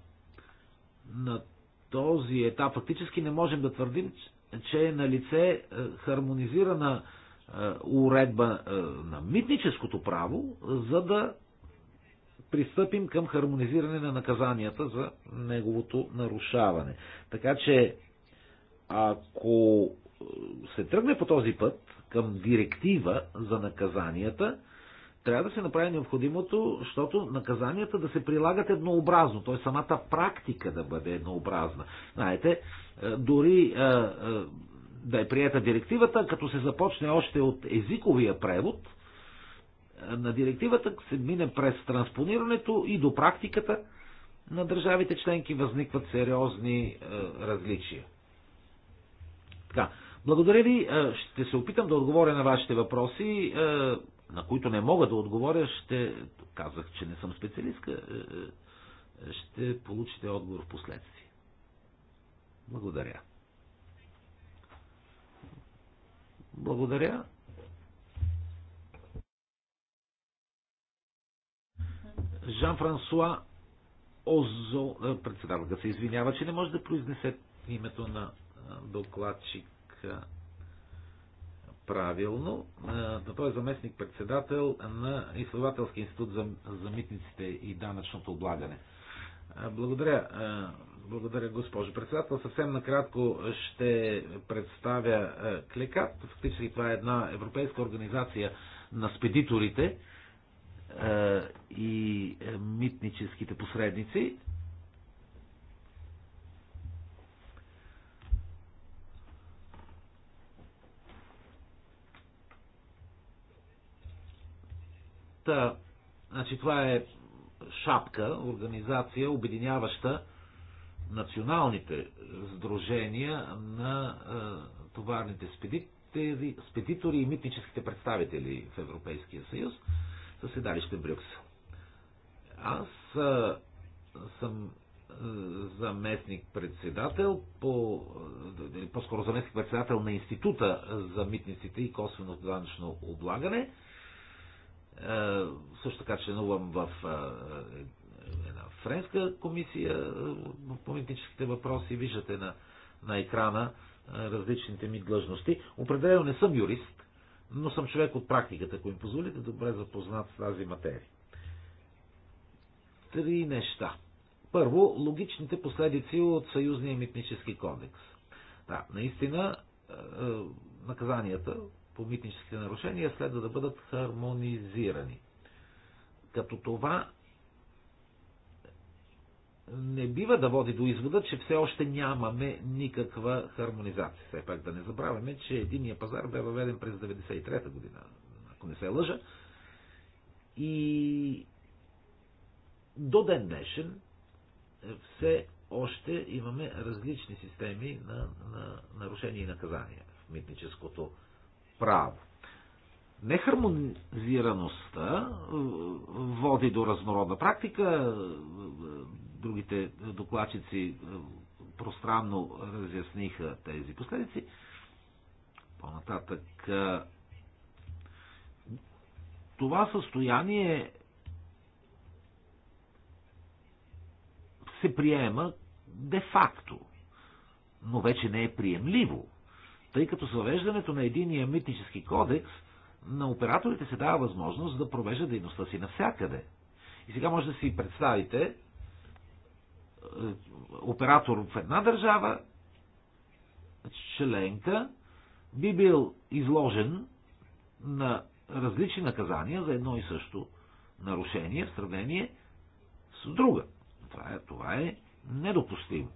На този етап фактически не можем да твърдим, че е на лице е, хармонизирана е, уредба е, на митническото право, за да пристъпим към хармонизиране на наказанията за неговото нарушаване. Така че, ако се тръгне по този път към директива за наказанията, трябва да се направи необходимото, защото наказанията да се прилагат еднообразно, т.е. самата практика да бъде еднообразна. Знаете, е, дори е, е, да е приета директивата, като се започне още от езиковия превод на директивата, се мине през транспонирането и до практиката на държавите членки възникват сериозни различия. Така, благодаря ви. Ще се опитам да отговоря на вашите въпроси на които не мога да отговоря, ще казах, че не съм специалистка, е, е, ще получите отговор в последствие. Благодаря. Благодаря. Жан-Франсуа Озо, е, председателка се извинява, че не може да произнесе името на докладчика правилно. Е, той е заместник-председател на Изследователски институт за, за митниците и данъчното облагане. Е, благодаря, е, благодаря госпожо председател. Съвсем накратко ще представя Клекат. Фактически това е една европейска организация на спедиторите и митническите посредници. Та, значи това е шапка, организация, обединяваща националните сдружения на е, товарните спедитори, спедитори и митническите представители в Европейския съюз със седалище Брюксел. Аз е, съм е, заместник-председател по, е, по-скоро заместник-председател на Института за митниците и косвено данъчно облагане – е, също така членувам в е, е, една френска комисия по политическите въпроси. Виждате на, на екрана различните ми длъжности. Определено не съм юрист, но съм човек от практиката, ако им позволите, добре запознат с тази материя. Три неща. Първо, логичните последици от Съюзния митнически кодекс. Да, наистина наказанията по митническите нарушения следва да бъдат хармонизирани. Като това не бива да води до извода, че все още нямаме никаква хармонизация. Все пак да не забравяме, че единия пазар бе въведен през 1993 година, ако не се лъжа. И до ден днешен все още имаме различни системи на, на нарушения и наказания в митническото право. Нехармонизираността е, води до разнородна практика. Е, е, другите докладчици пространно разясниха тези последици. По-нататък това състояние се приема де-факто, но вече не е приемливо тъй като с въвеждането на единия митнически кодекс на операторите се дава възможност да провеждат дейността си навсякъде. И сега може да си представите е, оператор в една държава, членка, би бил изложен на различни наказания за едно и също нарушение в сравнение с друга. Това е, това е недопустимо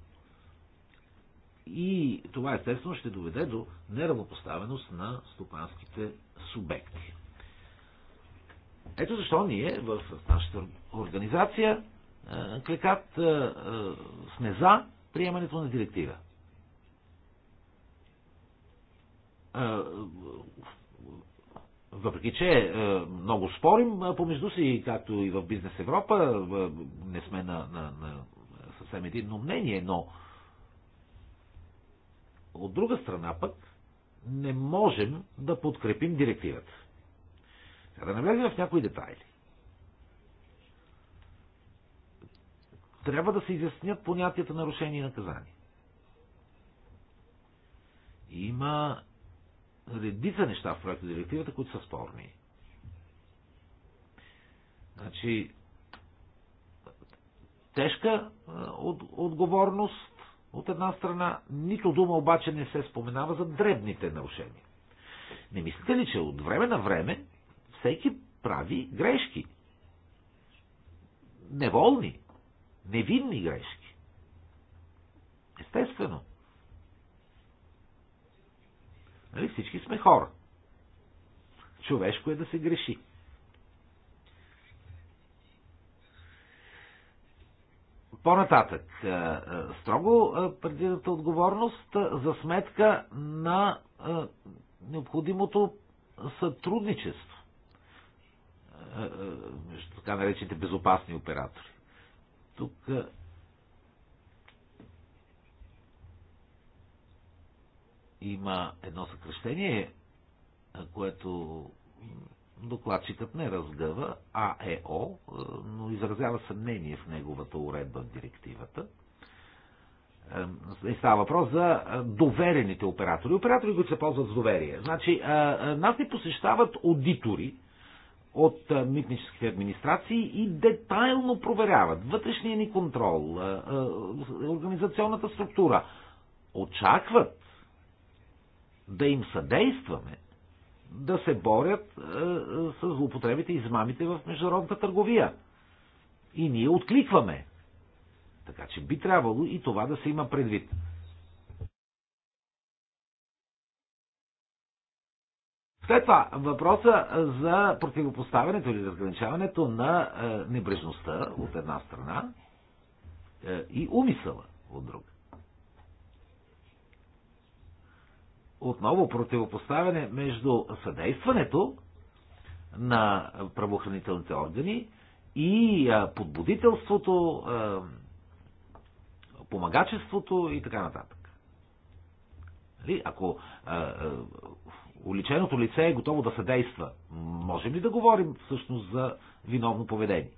и това естествено ще доведе до неравнопоставеност на стопанските субекти. Ето защо ние в нашата организация е, Кликат е, е, сме за приемането на директива. Въпреки, че много спорим помежду си, както и в Бизнес Европа, не сме на, на, на съвсем единно мнение, но от друга страна пък не можем да подкрепим директивата. Сега да навлезем в някои детайли. Трябва да се изяснят понятията нарушение и наказание. Има редица неща в проекта директивата, които са спорни. Значи, тежка отговорност от една страна, нито дума обаче не се споменава за дребните нарушения. Не мислите ли, че от време на време всеки прави грешки? Неволни, невинни грешки. Естествено. Нали, всички сме хора. Човешко е да се греши. По-нататък, е, е, строго е, предвидната отговорност за сметка на необходимото сътрудничество между така наречените безопасни оператори. Тук има едно съкръщение, което докладчикът не разгъва АЕО, е, но изразява съмнение в неговата уредба в директивата. И е, е, става въпрос за доверените оператори. Оператори, които се ползват с доверие. Значи, нас не посещават аудитори от митническите администрации и детайлно проверяват вътрешния ни контрол, организационната структура. Очакват да им съдействаме да се борят е, е, с злоупотребите и измамите в международната търговия. И ние откликваме. Така че би трябвало и това да се има предвид. След това, въпроса за противопоставянето или разграничаването на е, небрежността от една страна и умисъла от друга. отново противопоставяне между съдействането на правоохранителните органи и подбудителството, помагачеството и така нататък. Нали, ако уличеното лице е готово да съдейства, можем ли да говорим всъщност за виновно поведение?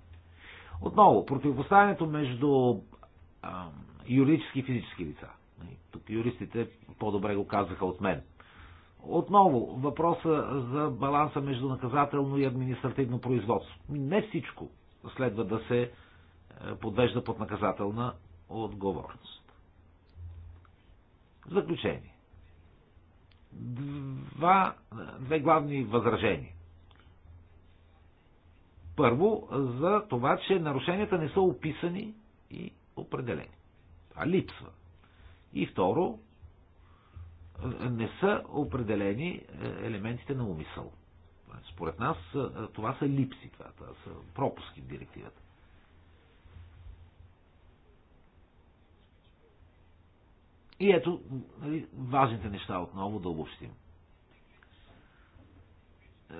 Отново, противопоставянето между юридически и физически лица – Нали, тук юристите по-добре го казаха от мен. Отново, въпроса за баланса между наказателно и административно производство. Не всичко следва да се е, подвежда под наказателна отговорност. заключение. Два, две главни възражения. Първо, за това, че нарушенията не са описани и определени. А липсва и второ, не са определени е, елементите на умисъл. Според нас е, това са липси, това, това са пропуски в директивата. И ето нали, важните неща отново да обобщим.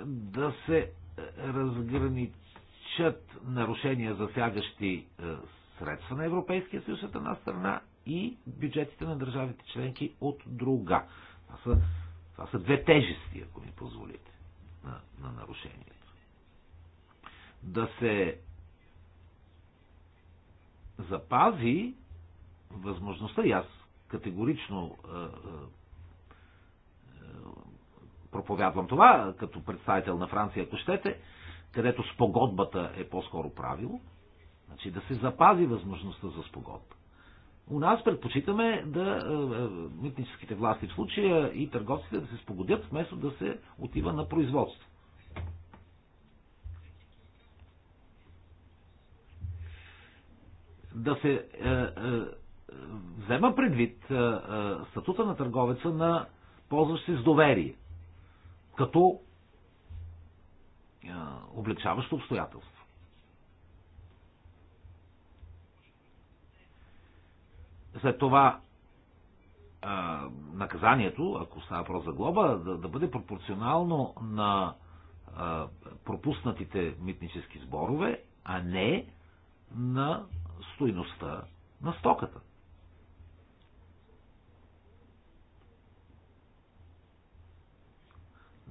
Да се е, разграничат нарушения, засягащи средства на Европейския съюз от една страна и бюджетите на държавите членки от друга. Това са, това са две тежести, ако ми позволите, на, на нарушението. Да се запази възможността, и аз категорично е, е, е, проповядвам това, като представител на Франция, ако щете, където спогодбата е по-скоро правило, значи да се запази възможността за спогодба. У нас предпочитаме да е, е, митническите власти в случая и търговците да се спогодят, вместо да се отива на производство. Да се е, е, взема предвид е, е, статута на търговеца на ползващ се с доверие, като е, облегчаващо обстоятелство. След това а, наказанието, ако става въпрос за глоба, да, да бъде пропорционално на а, пропуснатите митнически сборове, а не на стоиността на стоката.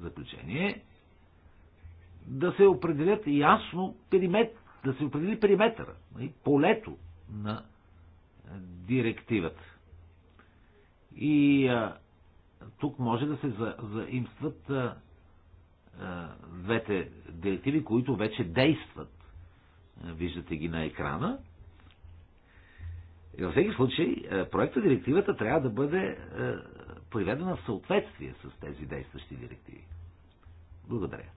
Заключение да се определят ясно периметър, да се определи периметъра, нали, полето на директивата. И а, тук може да се за, заимстват а, а, двете директиви, които вече действат. Виждате ги на екрана. И във всеки случай, проекта директивата трябва да бъде приведена в съответствие с тези действащи директиви. Благодаря.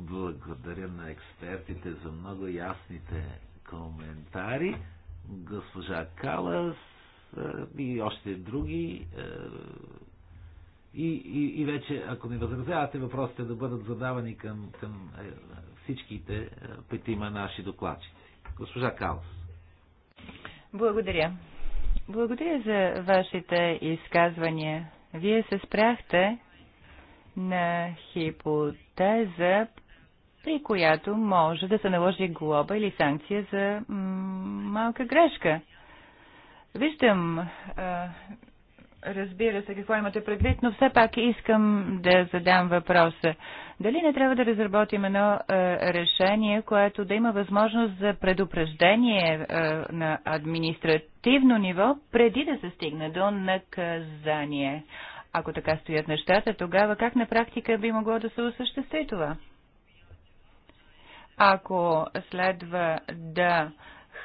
Благодаря на експертите за много ясните коментари. Госпожа Калас е, и още други. Е, и, и, и вече, ако ми възразявате, въпросите да бъдат задавани към, към е, всичките петима наши докладчици. Госпожа Калас. Благодаря. Благодаря за вашите изказвания. Вие се спряхте на хипотеза, при която може да се наложи глоба или санкция за малка грешка. Виждам, а, разбира се, какво имате предвид, но все пак искам да задам въпроса. Дали не трябва да разработим едно а, решение, което да има възможност за предупреждение а, на административно ниво, преди да се стигне до наказание? Ако така стоят нещата, тогава как на практика би могло да се осъществи това? ако следва да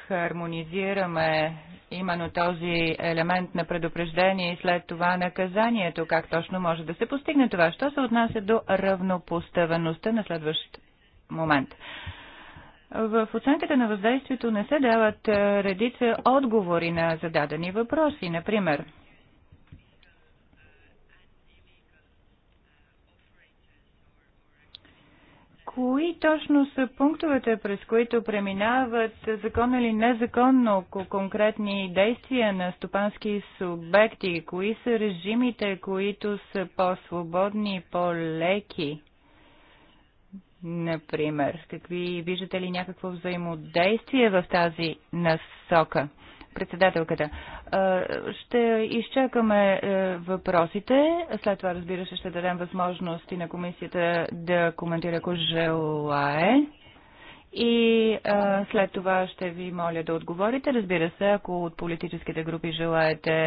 хармонизираме именно този елемент на предупреждение и след това наказанието, как точно може да се постигне това? Що се отнася до равнопоставеността на следващ момент? В оценката на въздействието не се дават редица отговори на зададени въпроси. Например, кои точно са пунктовете, през които преминават законно или незаконно конкретни действия на стопански субекти? Кои са режимите, които са по-свободни, по-леки? Например, какви виждате ли някакво взаимодействие в тази насока? Председателката. Е, ще изчакаме е, въпросите. След това, разбира се, ще дадем възможност и на комисията да коментира, ако желае. И а, е, след това ще ви моля да отговорите. Разбира се, ако от политическите групи желаете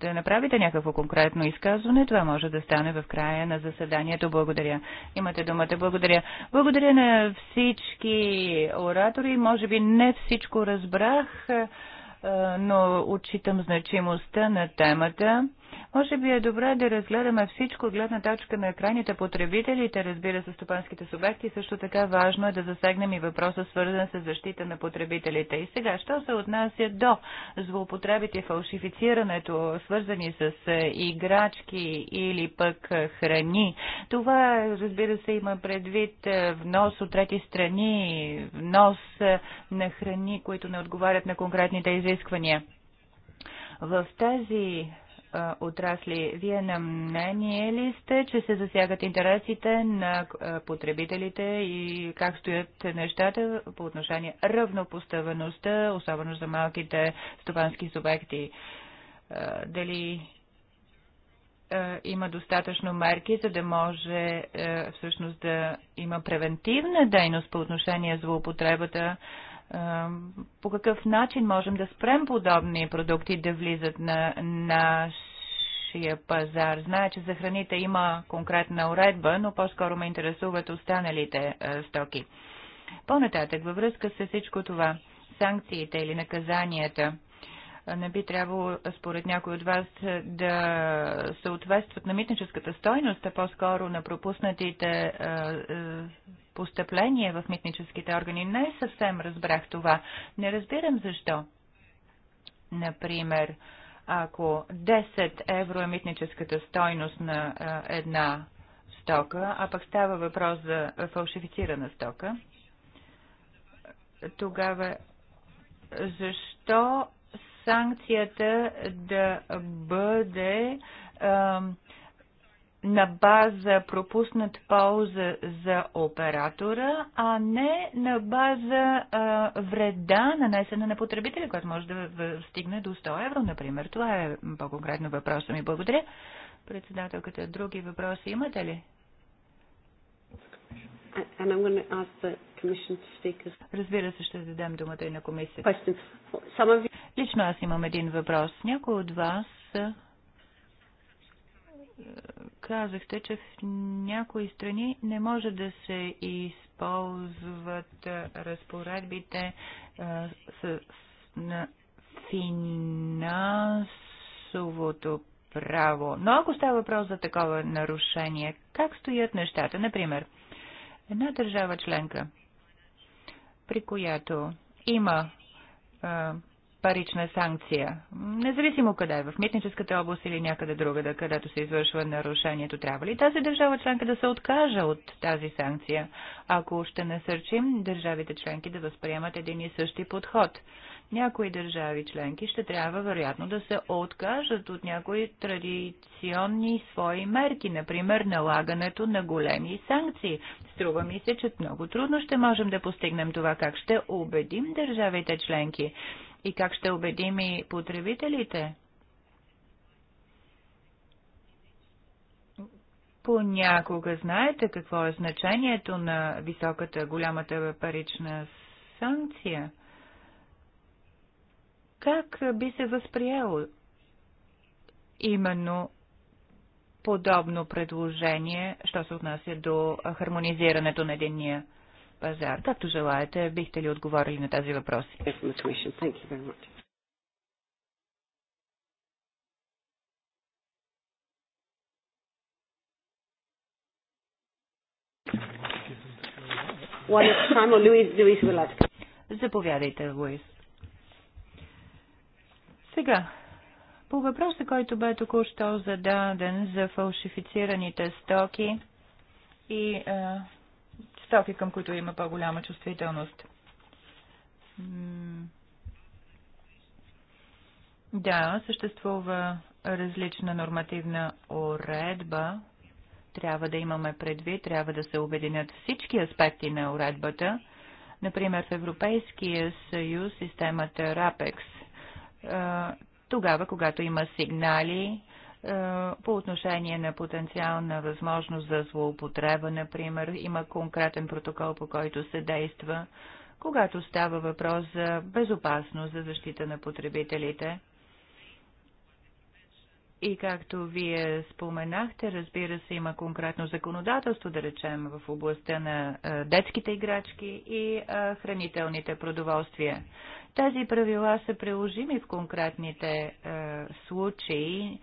да направите някакво конкретно изказване, това може да стане в края на заседанието. Благодаря. Имате думата. Благодаря. Благодаря на всички оратори. Може би не всичко разбрах. Е, но отчитам значимостта на темата може би е добре да разгледаме всичко от гледна точка на крайните те разбира се, стопанските субекти. Също така важно е да засегнем и въпроса, свързан с защита на потребителите. И сега, що се отнася до злоупотребите и фалшифицирането, свързани с е, играчки или пък е, храни, това, разбира се, има предвид е, внос от трети страни, внос на храни, които не отговарят на конкретните изисквания. В тази отрасли. Вие на мнение ли сте, че се засягат интересите на потребителите и как стоят нещата по отношение равнопоставеността, особено за малките стопански субекти? дали има достатъчно мерки, за да може всъщност да има превентивна дейност по отношение злоупотребата по какъв начин можем да спрем подобни продукти да влизат на нашия пазар. Зная, че за храните има конкретна уредба, но по-скоро ме интересуват останалите стоки. По-нататък, във връзка с всичко това, санкциите или наказанията, не би трябвало, според някой от вас, да съответстват на митническата стойност, а по-скоро на пропуснатите постъпление в митническите органи. Не съвсем разбрах това. Не разбирам защо. Например, ако 10 евро е митническата стойност на една стока, а пък става въпрос за фалшифицирана стока, тогава защо санкцията да бъде на база пропуснат полза за оператора, а не на база а, вреда, нанесена на потребителя, която може да стигне до 100 евро, например. Това е по-конкретно въпроса ми. Благодаря. Председателката, други въпроси имате ли? Разбира се, ще дадем думата и на комисията. Лично аз имам един въпрос. Някой от вас казахте, че в някои страни не може да се използват разпоредбите с, на финансовото право. Но ако става въпрос за такова нарушение, как стоят нещата? Например, една държава членка, при която има а, парична санкция, независимо къде, е в митническата област или някъде да, където се извършва нарушението, трябва ли тази държава членка да се откаже от тази санкция, ако ще насърчим държавите членки да възприемат един и същи подход? Някои държави членки ще трябва вероятно да се откажат от някои традиционни свои мерки, например налагането на големи санкции. Струва ми се, че много трудно ще можем да постигнем това, как ще убедим държавите членки и как ще убедим и потребителите? Понякога знаете какво е значението на високата, голямата парична санкция. Как би се възприело именно подобно предложение, що се отнася до хармонизирането на единния? пазар. Както желаете, бихте ли отговорили на тази въпроси? Заповядайте, Луис. Сега, по въпроса, който бе току-що зададен за фалшифицираните стоки и а, стоки, към които има по-голяма чувствителност. Да, съществува различна нормативна уредба. Трябва да имаме предвид, трябва да се обединят всички аспекти на уредбата. Например, в Европейския съюз системата RAPEX. Тогава, когато има сигнали е, по отношение на потенциална възможност за злоупотреба, например, има конкретен протокол, по който се действа, когато става въпрос за безопасност, за защита на потребителите. И както вие споменахте, разбира се, има конкретно законодателство, да речем, в областта на е, детските играчки и е, хранителните продоволствия. Тези правила са приложими в конкретните е, случаи,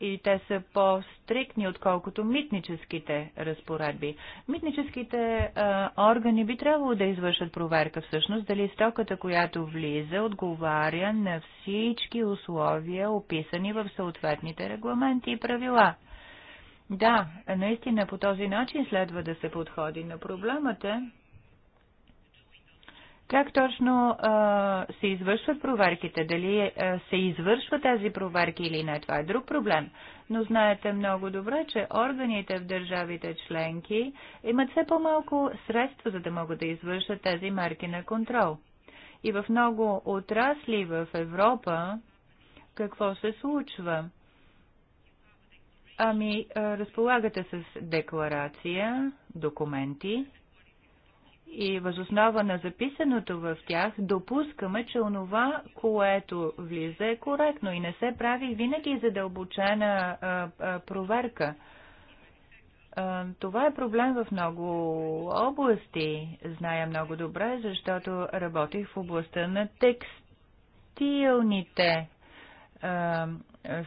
и те са по-стрикни, отколкото митническите разпоредби. Митническите а, органи би трябвало да извършат проверка всъщност дали стоката, която влиза, отговаря на всички условия, описани в съответните регламенти и правила. Да, наистина по този начин следва да се подходи на проблемата. Как точно а, се извършват проверките? Дали а, се извършва тези проверки или не? Това е друг проблем. Но знаете много добре, че органите в държавите членки имат все по-малко средства, за да могат да извършат тези марки на контрол. И в много отрасли в Европа какво се случва? Ами, разполагате с декларация, документи, и възоснова на записаното в тях допускаме, че онова, което влиза е коректно и не се прави винаги задълбочена а, а, проверка. това е проблем в много области, зная много добре, защото работих в областта на текстилните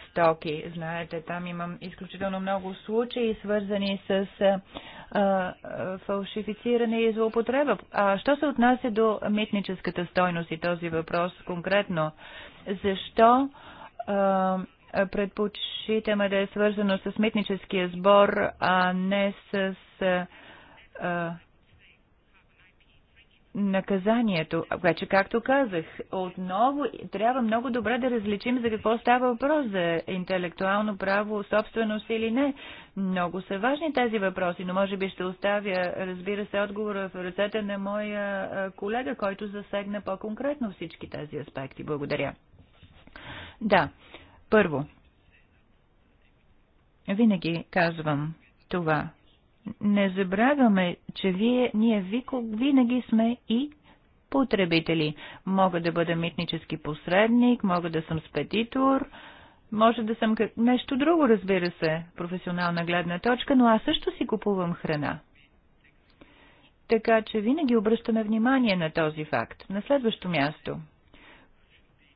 стоки. Знаете, там имам изключително много случаи, свързани с а, фалшифициране и злоупотреба. А що се отнася до митническата стойност и този въпрос конкретно? Защо а, предпочитаме да е свързано с митническия сбор, а не с а, наказанието. Вече, както казах, отново трябва много добре да различим за какво става въпрос, за интелектуално право, собственост или не. Много са важни тези въпроси, но може би ще оставя, разбира се, отговора в ръцете на моя колега, който засегна по-конкретно всички тези аспекти. Благодаря. Да, първо, винаги казвам това – не забравяме, че вие, ние винаги сме и потребители. Мога да бъда митнически посредник, мога да съм спедитор, може да съм как... нещо друго, разбира се, професионална гледна точка, но аз също си купувам храна. Така че винаги обръщаме внимание на този факт. На следващо място.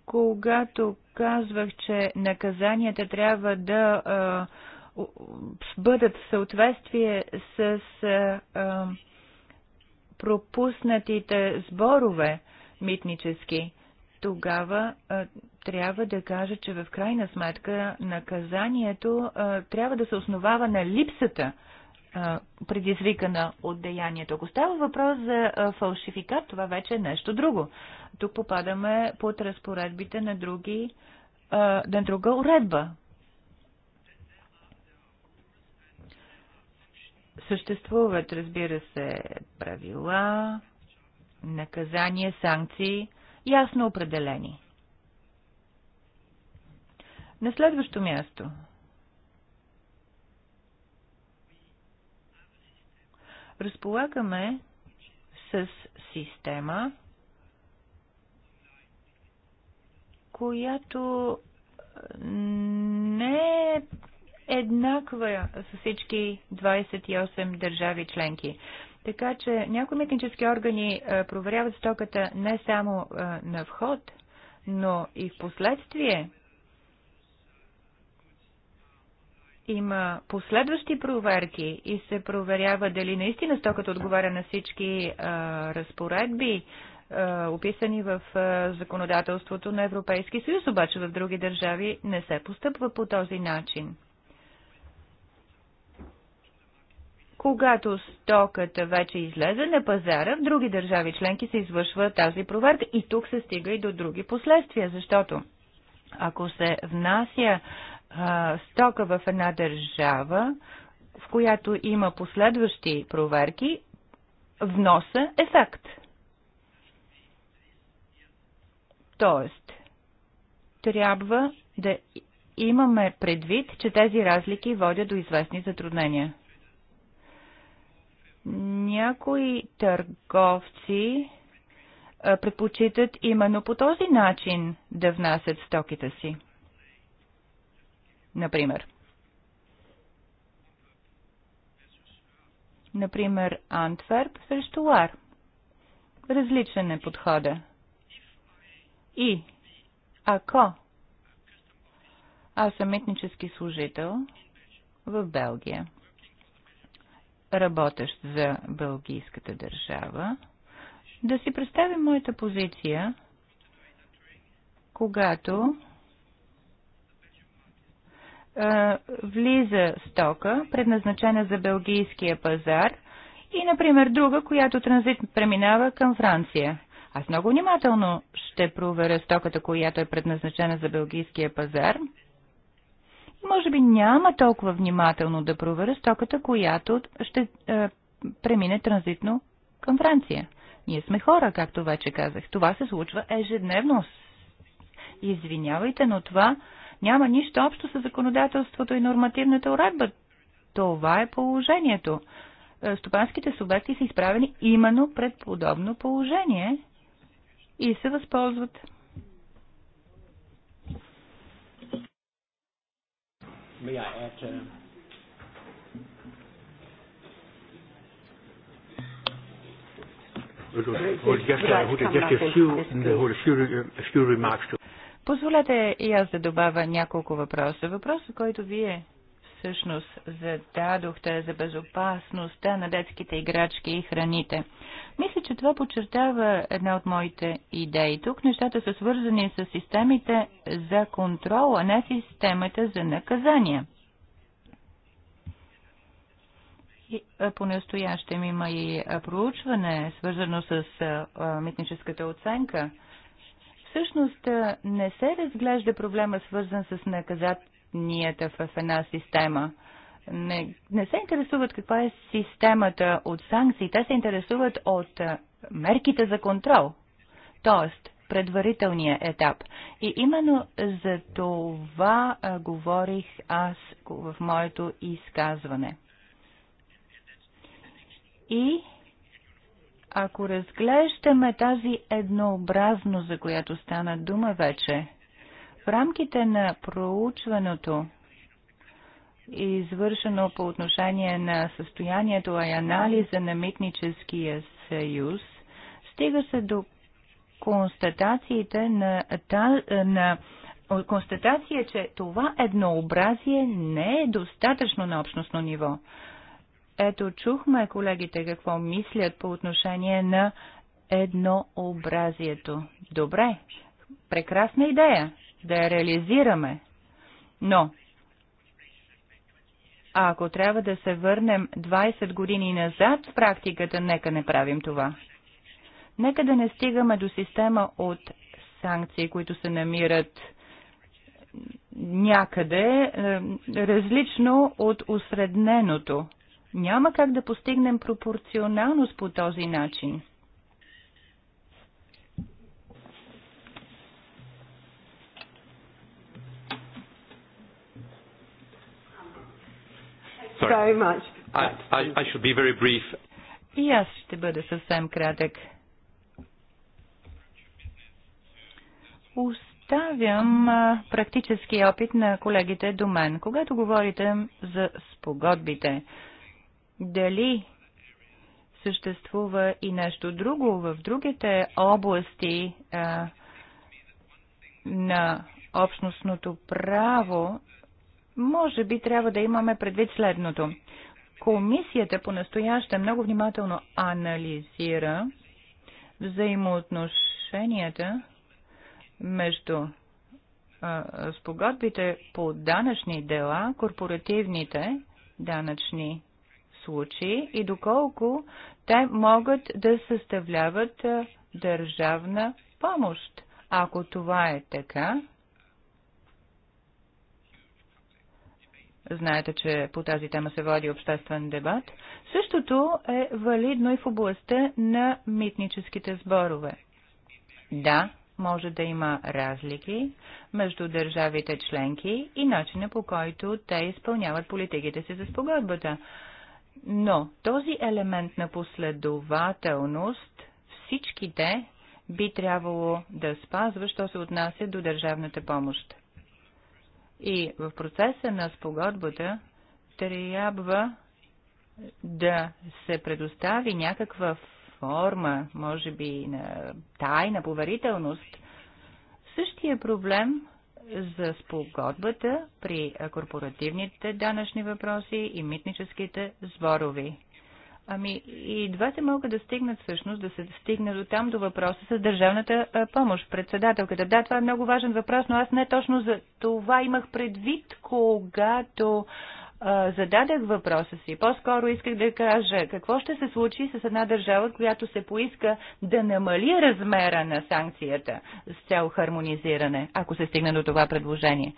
Когато казвах, че наказанията трябва да а, бъдат в съответствие с пропуснатите сборове митнически, тогава а, трябва да кажа, че в крайна сметка наказанието а, трябва да се основава на липсата а, предизвикана от деянието. Ако става въпрос за а, фалшификат, това вече е нещо друго. Тук попадаме под разпоредбите на, други, а, на друга уредба, Съществуват, разбира се, правила, наказания, санкции, ясно определени. На следващо място. Разполагаме с система, която не е еднаква с всички 28 държави членки. Така че някои митнически органи проверяват стоката не само на вход, но и в последствие има последващи проверки и се проверява дали наистина стоката отговаря на всички разпоредби, описани в законодателството на Европейски съюз, обаче в други държави не се постъпва по този начин. Когато стоката вече излезе на пазара, в други държави членки се извършва тази проверка и тук се стига и до други последствия, защото ако се внася а, стока в една държава, в която има последващи проверки, вноса е факт. Тоест, трябва да имаме предвид, че тези разлики водят до известни затруднения. Някои търговци предпочитат именно по този начин да внасят стоките си. Например. Например, Антверп срещу Лар. Различен е подхода. И ако аз съм етнически служител в Белгия, работещ за бългийската държава, да си представим моята позиция, когато а, влиза стока, предназначена за белгийския пазар, и, например, друга, която транзит преминава към Франция. Аз много внимателно ще проверя стоката, която е предназначена за белгийския пазар може би няма толкова внимателно да проверя стоката, която ще е, премине транзитно към Франция. Ние сме хора, както вече казах. Това се случва ежедневно. Извинявайте, но това няма нищо общо с законодателството и нормативната уредба. Това е положението. Е, стопанските субекти са изправени именно пред подобно положение и се възползват. may I add? to Uh, Позволете и аз да добавя няколко въпроса. Въпросът, който вие всъщност зададохте за безопасността на детските играчки и храните. Мисля, че това подчертава една от моите идеи. Тук нещата са свързани с системите за контрол, а не системата за наказания. По-настоящем има и проучване, свързано с митническата оценка всъщност не се разглежда проблема свързан с наказат, знанията в една система. Не, не се интересуват каква е системата от санкции, те се интересуват от мерките за контрол, т.е. предварителния етап. И именно за това а, говорих аз в моето изказване. И ако разглеждаме тази еднообразност, за която стана дума вече, в рамките на проучването, извършено по отношение на състоянието и анализа на Митническия съюз, стига се до констатациите на, та, на констатация, че това еднообразие не е достатъчно на общностно ниво. Ето чухме колегите какво мислят по отношение на еднообразието. Добре, прекрасна идея да я реализираме. Но, а ако трябва да се върнем 20 години назад в практиката, нека не правим това. Нека да не стигаме до система от санкции, които се намират някъде, е, различно от осредненото. Няма как да постигнем пропорционалност по този начин. Sorry. much. I, I, I should be very brief. И аз ще бъда съвсем кратък. Оставям практически опит на колегите до мен. Когато говорите за спогодбите, дали съществува и нещо друго в другите области а, на общностното право, може би трябва да имаме предвид следното. Комисията по настояще много внимателно анализира взаимоотношенията между спогодбите по данъчни дела, корпоративните данъчни случаи и доколко те могат да съставляват държавна помощ. Ако това е така, Знаете, че по тази тема се води обществен дебат. Същото е валидно и в областта на митническите сборове. Да, може да има разлики между държавите членки и начина по който те изпълняват политиките си за спогодбата. Но този елемент на последователност всичките би трябвало да спазва, що се отнася до държавната помощ. И в процеса на спогодбата трябва да се предостави някаква форма, може би на тайна поверителност. Същия проблем за спогодбата при корпоративните данъчни въпроси и митническите зборови. Ами и двата могат да стигнат всъщност, да се стигне до там до въпроса с държавната помощ. Председателката, да, това е много важен въпрос, но аз не точно за това имах предвид, когато а, зададах въпроса си. По-скоро исках да кажа какво ще се случи с една държава, която се поиска да намали размера на санкцията с цел хармонизиране, ако се стигне до това предложение.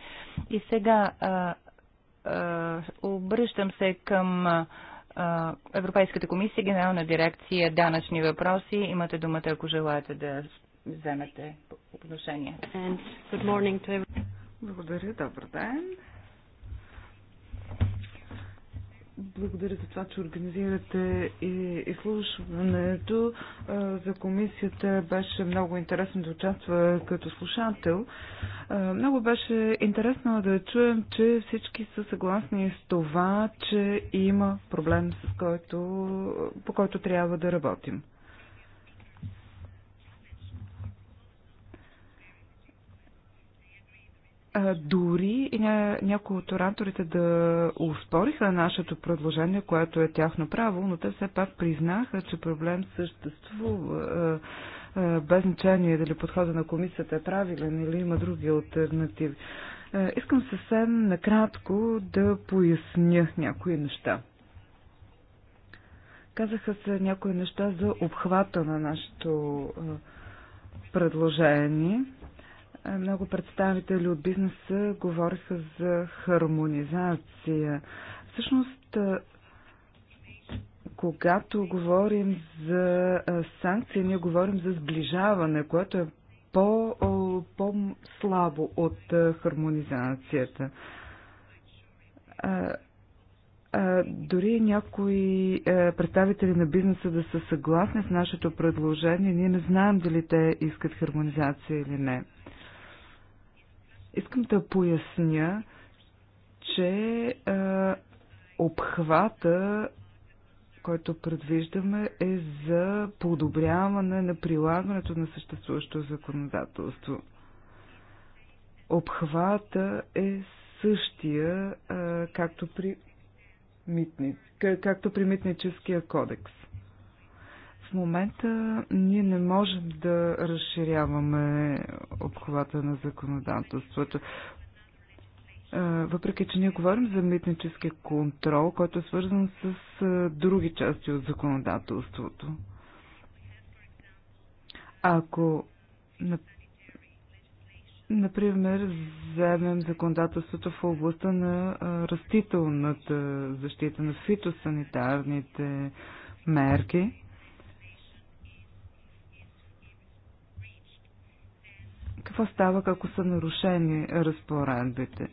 И сега а, а, обръщам се към. А, Европейската комисия, Генерална дирекция данъчни въпроси. Имате думата, ако желаете да вземете отношение. Благодаря, добър ден. Благодаря за това, че организирате и изслушването. За комисията беше много интересно да участва като слушател. Много беше интересно да чуем, че всички са съгласни с това, че има проблем, с който, по който трябва да работим. дори някои от ораторите да успориха нашето предложение, което е тяхно право, но те все пак признаха, че проблем съществува без значение дали подхода на комисията е правилен или има други альтернативи. Искам съвсем накратко да поясня някои неща. Казаха се някои неща за обхвата на нашето предложение. Много представители от бизнеса говориха за хармонизация. Всъщност, когато говорим за санкции, ние говорим за сближаване, което е по, по-слабо от хармонизацията. Дори някои представители на бизнеса да са съгласни с нашето предложение, ние не знаем дали те искат хармонизация или не. Искам да поясня, че а, обхвата, който предвиждаме, е за подобряване на прилагането на съществуващото законодателство. Обхвата е същия, а, както при митни, както при митническия кодекс. В момента ние не можем да разширяваме обхвата на законодателството. Въпреки, че ние говорим за митнически контрол, който е свързан с други части от законодателството. Ако, например, вземем законодателството в областта на растителната защита, на фитосанитарните мерки, какво става, ако са нарушени разпоредбите.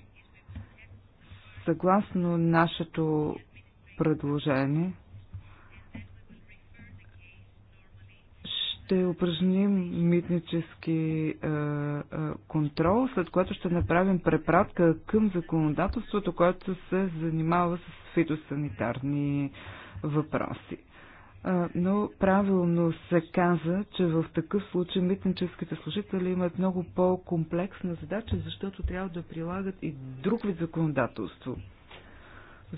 Съгласно нашето предложение, ще упражним митнически е, е, контрол, след което ще направим препратка към законодателството, което се занимава с фитосанитарни въпроси но правилно се каза, че в такъв случай митническите служители имат много по-комплексна задача, защото трябва да прилагат и друг вид законодателство.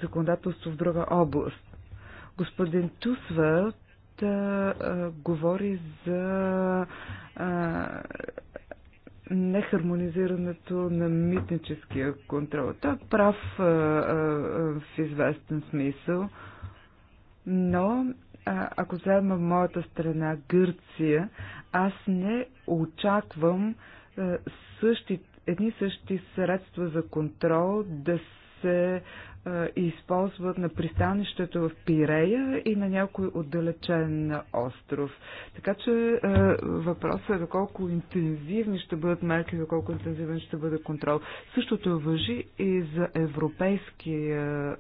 Законодателство в друга област. Господин Тусва да, говори за а, нехармонизирането на митническия контрол. Той е прав а, а, в известен смисъл, но ако взема моята страна Гърция, аз не очаквам е, същи, едни същи средства за контрол да се е, използват на пристанището в Пирея и на някой отдалечен остров. Така че е, въпросът е доколко интензивни ще бъдат мерки, доколко интензивен ще бъде контрол. Същото въжи и за Европейския е,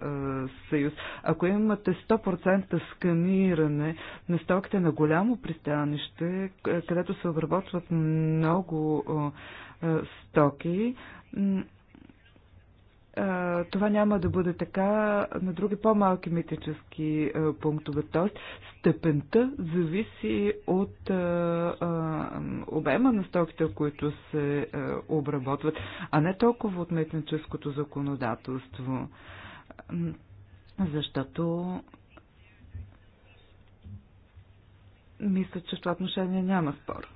съюз. Ако имате 100% сканиране на стоките на голямо пристанище, където се обработват много стоки, това няма да бъде така на други по-малки митически пунктове. Тоест, степента зависи от обема на стоките, които се обработват, а не толкова от митническото законодателство. Защото мисля, че в това отношение няма спор.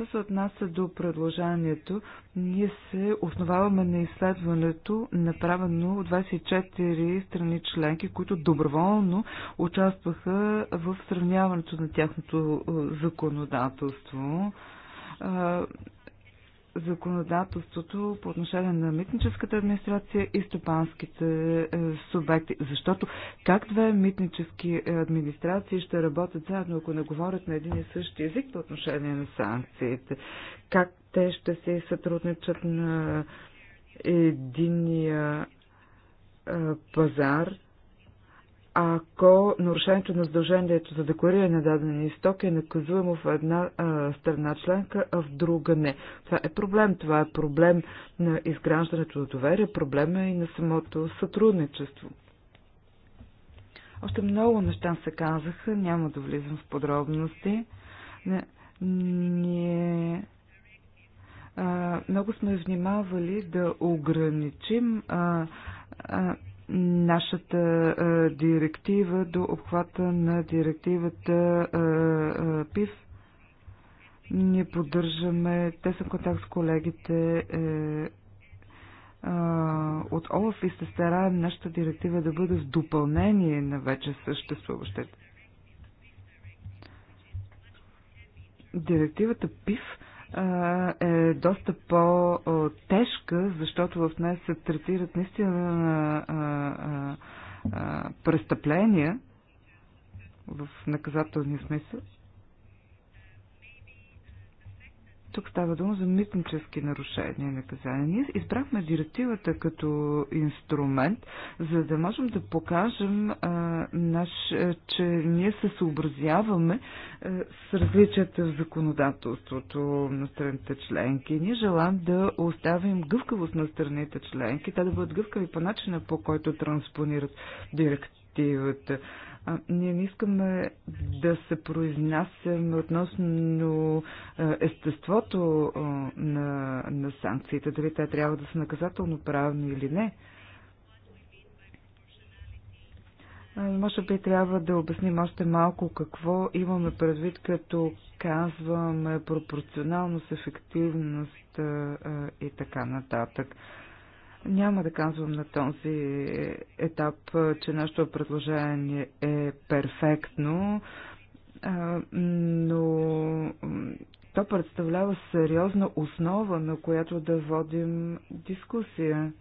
Що се отнася до предложението, ние се основаваме на изследването, направено от 24 страни членки, които доброволно участваха в сравняването на тяхното законодателство законодателството по отношение на митническата администрация и стопанските е, субекти. Защото как две митнически е, администрации ще работят заедно, ако не говорят на един и същи език по отношение на санкциите? Как те ще се сътрудничат на единия е, пазар? ако нарушението на задължението за деклариране на дадени стоки е наказуемо в една а, страна членка, а в друга не. Това е проблем. Това е проблем на изграждането на доверие, проблем е и на самото сътрудничество. Още много неща се казаха, няма да влизам в подробности. Не, ние а, много сме внимавали да ограничим а, а, нашата а, директива до обхвата на директивата а, а, ПИВ. Ние поддържаме тесен контакт с колегите е, а, от ОЛАФ и се стараем нашата директива да бъде в допълнение на вече съществуващите. Директивата ПИВ е доста по-теж точка, защото в нея се третират наистина а, а, а, престъпления в наказателния смисъл. Тук става дума за митнически нарушения и наказания. Ние избрахме директивата като инструмент, за да можем да покажем, а, наш, а, че ние се съобразяваме а, с различията в законодателството на страните членки. Ние желаем да оставим гъвкавост на страните членки, те да бъдат гъвкави по начина, по който транспонират директивата директивата. А, ние не искаме да се произнасяме относно естеството на, на санкциите, дали те трябва да са наказателно правни или не. Може би трябва да обясним още малко какво имаме предвид, като казваме пропорционалност, ефективност и така нататък. Няма да казвам на този етап, че нашето предложение е перфектно, но то представлява сериозна основа, на която да водим дискусия.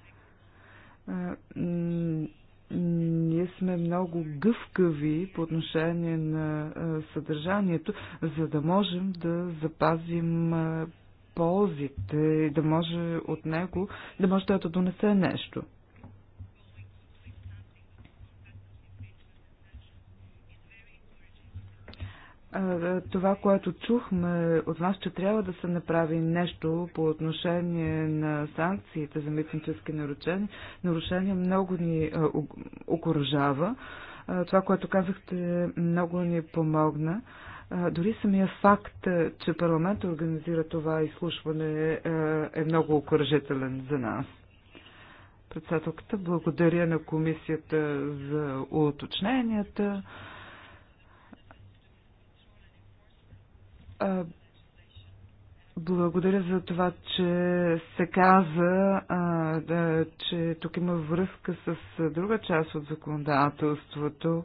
Ние сме много гъвкави по отношение на съдържанието, за да можем да запазим ползите, да може от него, да може той да донесе нещо. това, което чухме от вас, че трябва да се направи нещо по отношение на санкциите за митнически нарушения, нарушения много ни окоръжава. Това, което казахте, много ни помогна. Дори самия факт, е, че парламент организира това изслушване е, е много окоръжителен за нас. Председателката, благодаря на комисията за уточненията. Благодаря за това, че се каза, а, да, че тук има връзка с друга част от законодателството.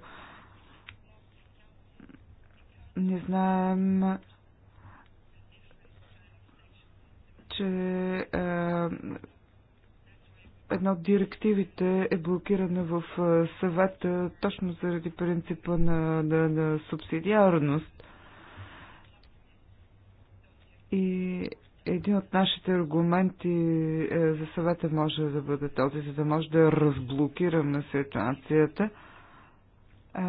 Не знаем, че е, една от директивите е блокирана в е, съвета точно заради принципа на, на, на субсидиарност. И един от нашите аргументи е, за съвета може да бъде този, за да може да разблокираме ситуацията. Е,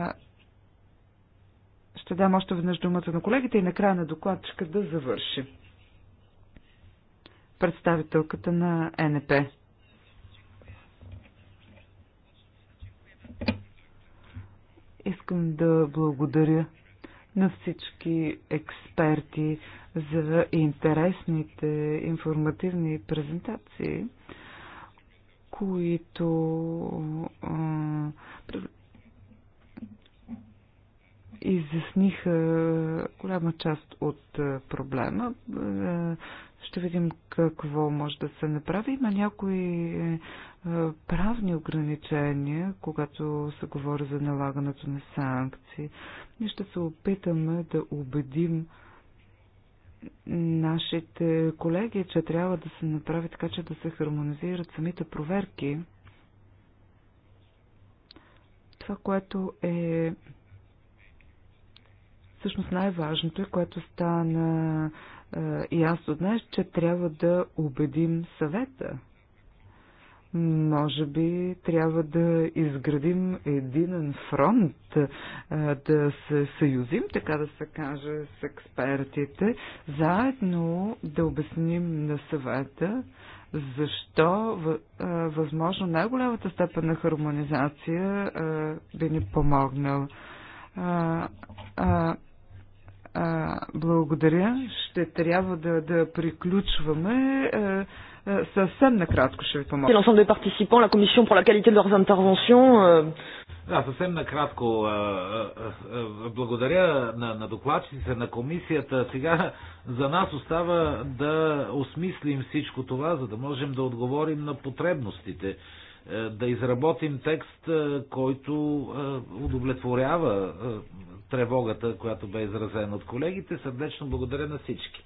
ще дам още веднъж думата на колегите и накрая на докладчика да завърши. Представителката на НП. Искам да благодаря на всички експерти за интересните информативни презентации, които а, Изясних голяма част от е, проблема. Е, ще видим какво може да се направи. Има някои е, правни ограничения, когато се говори за налагането на санкции. Ние ще се опитаме да убедим нашите колеги, че трябва да се направи така, че да се хармонизират самите проверки. Това, което е Всъщност най-важното е, което стана е, ясно днес, че трябва да убедим съвета. Може би трябва да изградим единен фронт, е, да се съюзим, така да се каже, с експертите, заедно да обясним на съвета защо е, възможно най-голямата степен на хармонизация би ни помогнал. А, благодаря. Ще трябва да, да приключваме. А, съвсем накратко ще ви помогна. L'ensemble des participants, la commission pour la qualité de leurs interventions. Euh? Да, съвсем накратко. Благодаря на, на докладчиците, на комисията. Сега за нас остава да осмислим всичко това, за да можем да отговорим на потребностите. Да изработим текст, който удовлетворява тревогата, която бе изразена от колегите. Сърдечно благодаря на всички.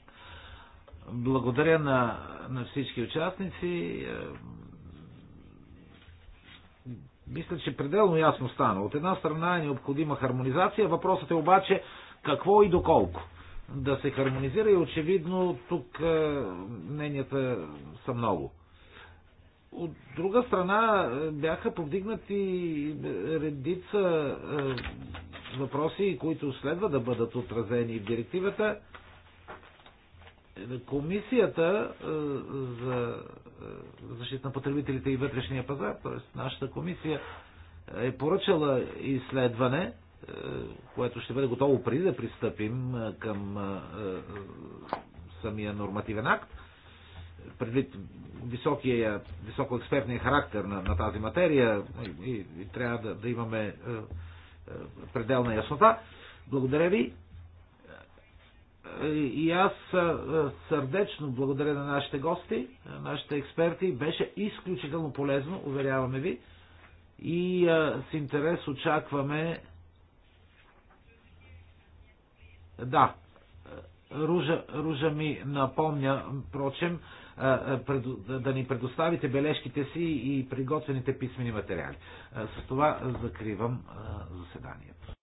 Благодаря на, на всички участници. Е, мисля, че пределно ясно стана. От една страна е необходима хармонизация, въпросът е обаче какво и доколко да се хармонизира и очевидно тук е, мненията са много. От друга страна е, бяха повдигнати редица въпроси, които следва да бъдат отразени в директивата. Комисията е, за е, защита на потребителите и вътрешния пазар, т.е. нашата комисия, е поръчала изследване, е, което ще бъде готово преди да пристъпим към самия нормативен акт, предвид високия, високо експертния характер на, на тази материя и, и, и трябва да, да имаме пределна яснота. Благодаря ви. И аз сърдечно благодаря на нашите гости, на нашите експерти. Беше изключително полезно, уверяваме ви. И с интерес очакваме. Да, Ружа, Ружа ми напомня, впрочем, да ни предоставите бележките си и приготвените писмени материали. С това закривам заседанието.